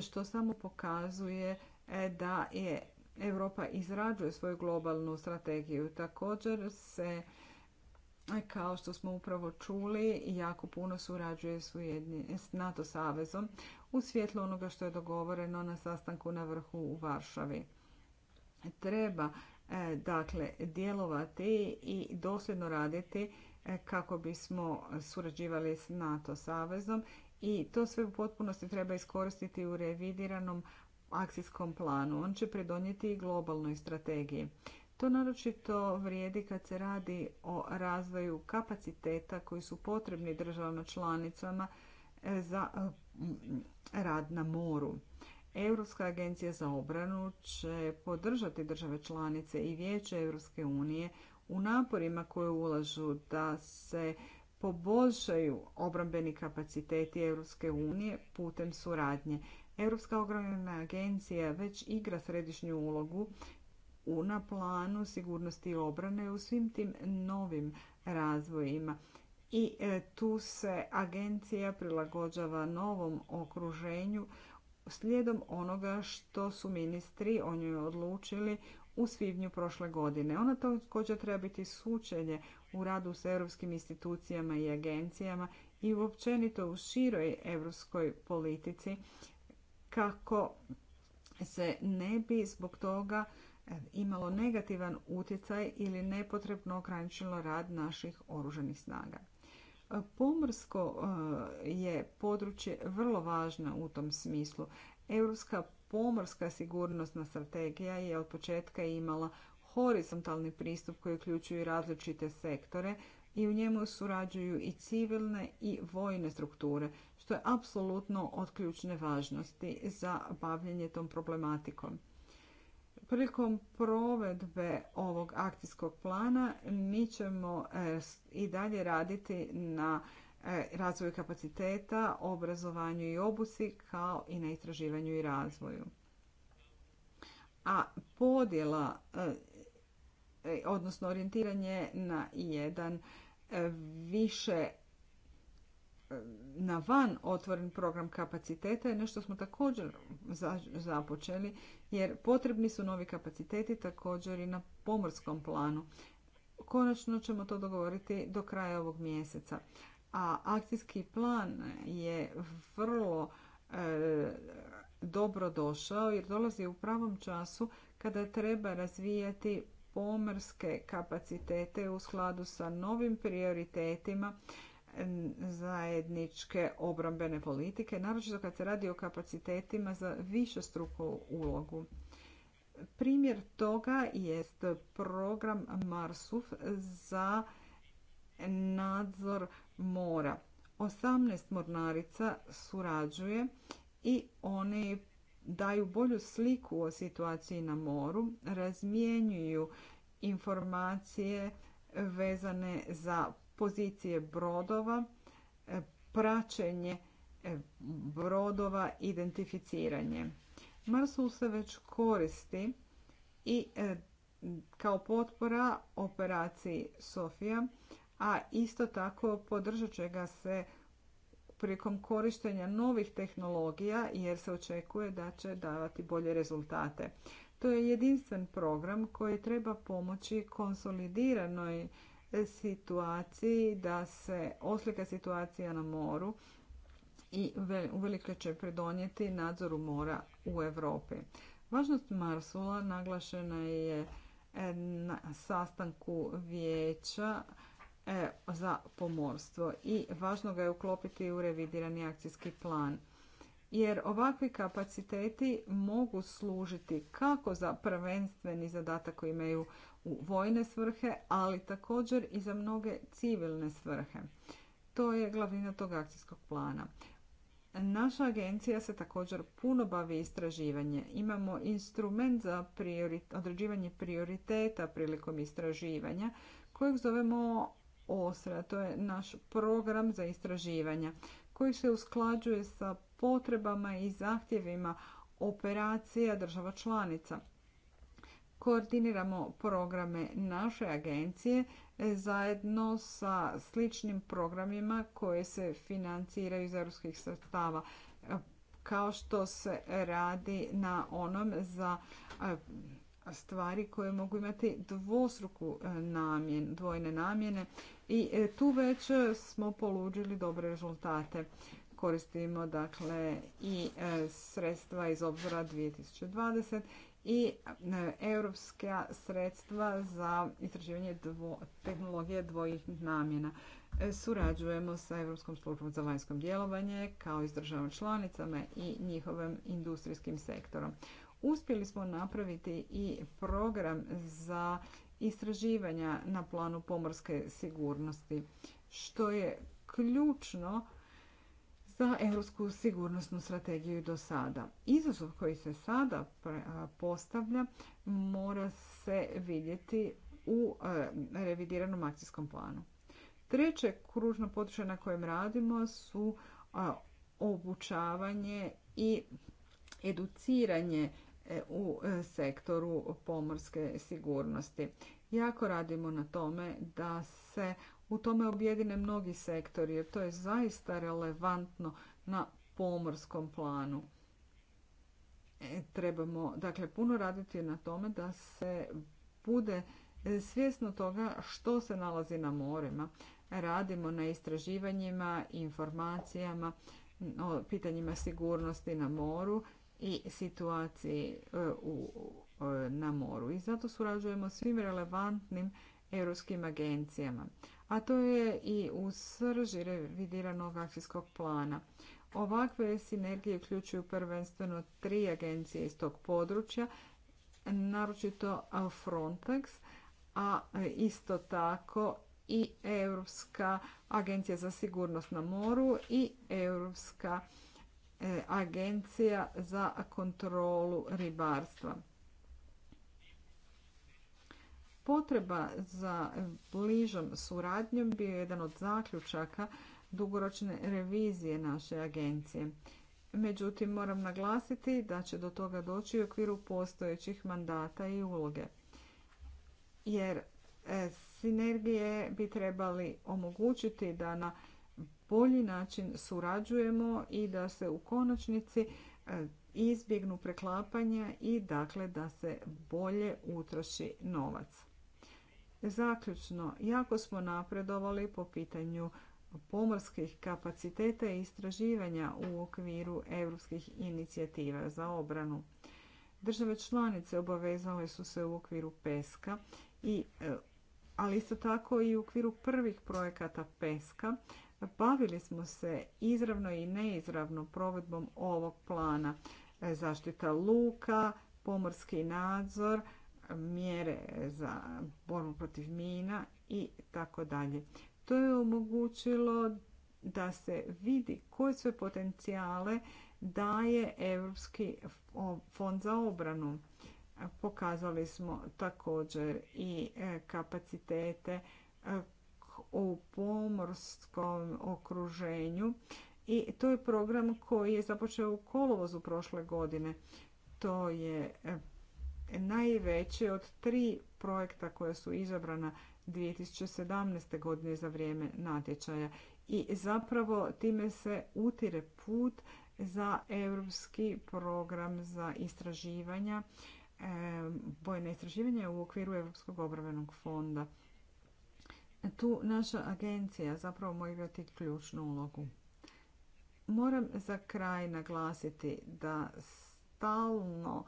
što samo pokazuje e, da je Europa izrađuje svoju globalnu strategiju. Također se kao što smo upravo čuli, jako puno surađuje s, NATO savezom u svjetlu onoga što je dogovoreno na sastanku na vrhu u Varšavi treba e, dakle djelovati i dosljedno raditi e, kako bismo surađivali s NATO savezom i to sve u potpunosti treba iskoristiti u revidiranom akcijskom planu. On će pridonijeti i globalnoj strategiji. To naročito vrijedi kad se radi o razvoju kapaciteta koji su potrebni državama članicama e, za rad na moru. Europska agencija za obranu će podržati države članice i vijeće Europske unije u naporima koje ulažu da se poboljšaju obrambeni kapaciteti Europske unije putem suradnje. Europska obrambena agencija već igra središnju ulogu u na planu sigurnosti i obrane u svim tim novim razvojima. I e, tu se agencija prilagođava novom okruženju slijedom onoga što su ministri o njoj odlučili u svibnju prošle godine. Ona također treba biti sučelje u radu s europskim institucijama i agencijama i uopćenito u široj europskoj politici kako se ne bi zbog toga e, imalo negativan utjecaj ili nepotrebno ograničilo rad naših oružanih snaga. Pomorsko e, je područje vrlo važno u tom smislu. Europska pomorska sigurnosna strategija je od početka imala horizontalni pristup koji uključuje različite sektore i u njemu surađuju i civilne i vojne strukture, što je apsolutno od ključne važnosti za bavljenje tom problematikom. Prilikom provedbe ovog akcijskog plana mi ćemo e, i dalje raditi na e, razvoju kapaciteta, obrazovanju i obusi kao i na istraživanju i razvoju. A podjela, e, odnosno orijentiranje na jedan više na van otvoren program kapaciteta je nešto smo također započeli jer potrebni su novi kapaciteti također i na pomorskom planu. Konačno ćemo to dogovoriti do kraja ovog mjeseca. A akcijski plan je vrlo e, dobro došao jer dolazi u pravom času kada treba razvijati pomorske kapacitete u skladu sa novim prioritetima zajedničke obrambene politike, naročito kad se radi o kapacitetima za višestruku ulogu. Primjer toga jest program Marsuf za nadzor mora. 18 mornarica surađuje i oni daju bolju sliku o situaciji na moru, razmjenjuju informacije vezane za pozicije brodova, e, praćenje e, brodova, identificiranje. Marsul se već koristi i e, kao potpora operaciji Sofija, a isto tako podržat će ga se prilikom korištenja novih tehnologija jer se očekuje da će davati bolje rezultate. To je jedinstven program koji treba pomoći konsolidiranoj situaciji da se oslika situacija na moru i uvelike će pridonijeti nadzoru mora u Europi. Važnost Marsula naglašena je e, na sastanku vijeća e, za pomorstvo i važno ga je uklopiti u revidirani akcijski plan. Jer ovakvi kapaciteti mogu služiti kako za prvenstveni zadatak koji imaju u vojne svrhe, ali također i za mnoge civilne svrhe. To je glavnina tog akcijskog plana. Naša agencija se također puno bavi istraživanje. Imamo instrument za određivanje prioriteta prilikom istraživanja kojeg zovemo OSRA. To je naš program za istraživanja koji se usklađuje sa potrebama i zahtjevima operacija država članica koordiniramo programe naše agencije e, zajedno sa sličnim programima koje se financiraju iz europskih sredstava e, kao što se radi na onom za e, stvari koje mogu imati dvostruku namjen, dvojne namjene i tu već smo poluđili dobre rezultate. Koristimo dakle i sredstva iz obzora 2020 i e, europska sredstva za istraživanje tehnologije dvojih namjena. E, surađujemo sa Europskom službom za vanjsko djelovanje kao i s državom članicama i njihovim industrijskim sektorom. Uspjeli smo napraviti i program za istraživanja na planu pomorske sigurnosti, što je ključno za europsku sigurnosnu strategiju do sada. Izazov koji se sada postavlja mora se vidjeti u revidiranom akcijskom planu. Treće kružno područje na kojem radimo su obučavanje i educiranje e, u e, sektoru pomorske sigurnosti. Jako radimo na tome da se u tome objedine mnogi sektori jer to je zaista relevantno na pomorskom planu. E, trebamo dakle puno raditi na tome da se bude svjesno toga što se nalazi na morima. Radimo na istraživanjima, informacijama, o pitanjima sigurnosti na moru i situaciji e, e, na moru. I zato surađujemo svim relevantnim europskim agencijama a to je i u srži revidiranog akcijskog plana. Ovakve sinergije uključuju prvenstveno tri agencije iz tog područja, naročito Frontex, a isto tako i Europska agencija za sigurnost na moru i Europska e, agencija za kontrolu ribarstva. Potreba za bližom suradnjom bio je jedan od zaključaka dugoročne revizije naše agencije. Međutim, moram naglasiti da će do toga doći u okviru postojećih mandata i uloge. Jer e, sinergije bi trebali omogućiti da na bolji način surađujemo i da se u konačnici e, izbjegnu preklapanja i dakle da se bolje utroši novac. Zaključno, jako smo napredovali po pitanju pomorskih kapaciteta i istraživanja u okviru europskih inicijativa za obranu. Države članice obavezale su se u okviru PESKA, i, e, ali isto tako i u okviru prvih projekata PESKA bavili smo se izravno i neizravno provedbom ovog plana. E, zaštita luka, pomorski nadzor, mjere za borbu protiv mina i tako dalje. To je omogućilo da se vidi koje sve potencijale daje Europski fond za obranu. Pokazali smo također i e, kapacitete e, u pomorskom okruženju i to je program koji je započeo u kolovozu prošle godine. To je e, najveće od tri projekta koja su izabrana 2017. godine za vrijeme natječaja i zapravo time se utire put za europski program za istraživanja bojne istraživanja u okviru Europskog obrambenog fonda. Tu naša agencija zapravo može igrati ključnu ulogu. Moram za kraj naglasiti da stalno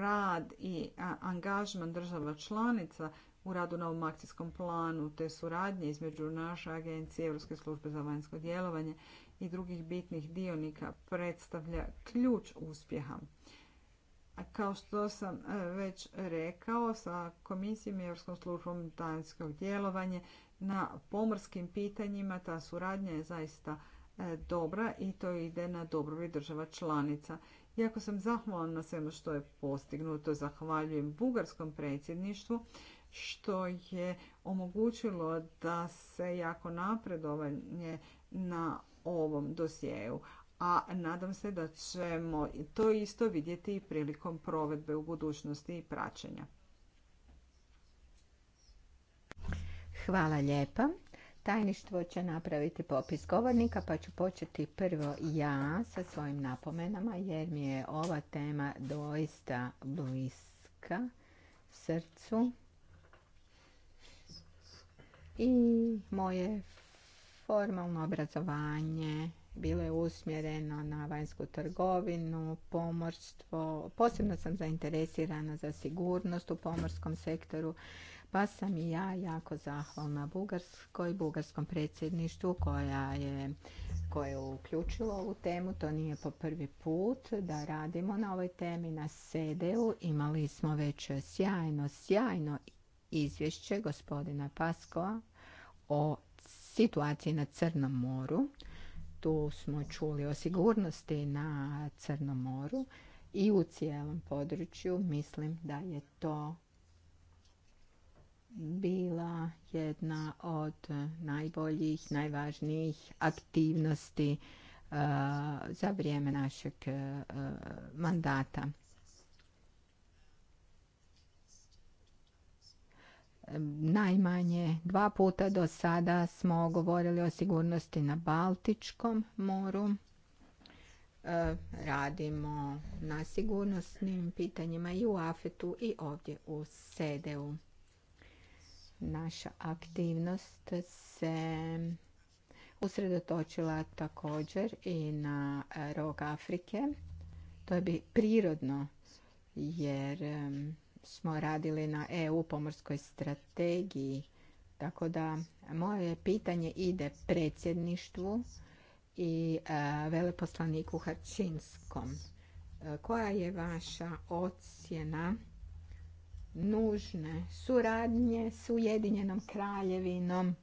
rad i angažman država članica u radu na ovom akcijskom planu te suradnje između naše agencije Europske službe za vanjsko djelovanje i drugih bitnih dionika predstavlja ključ uspjeha. kao što sam e, već rekao, sa Komisijom i Europskom službom danskog djelovanje na pomorskim pitanjima ta suradnja je zaista e, dobra i to ide na dobrobit država članica. Iako sam zahvalna na svemu što je postignuto. Zahvaljujem bugarskom predsjedništvu što je omogućilo da se jako napredovanje na ovom dosjeju. A nadam se da ćemo to isto vidjeti i prilikom provedbe u budućnosti i praćenja. Hvala lijepa. Tajništvo će napraviti popis govornika, pa ću početi prvo ja sa svojim napomenama, jer mi je ova tema doista bliska srcu. I moje formalno obrazovanje bilo je usmjereno na vanjsku trgovinu, pomorstvo. Posebno sam zainteresirana za sigurnost u pomorskom sektoru pa sam i ja jako zahvalna Bugarskoj, Bugarskom predsjedništvu koja je koje je uključilo ovu temu. To nije po prvi put da radimo na ovoj temi na SEDEU. Imali smo već sjajno, sjajno izvješće gospodina Paskova o situaciji na Crnom moru. Tu smo čuli o sigurnosti na Crnom moru i u cijelom području mislim da je to bila jedna od najboljih, najvažnijih aktivnosti eh, za vrijeme našeg eh, mandata. Najmanje dva puta do sada smo govorili o sigurnosti na Baltičkom moru. Eh, radimo na sigurnosnim pitanjima i u Afetu i ovdje u Sedeu naša aktivnost se usredotočila također i na e, rog Afrike. To je bi prirodno jer smo radili na EU pomorskoj strategiji. Tako da moje pitanje ide predsjedništvu i e, veleposlaniku Hačinskom. E, koja je vaša ocjena nužne suradnje s Ujedinjenom kraljevinom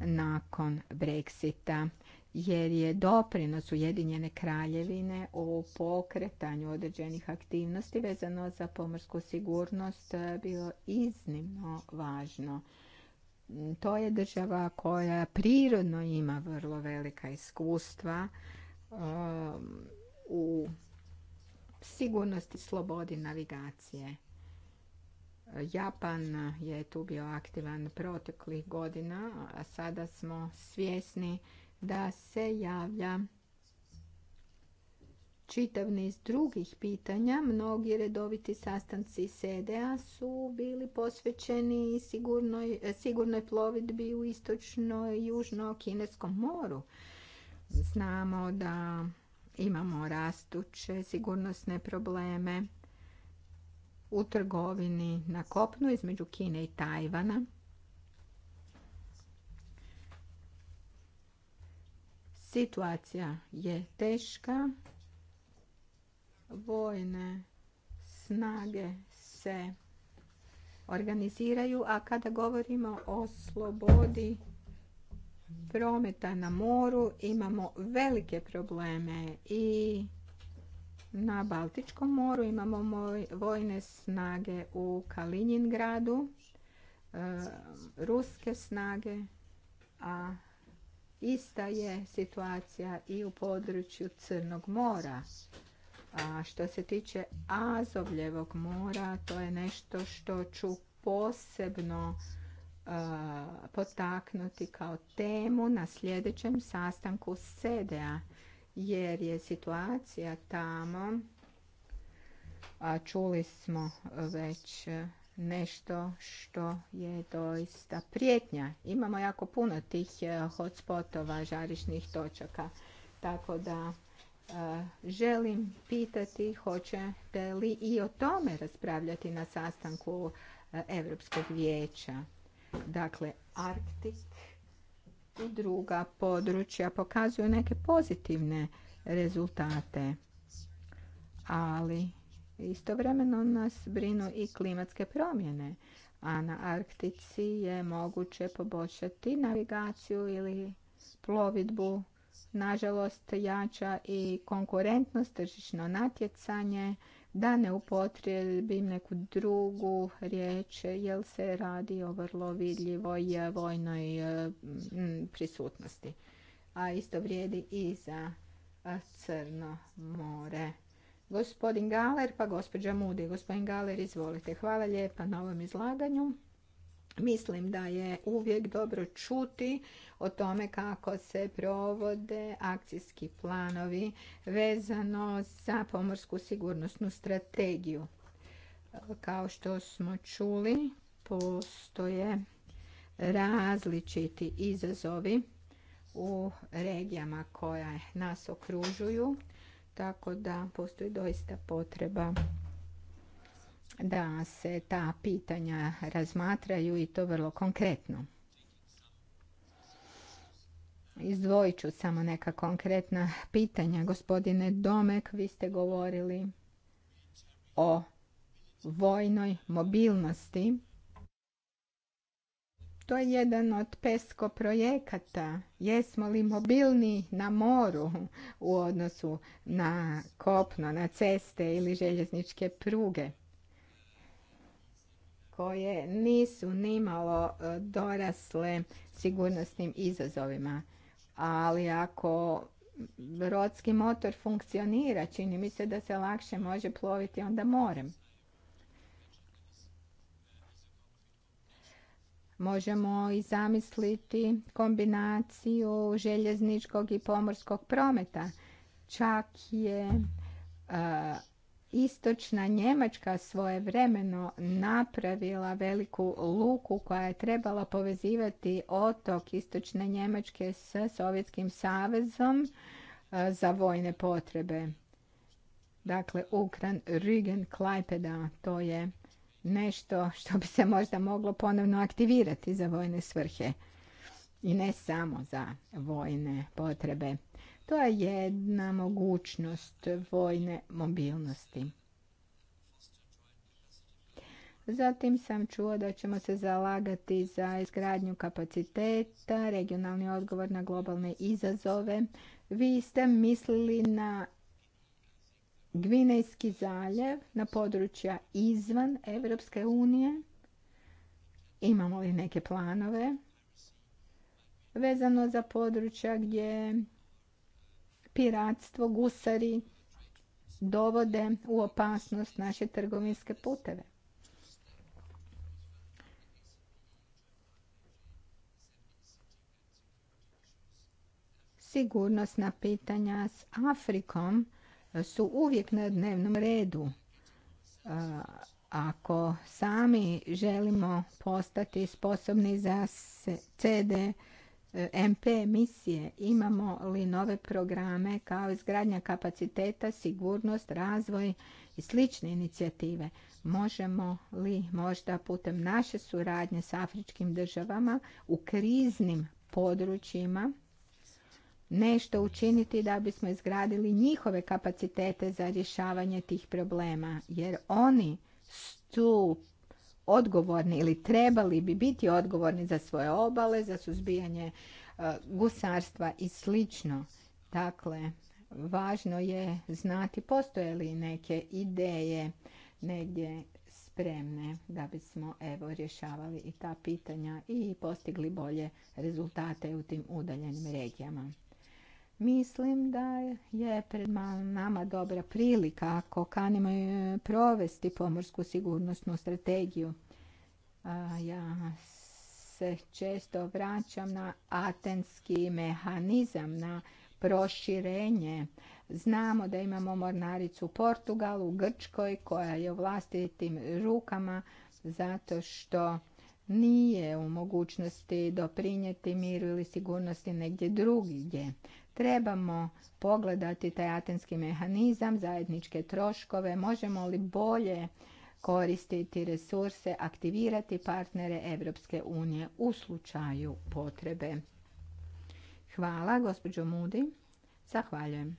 nakon Brexita jer je doprinos Ujedinjene kraljevine u pokretanju određenih aktivnosti vezano za pomorsku sigurnost bio iznimno važno. To je država koja prirodno ima vrlo velika iskustva um, u sigurnosti slobodi navigacije. Japan je tu bio aktivan proteklih godina, a sada smo svjesni da se javlja čitav niz drugih pitanja. Mnogi redoviti sastanci SEDEA su bili posvećeni sigurnoj, sigurnoj plovidbi u istočno i južno kineskom moru. Znamo da imamo rastuće sigurnosne probleme u trgovini na kopnu između Kine i Tajvana. Situacija je teška. Vojne snage se organiziraju, a kada govorimo o slobodi prometa na moru imamo velike probleme i na Baltičkom moru, imamo vojne snage u Kaliningradu, e, ruske snage, a ista je situacija i u području Crnog mora. A što se tiče Azovljevog mora, to je nešto što ću posebno e, potaknuti kao temu na sljedećem sastanku SEDEA jer je situacija tamo, a čuli smo već nešto što je doista prijetnja. Imamo jako puno tih e, hotspotova, žarišnih točaka, tako da e, želim pitati hoćete li i o tome raspravljati na sastanku e, Europskog vijeća. Dakle, Arktik i druga područja pokazuju neke pozitivne rezultate. Ali istovremeno nas brinu i klimatske promjene, a na Arktici je moguće poboljšati navigaciju ili plovidbu. Nažalost, jača i konkurentnost, tržišno natjecanje, da ne upotrijebim neku drugu riječ jer se radi o vrlo vidljivoj e, vojnoj e, prisutnosti. A isto vrijedi i za e, Crno more. Gospodin Galer, pa gospođa Mudi. Gospodin Galer, izvolite. Hvala lijepa na ovom izlaganju. Mislim da je uvijek dobro čuti o tome kako se provode akcijski planovi vezano za pomorsku sigurnosnu strategiju. Kao što smo čuli, postoje različiti izazovi u regijama koje nas okružuju, tako da postoji doista potreba da se ta pitanja razmatraju i to vrlo konkretno. Izdvojit ću samo neka konkretna pitanja. Gospodine Domek, vi ste govorili o vojnoj mobilnosti. To je jedan od PESCO projekata. Jesmo li mobilni na moru u odnosu na kopno, na ceste ili željezničke pruge? koje nisu nimalo e, dorasle sigurnosnim izazovima. Ali ako brodski motor funkcionira, čini mi se da se lakše može ploviti onda morem. Možemo i zamisliti kombinaciju željezničkog i pomorskog prometa. Čak je e, istočna Njemačka svoje vremeno napravila veliku luku koja je trebala povezivati otok istočne Njemačke s Sovjetskim savezom e, za vojne potrebe. Dakle, Ukran, Rügen, Klaipeda, to je nešto što bi se možda moglo ponovno aktivirati za vojne svrhe i ne samo za vojne potrebe. To je jedna mogućnost vojne mobilnosti. Zatim sam čuo da ćemo se zalagati za izgradnju kapaciteta, regionalni odgovor na globalne izazove. Vi ste mislili na Gvinejski zaljev, na područja izvan Evropske unije. Imamo li neke planove vezano za područja gdje piratstvo, gusari dovode u opasnost naše trgovinske puteve. Sigurnosna pitanja s Afrikom su uvijek na dnevnom redu. Ako sami želimo postati sposobni za CD E, MP misije, imamo li nove programe kao izgradnja kapaciteta, sigurnost, razvoj i slične inicijative. Možemo li možda putem naše suradnje s afričkim državama u kriznim područjima nešto učiniti da bismo izgradili njihove kapacitete za rješavanje tih problema jer oni stup odgovorni ili trebali bi biti odgovorni za svoje obale, za suzbijanje e, gusarstva i slično. Dakle, važno je znati postoje li neke ideje negdje spremne da bismo evo rješavali i ta pitanja i postigli bolje rezultate u tim udaljenim regijama. Mislim da je pred nama dobra prilika ako kanimo e, provesti pomorsku sigurnosnu strategiju. Ja se često vraćam na atenski mehanizam, na proširenje. Znamo da imamo mornaricu u Portugalu, u Grčkoj koja je u vlastitim rukama zato što nije u mogućnosti doprinijeti miru ili sigurnosti negdje drugdje. Trebamo pogledati taj atenski mehanizam, zajedničke troškove, možemo li bolje koristiti resurse, aktivirati partnere Evropske unije u slučaju potrebe. Hvala, gospođo Mudi. Zahvaljujem.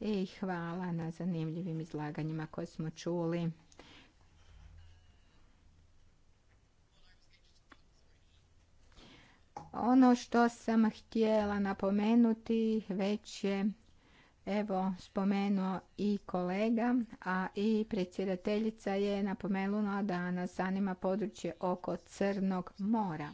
I hvala na zanimljivim izlaganjima koje smo čuli. Ono što sam htjela napomenuti već je evo spomenuo i kolega, a i predsjedateljica je napomenula da nas zanima područje oko Crnog mora.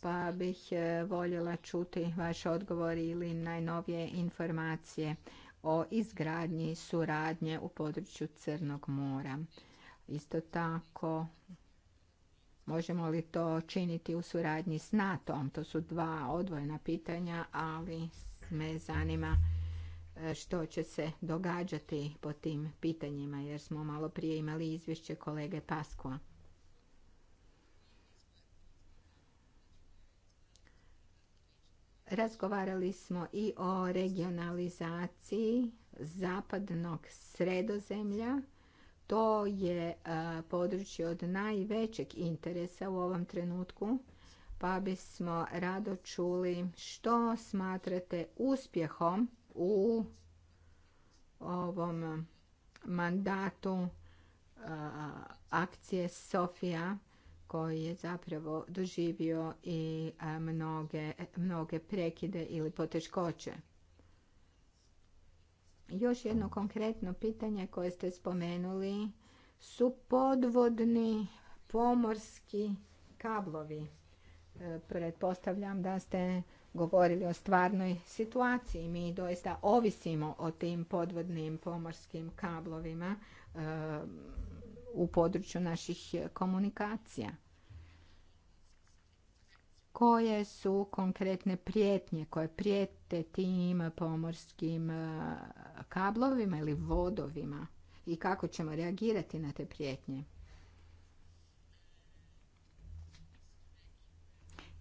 Pa bih e, voljela čuti vaš odgovor ili najnovije informacije o izgradnji suradnje u području Crnog mora. Isto tako Možemo li to činiti u suradnji s NATO-om? To su dva odvojena pitanja, ali me zanima e, što će se događati po tim pitanjima, jer smo malo prije imali izvješće kolege Paskova. Razgovarali smo i o regionalizaciji zapadnog sredozemlja to je e, područje od najvećeg interesa u ovom trenutku, pa bismo rado čuli što smatrate uspjehom u ovom mandatu e, akcije Sofija koji je zapravo doživio i e, mnoge, mnoge prekide ili poteškoće. Još jedno konkretno pitanje koje ste spomenuli su podvodni pomorski kablovi. E, pretpostavljam da ste govorili o stvarnoj situaciji. Mi doista ovisimo o tim podvodnim pomorskim kablovima e, u području naših komunikacija koje su konkretne prijetnje koje prijete tim pomorskim e, kablovima ili vodovima i kako ćemo reagirati na te prijetnje.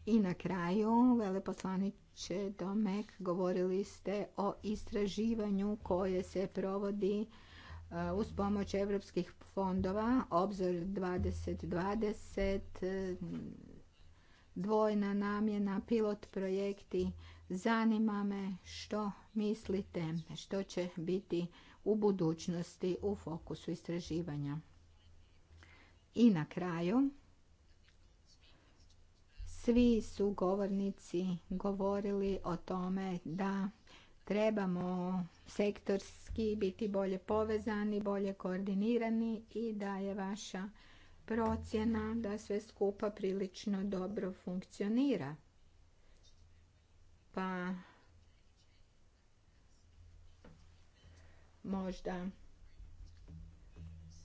I na kraju, veleposlaniče Domek, govorili ste o istraživanju koje se provodi e, uz pomoć evropskih fondova, obzor 2020, dvojna namjena, pilot projekti. Zanima me što mislite, što će biti u budućnosti u fokusu istraživanja. I na kraju, svi su govornici govorili o tome da trebamo sektorski biti bolje povezani, bolje koordinirani i da je vaša procjena da sve skupa prilično dobro funkcionira. Pa možda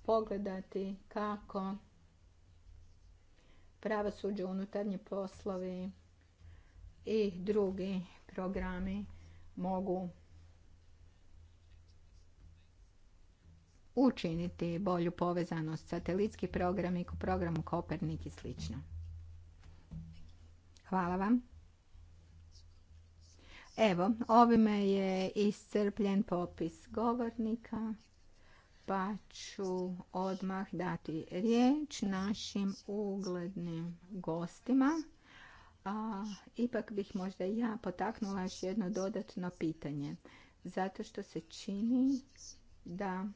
pogledati kako pravosuđe, unutarnji poslovi i drugi programi mogu učiniti bolju povezanost satelitski program i programu Kopernik i sl. Hvala vam. Evo, ovime je iscrpljen popis govornika, pa ću odmah dati riječ našim uglednim gostima. A, ipak bih možda ja potaknula još jedno dodatno pitanje, zato što se čini da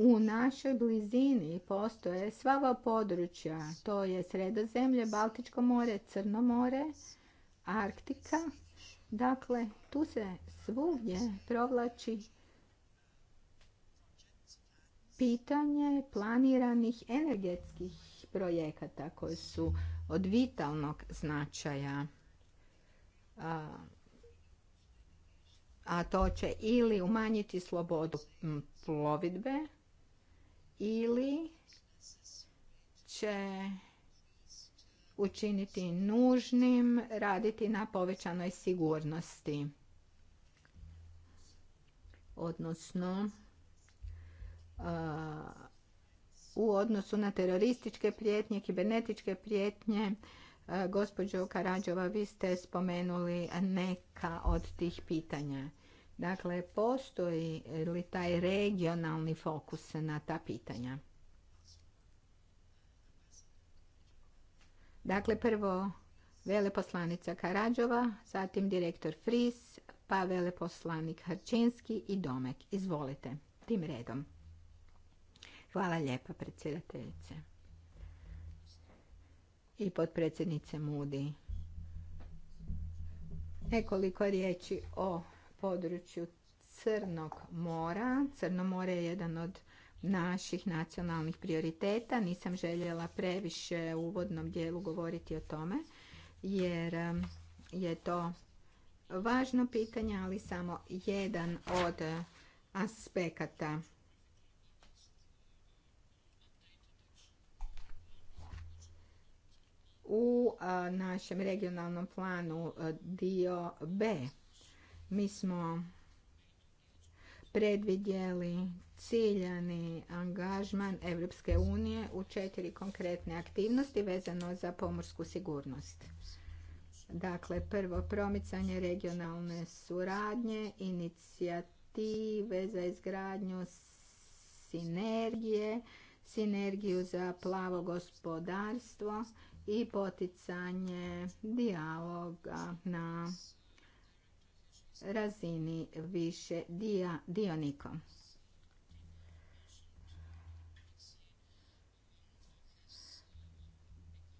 u našoj blizini postoje sva ova područja, to je Sredozemlje, Baltičko more, Crno more, Arktika. Dakle, tu se svugdje provlači pitanje planiranih energetskih projekata koji su od vitalnog značaja. A, a to će ili umanjiti slobodu plovidbe, ili će učiniti nužnim raditi na povećanoj sigurnosti. Odnosno, u odnosu na terorističke prijetnje, kibernetičke prijetnje, gospođo Karadžova, vi ste spomenuli neka od tih pitanja. Dakle, postoji li taj regionalni fokus na ta pitanja? Dakle, prvo veleposlanica Karađova, zatim direktor Fris, pa veleposlanik Harčinski i Domek. Izvolite, tim redom. Hvala lijepa predsjedateljice i potpredsjednice Mudi. Nekoliko riječi o području Crnog mora. Crno more je jedan od naših nacionalnih prioriteta. Nisam željela previše u uvodnom dijelu govoriti o tome jer um, je to važno pitanje, ali samo jedan od aspekata. U našem regionalnom planu dio B mi smo predvidjeli ciljani angažman Europske unije u četiri konkretne aktivnosti vezano za pomorsku sigurnost. Dakle, prvo promicanje regionalne suradnje, inicijative za izgradnju sinergije, sinergiju za plavo gospodarstvo i poticanje dijaloga na razini više dija, dionika.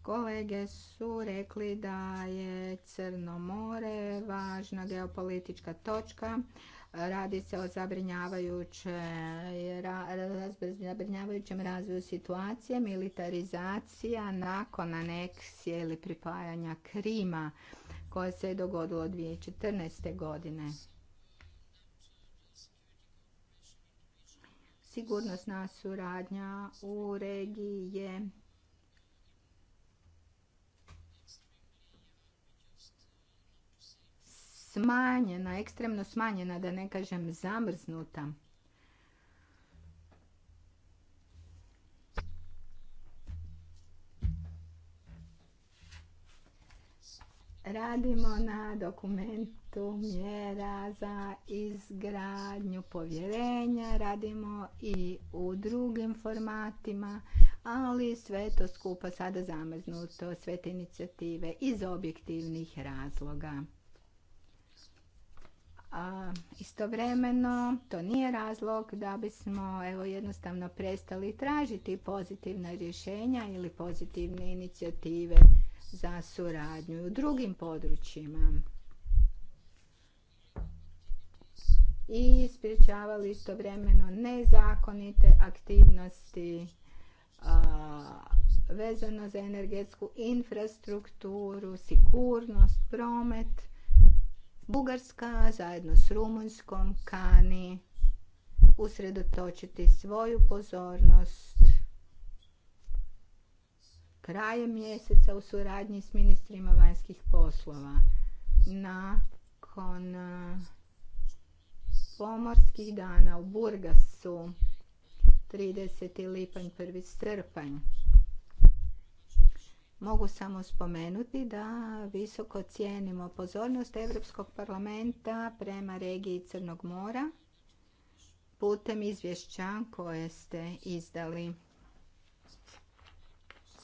Kolege su rekli da je Crno more važna geopolitička točka. Radi se o zabrinjavajućem razvoju situacije, militarizacija nakon aneksije ili pripajanja Krima koja se je dogodilo 2014. godine. Sigurnosna suradnja u regiji je smanjena, ekstremno smanjena, da ne kažem zamrznuta. radimo na dokumentu mjera za izgradnju povjerenja, radimo i u drugim formatima, ali sve to skupa sada zamrznuto, sve te inicijative iz objektivnih razloga. A istovremeno to nije razlog da bismo evo jednostavno prestali tražiti pozitivna rješenja ili pozitivne inicijative za suradnju u drugim područjima i spriječavali istovremeno nezakonite aktivnosti vezano za energetsku infrastrukturu, sigurnost, promet. Bugarska zajedno s Rumunjskom kani usredotočiti svoju pozornost krajem mjeseca u suradnji s ministrima vanjskih poslova. Nakon e, pomorskih dana u Burgasu 30. lipanj, 1. srpanj. Mogu samo spomenuti da visoko cijenimo pozornost Europskog parlamenta prema regiji Crnog mora putem izvješća koje ste izdali.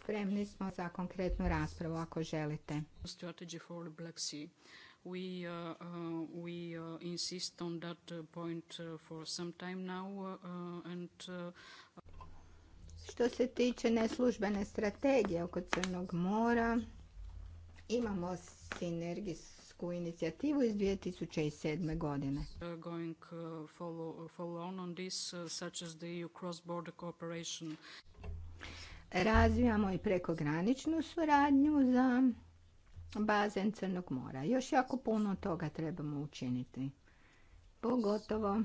Spremni smo za konkretnu raspravu ako želite. Strategy for the Black Sea. We, uh, uh, we uh, insist on that point uh, for some time now uh, uh and što se tiče neslužbene strategije oko Crnog mora, imamo sinergijsku inicijativu iz 2007. godine. Going follow, follow on on this, such as the EU cross-border cooperation razvijamo i prekograničnu suradnju za bazen Crnog mora. Još jako puno toga trebamo učiniti. Pogotovo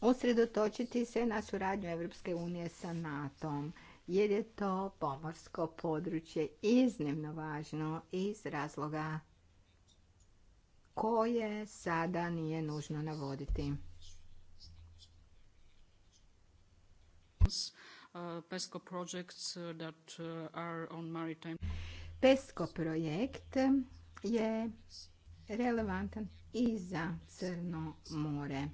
usredotočiti se na suradnju Europske unije sa NATO-om jer je to pomorsko područje iznimno važno iz razloga koje sada nije nužno navoditi. Uh, PESCO projects uh, that uh, are on maritime. PESCO projekt je relevantan i za Crno more.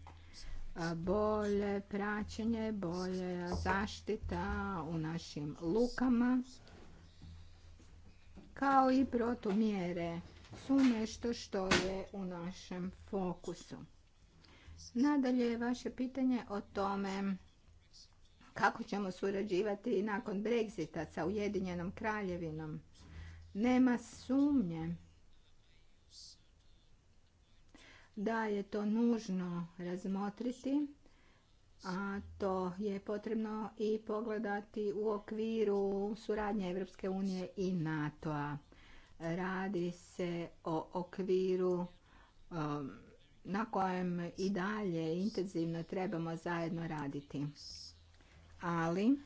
Bolje praćenje, bolje zaštita u našim lukama, kao i protumjere su nešto što je u našem fokusu. Nadalje je vaše pitanje o tome kako ćemo surađivati nakon Brexita sa Ujedinjenom kraljevinom. Nema sumnje da je to nužno razmotriti, a to je potrebno i pogledati u okviru suradnje Europske unije i NATO-a. Radi se o okviru um, na kojem i dalje intenzivno trebamo zajedno raditi ali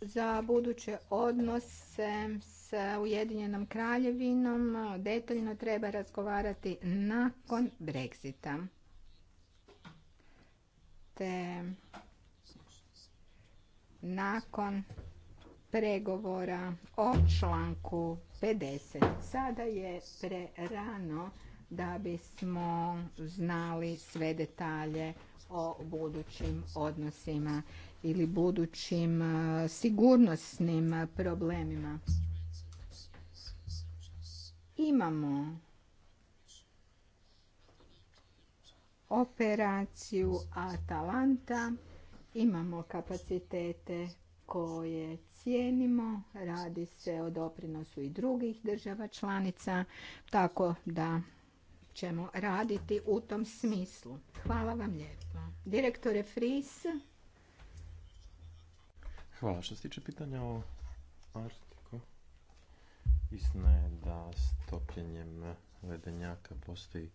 za buduće odnose s Ujedinjenom kraljevinom detaljno treba razgovarati nakon Brexita. Te nakon pregovora o članku 50. Sada je rano da bismo znali sve detalje o budućim odnosima ili budućim e, sigurnosnim problemima. Imamo operaciju Atalanta, imamo kapacitete koje cijenimo, radi se o doprinosu i drugih država članica, tako da ćemo raditi u tom smislu. Hvala vam lijepo. Direktore Fris. Hvala. Što se tiče pitanja o Artiku, istina je da s topljenjem ledenjaka postoji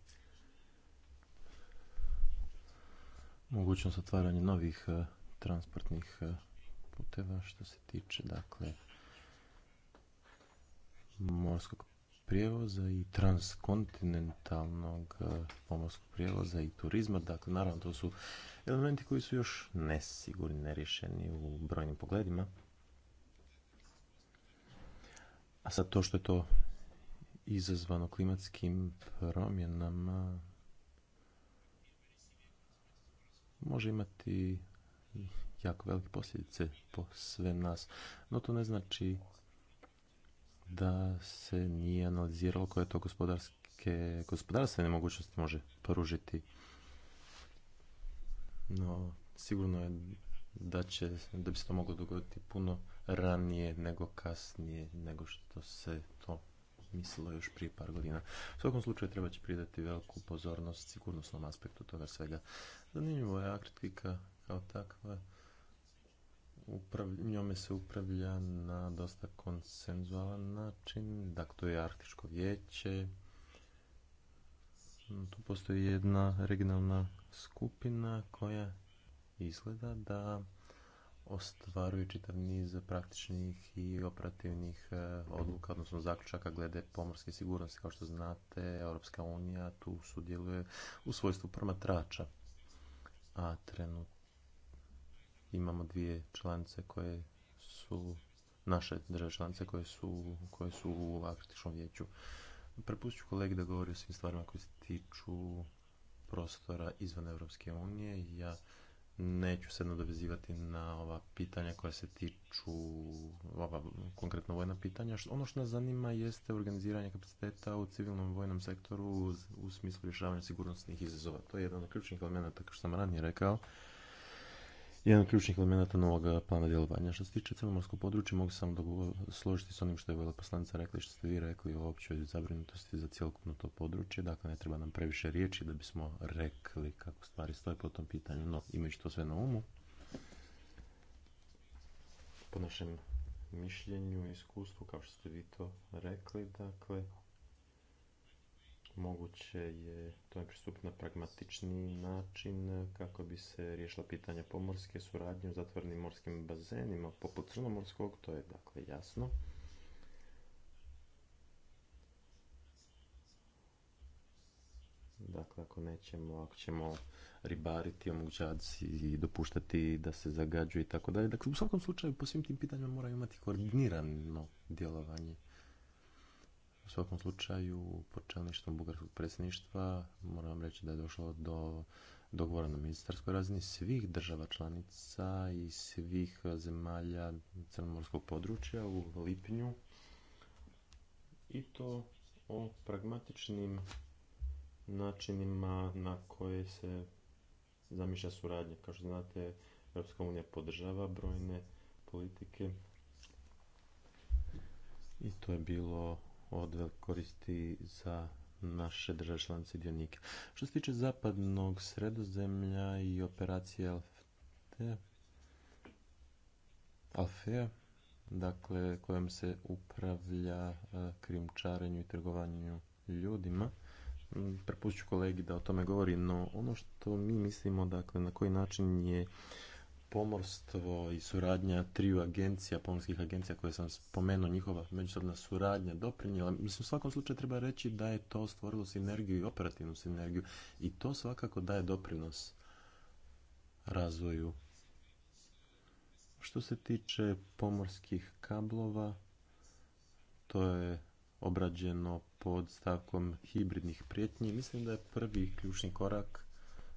mogućnost otvaranja novih e, transportnih e, puteva što se tiče dakle morskog prijevoza i transkontinentalnog e, pomorskog prijevoza i turizma. Dakle, naravno, to su elementi koji su još nesigurni, nerješeni u brojnim pogledima. A sad to što je to izazvano klimatskim promjenama može imati jako velike posljedice po sve nas. No to ne znači da se nije analiziralo koje to gospodarske, gospodarstvene mogućnosti može poružiti. No, sigurno je da, će, da bi se to moglo dogoditi puno ranije nego kasnije nego što se to mislilo još prije par godina. U svakom slučaju treba će pridati veliku pozornost sigurnosnom aspektu toga svega. Zanimljivo je akritika kao takva njome se upravlja na dosta konsenzualan način, dakle to je Arktičko vijeće, mm, tu postoji jedna regionalna skupina koja izgleda da ostvaruje čitav niz praktičnih i operativnih e, odluka, odnosno zaključaka glede pomorske sigurnosti. Kao što znate, Europska unija tu sudjeluje u svojstvu promatrača, a trenutno imamo dvije članice koje su naše države članice koje su, koje su u Arktičnom vijeću. Prepustit ću kolegi da govori o svim stvarima koje se tiču prostora izvan Europske unije. Ja neću se nadovezivati na ova pitanja koja se tiču, ova konkretno vojna pitanja. Ono što nas zanima jeste organiziranje kapaciteta u civilnom vojnom sektoru u, smislu rješavanja sigurnosnih izazova. To je jedan od ključnih elemenata, kao što sam ranije rekao, jedan od ključnih elemenata novog eh, plana djelovanja. Što se tiče crnomorskog područja, mogu samo složiti s onim što je veleposlanica rekla i što ste vi rekli o općoj zabrinutosti za cjelokupno to područje. Dakle, ne treba nam previše riječi da bismo rekli kako stvari stoje po tom pitanju. No, imajući to sve na umu, po našem mišljenju i iskustvu, kao što ste vi to rekli, dakle, moguće je to pristupiti na pragmatični način kako bi se riješila pitanja pomorske suradnje u zatvorenim morskim bazenima poput crnomorskog, to je dakle jasno. Dakle, ako nećemo, ako ćemo ribariti, omogućavati i dopuštati da se zagađuje i tako dalje. Dakle, u svakom slučaju po svim tim pitanjima moraju imati koordinirano djelovanje svakom slučaju počelništvom bugarskog predsjedništva moram reći da je došlo do dogovora na ministarskoj razini svih država članica i svih zemalja crnomorskog područja u lipnju i to o pragmatičnim načinima na koje se zamišlja suradnja. Kao što znate, Europska unija podržava brojne politike i to je bilo od koristi za naše države članice dionike. Što se tiče zapadnog sredozemlja i operacije Alfea, dakle kojom se upravlja e, krijumčarenju i trgovanju ljudima, prepušću kolegi da o tome govori, no ono što mi mislimo, dakle, na koji način je pomorstvo i suradnja triju agencija, pomorskih agencija koje sam spomenuo, njihova međusobna suradnja doprinijela. Mislim, u svakom slučaju treba reći da je to stvorilo sinergiju i operativnu sinergiju i to svakako daje doprinos razvoju. Što se tiče pomorskih kablova, to je obrađeno pod stavkom hibridnih prijetnji. Mislim da je prvi ključni korak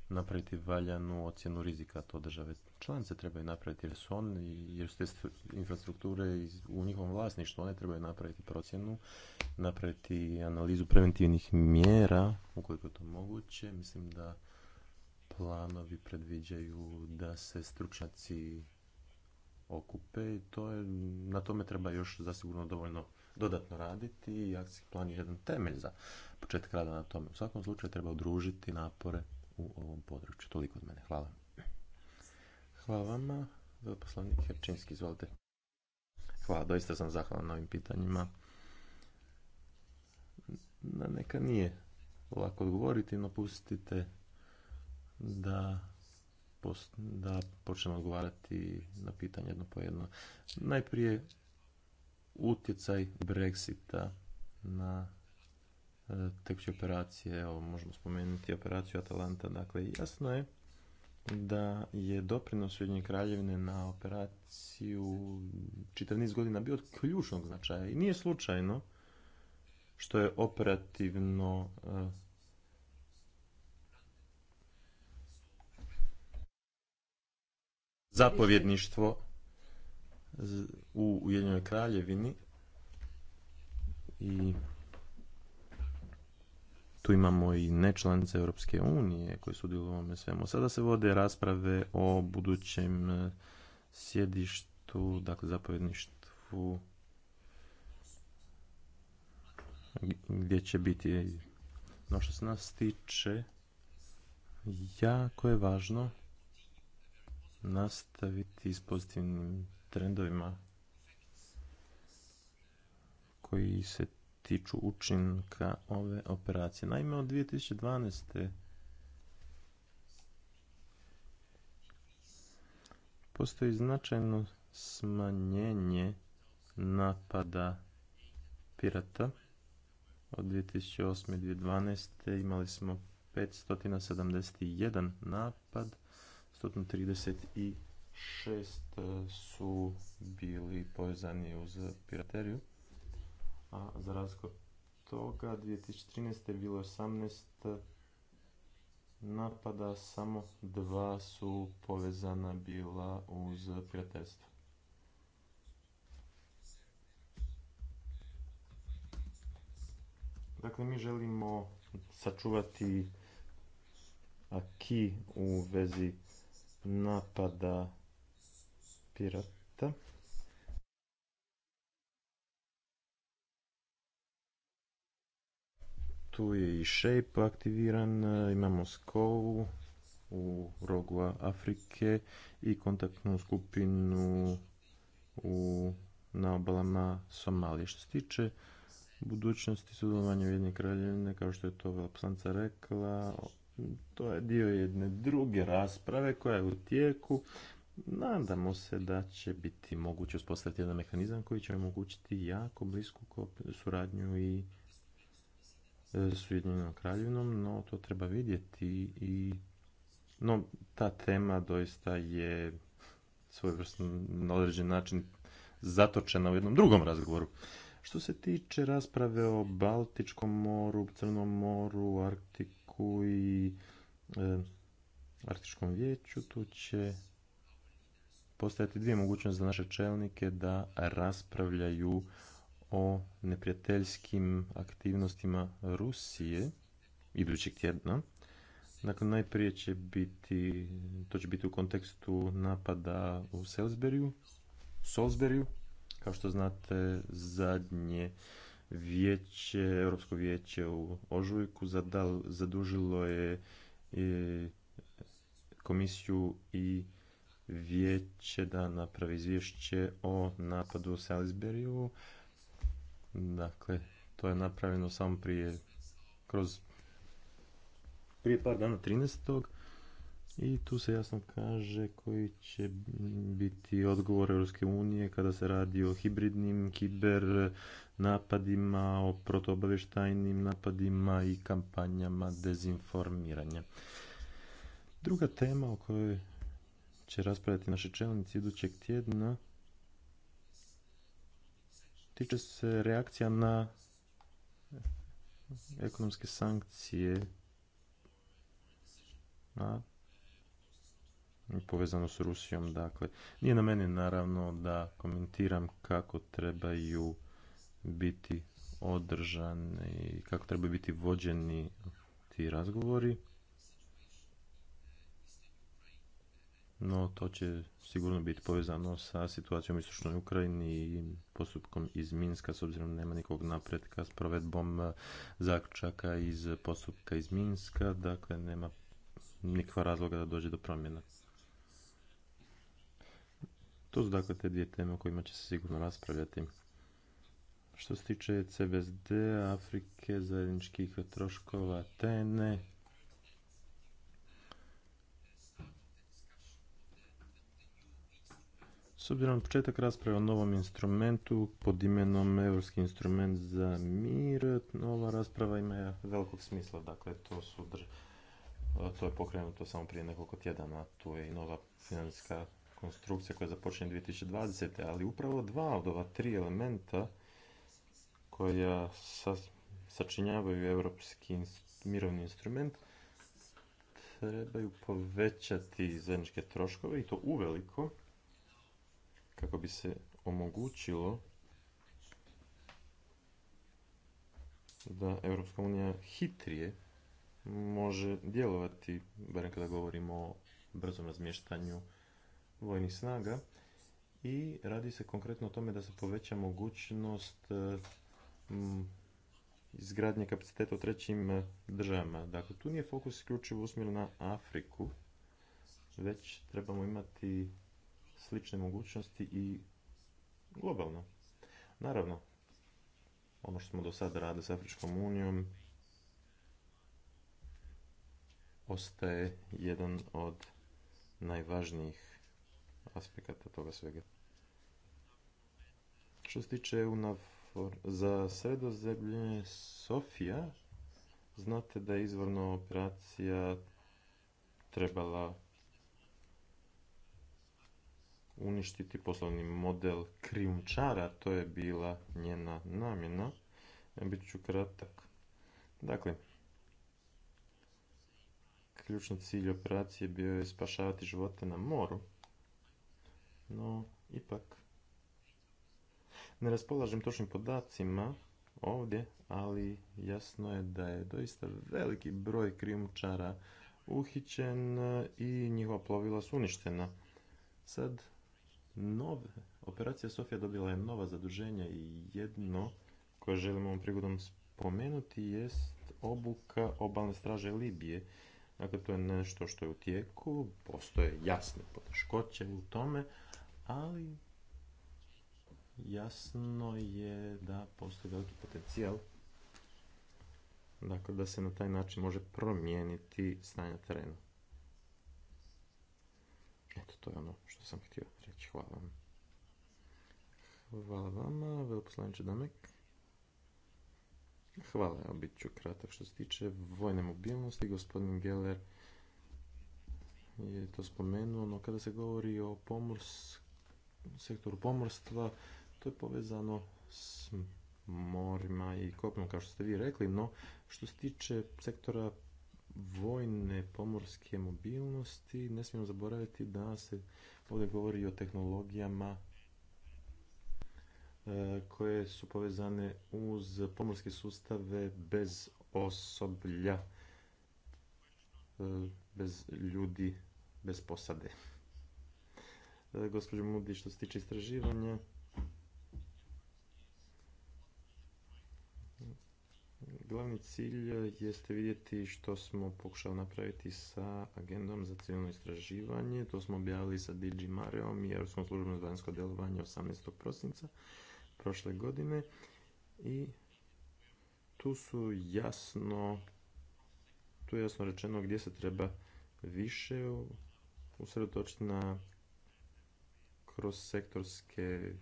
napraviti valjanu ocjenu rizika to države članice trebaju napraviti jer su on, jer su te infrastrukture u njihovom vlasništvu, one trebaju napraviti procjenu, napraviti analizu preventivnih mjera, ukoliko je to moguće. Mislim da planovi predviđaju da se stručnjaci okupe i to je, na tome treba još zasigurno dovoljno dodatno raditi i akcijski plan je jedan temelj za početak rada na tome. U svakom slučaju treba udružiti napore u ovom području. Toliko od mene. Hvala. Hvala vama. Veleposlanik Herčinski, izvolite. Hvala, doista sam zahvalan na ovim pitanjima. Na neka nije lako odgovoriti, no pustite da, da počnemo odgovarati na pitanje jedno po jedno. Najprije utjecaj Brexita na e, tekuće operacije, evo možemo spomenuti operaciju Atalanta, dakle jasno je da je doprinos Ujedinjene kraljevine na operaciju čitav niz godina bio od ključnog značaja i nije slučajno što je operativno eh, zapovjedništvo u Ujedinjenoj kraljevini i tu imamo i nečlanice Europske unije koji su u svemu. Sada se vode rasprave o budućem e, sjedištu, dakle zapovjedništvu gdje će biti no što se nas tiče jako je važno nastaviti s pozitivnim trendovima koji se tiču učinka ove operacije. Naime, od 2012. postoji značajno smanjenje napada pirata. Od 2008. i 2012. imali smo 571 napad, 136 su bili povezani uz pirateriju a za razliku toga 2013. je bilo 18 napada, samo dva su povezana bila uz prijateljstvo. Dakle, mi želimo sačuvati aki u vezi napada pirat tu je i Shape aktiviran, imamo Skovu u rogu Afrike i kontaktnu skupinu na obalama Somalije. Što se tiče budućnosti sudovanja jedne kraljevine, kao što je to veleposlanica rekla, to je dio jedne druge rasprave koja je u tijeku. Nadamo se da će biti moguće uspostaviti jedan mehanizam koji će omogućiti jako blisku suradnju i s Ujedinjenom no to treba vidjeti i no, ta tema doista je svojevrsno na određen način zatočena u jednom drugom razgovoru. Što se tiče rasprave o Baltičkom moru, Crnom moru, Arktiku i e, Arktičkom vijeću, tu će postojati dvije mogućnosti za naše čelnike da raspravljaju o neprijateljskim aktivnostima Rusije idućeg tjedna. Dakle, najprije će biti, to će biti u kontekstu napada u Salisburyu, Salisburyu. Kao što znate, zadnje vijeće, Europsko vijeće u Ožujku zadal, zadužilo je e, komisiju i vijeće da napravi izvješće o napadu u Salisburyu. Dakle, to je napravljeno samo prije, kroz prije par dana 13. I tu se jasno kaže koji će biti odgovor Europske unije kada se radi o hibridnim kiber napadima, o protoobavještajnim napadima i kampanjama dezinformiranja. Druga tema o kojoj će raspravljati naši čelnici idućeg tjedna tiče se reakcija na ekonomske sankcije na povezano s Rusijom. Dakle, nije na meni naravno da komentiram kako trebaju biti održani, kako trebaju biti vođeni ti razgovori. no to će sigurno biti povezano sa situacijom u istočnoj Ukrajini i postupkom iz Minska, s obzirom da nema nikog napretka s provedbom e, zaključaka iz postupka iz Minska, dakle nema nikakva razloga da dođe do promjena. To su dakle te dvije teme o kojima će se sigurno raspravljati. Što se tiče CBSD, Afrike, zajedničkih troškova, ne. S obzirom na početak rasprave o novom instrumentu pod imenom Europski instrument za mir, ova rasprava ima velikog smisla. Dakle, to su to je pokrenuto samo prije nekoliko tjedana, tu je i nova financijska konstrukcija koja započinje 2020. Ali upravo dva od ova tri elementa koja sačinjavaju Europski mirovni instrument trebaju povećati zajedničke troškove i to uveliko kako bi se omogućilo da Europska unija hitrije može djelovati, barem kada govorimo o brzom razmještanju vojnih snaga i radi se konkretno o tome da se poveća mogućnost e, izgradnje kapaciteta u trećim e, državama. Dakle, tu nije fokus isključivo usmjeren na Afriku, već trebamo imati slične mogućnosti i globalno. Naravno, ono što smo do sada radili s Afričkom unijom ostaje jedan od najvažnijih aspekata toga svega. Što se tiče UNAFOR, za sredozemlje Sofija, znate da je izvorna operacija trebala uništiti poslovni model krijumčara, to je bila njena namjena. Ja bit ću kratak. Dakle, ključni cilj operacije bio je spašavati živote na moru, no ipak ne raspolažem točnim podacima ovdje, ali jasno je da je doista veliki broj krijumčara uhićen i njihova plovila su uništena. Sad nove, operacija Sofija dobila je nova zaduženja i jedno koje želim ovom prigodom spomenuti jest obuka obalne straže Libije. Dakle, to je nešto što je u tijeku, postoje jasne poteškoće u tome, ali jasno je da postoji veliki potencijal dakle da se na taj način može promijeniti stanje terenu. Eto, to je ono što sam htio reći. Hvala vam. Hvala vama, veloposlaniče Damek. Hvala, evo bit ću kratak što se tiče vojne mobilnosti. Gospodin Geller je to spomenuo, no kada se govori o pomors, sektoru pomorstva, to je povezano s morima i kopnom, kao što ste vi rekli, no što se tiče sektora vojne pomorske mobilnosti, ne smijemo zaboraviti da se ovdje govori o tehnologijama e, koje su povezane uz pomorske sustave bez osoblja, e, bez ljudi, bez posade. E, gospođo Mudi, što se tiče istraživanja, glavni cilj e, jeste vidjeti što smo pokušali napraviti sa agendom za civilno istraživanje. To smo objavili sa DG Mareom i Europskom službom za vanjsko djelovanje 18. prosinca prošle godine. I tu su jasno tu je jasno rečeno gdje se treba više usredotočiti na kroz sektorske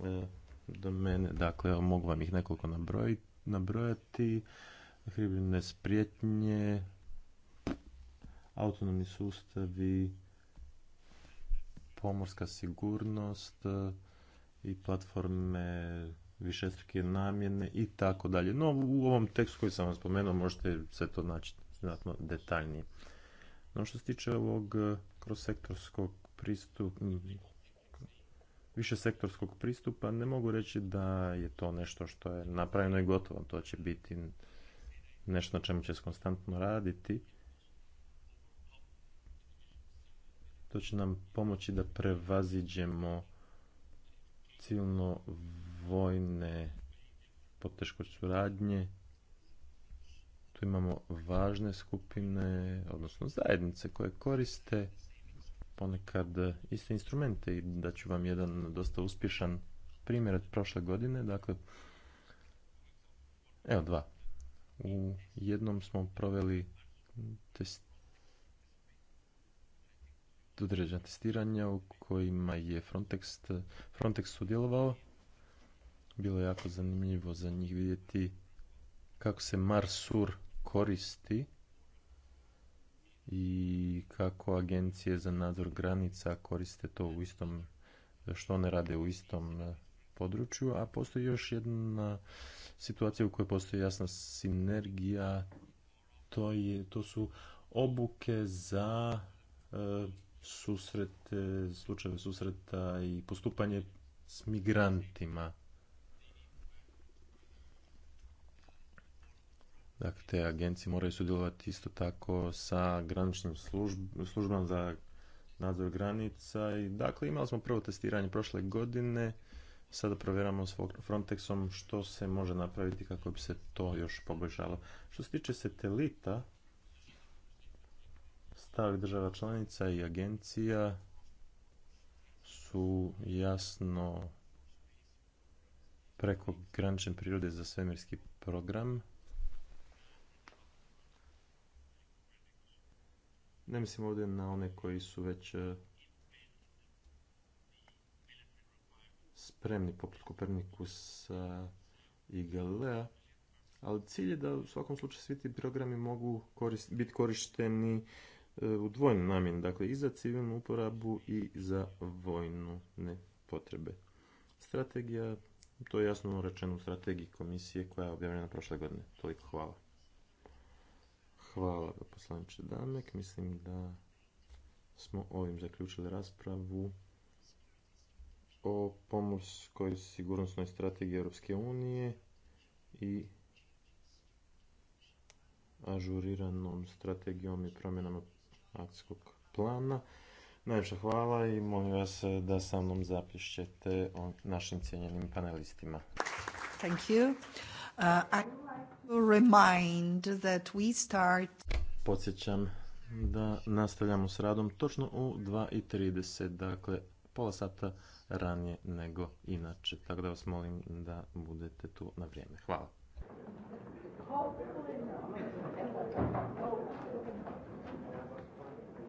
e, domene. Dakle, mogu vam ih nekoliko nabrojiti nabrojati hribine sprijetnje, autonomni sustavi, pomorska sigurnost e, i platforme višestruke namjene i tako dalje. No, u ovom tekstu koji sam vam spomenuo možete sve to naći znatno detaljnije. No što se tiče ovog e, krosektorskog pristupa više sektorskog pristupa, ne mogu reći da je to nešto što je napravljeno i gotovo. To će biti nešto na čemu će konstantno raditi. To će nam pomoći da prevaziđemo civilno vojne poteškoće suradnje. Tu imamo važne skupine, odnosno zajednice koje koriste ponekad e, iste instrumente i da ću vam jedan dosta uspješan primjer od prošle godine. Dakle, evo dva. U jednom smo proveli test određena testiranja u kojima je Frontex, e, Frontex sudjelovao. Bilo je jako zanimljivo za njih vidjeti kako se Marsur koristi i kako agencije za nadzor granica koriste to u istom, što one rade u istom e, području, a postoji još jedna situacija u kojoj postoji jasna sinergija, to, je, to su obuke za e, susrete, slučajeve susreta i postupanje s migrantima. Dakle, te agencije moraju sudjelovati isto tako sa graničnim služb, službama za nadzor granica. I, dakle, imali smo prvo testiranje prošle godine. Sada provjeramo s Frontexom što se može napraviti kako bi se to još poboljšalo. Što se tiče satelita, stav država članica i agencija su jasno preko granične prirode za svemirski program Ne mislim ovdje na one koji su već e, spremni poput Kopernikusa e, i Galilea, ali cilj je da u svakom slučaju svi ti programi mogu biti korišteni e, u dvojnu namjenu, dakle i za civilnu uporabu i za vojnu potrebe. Strategija, to je jasno rečeno u strategiji komisije koja je objavljena prošle godine. Toliko hvala. Hvala, poslanče Danek. Mislim da smo ovim zaključili raspravu o pomorskoj sigurnosnoj strategiji Europske unije i ažuriranom strategijom i promjenama akcijskog plana. Najveća hvala i molim vas da sa mnom zapišćete o našim cijenjenim panelistima. Thank Uh, remind that we start... Podsjećam da nastavljamo s radom točno u 2.30, dakle pola sata ranije nego inače. Tako da vas molim da budete tu na vrijeme. Hvala.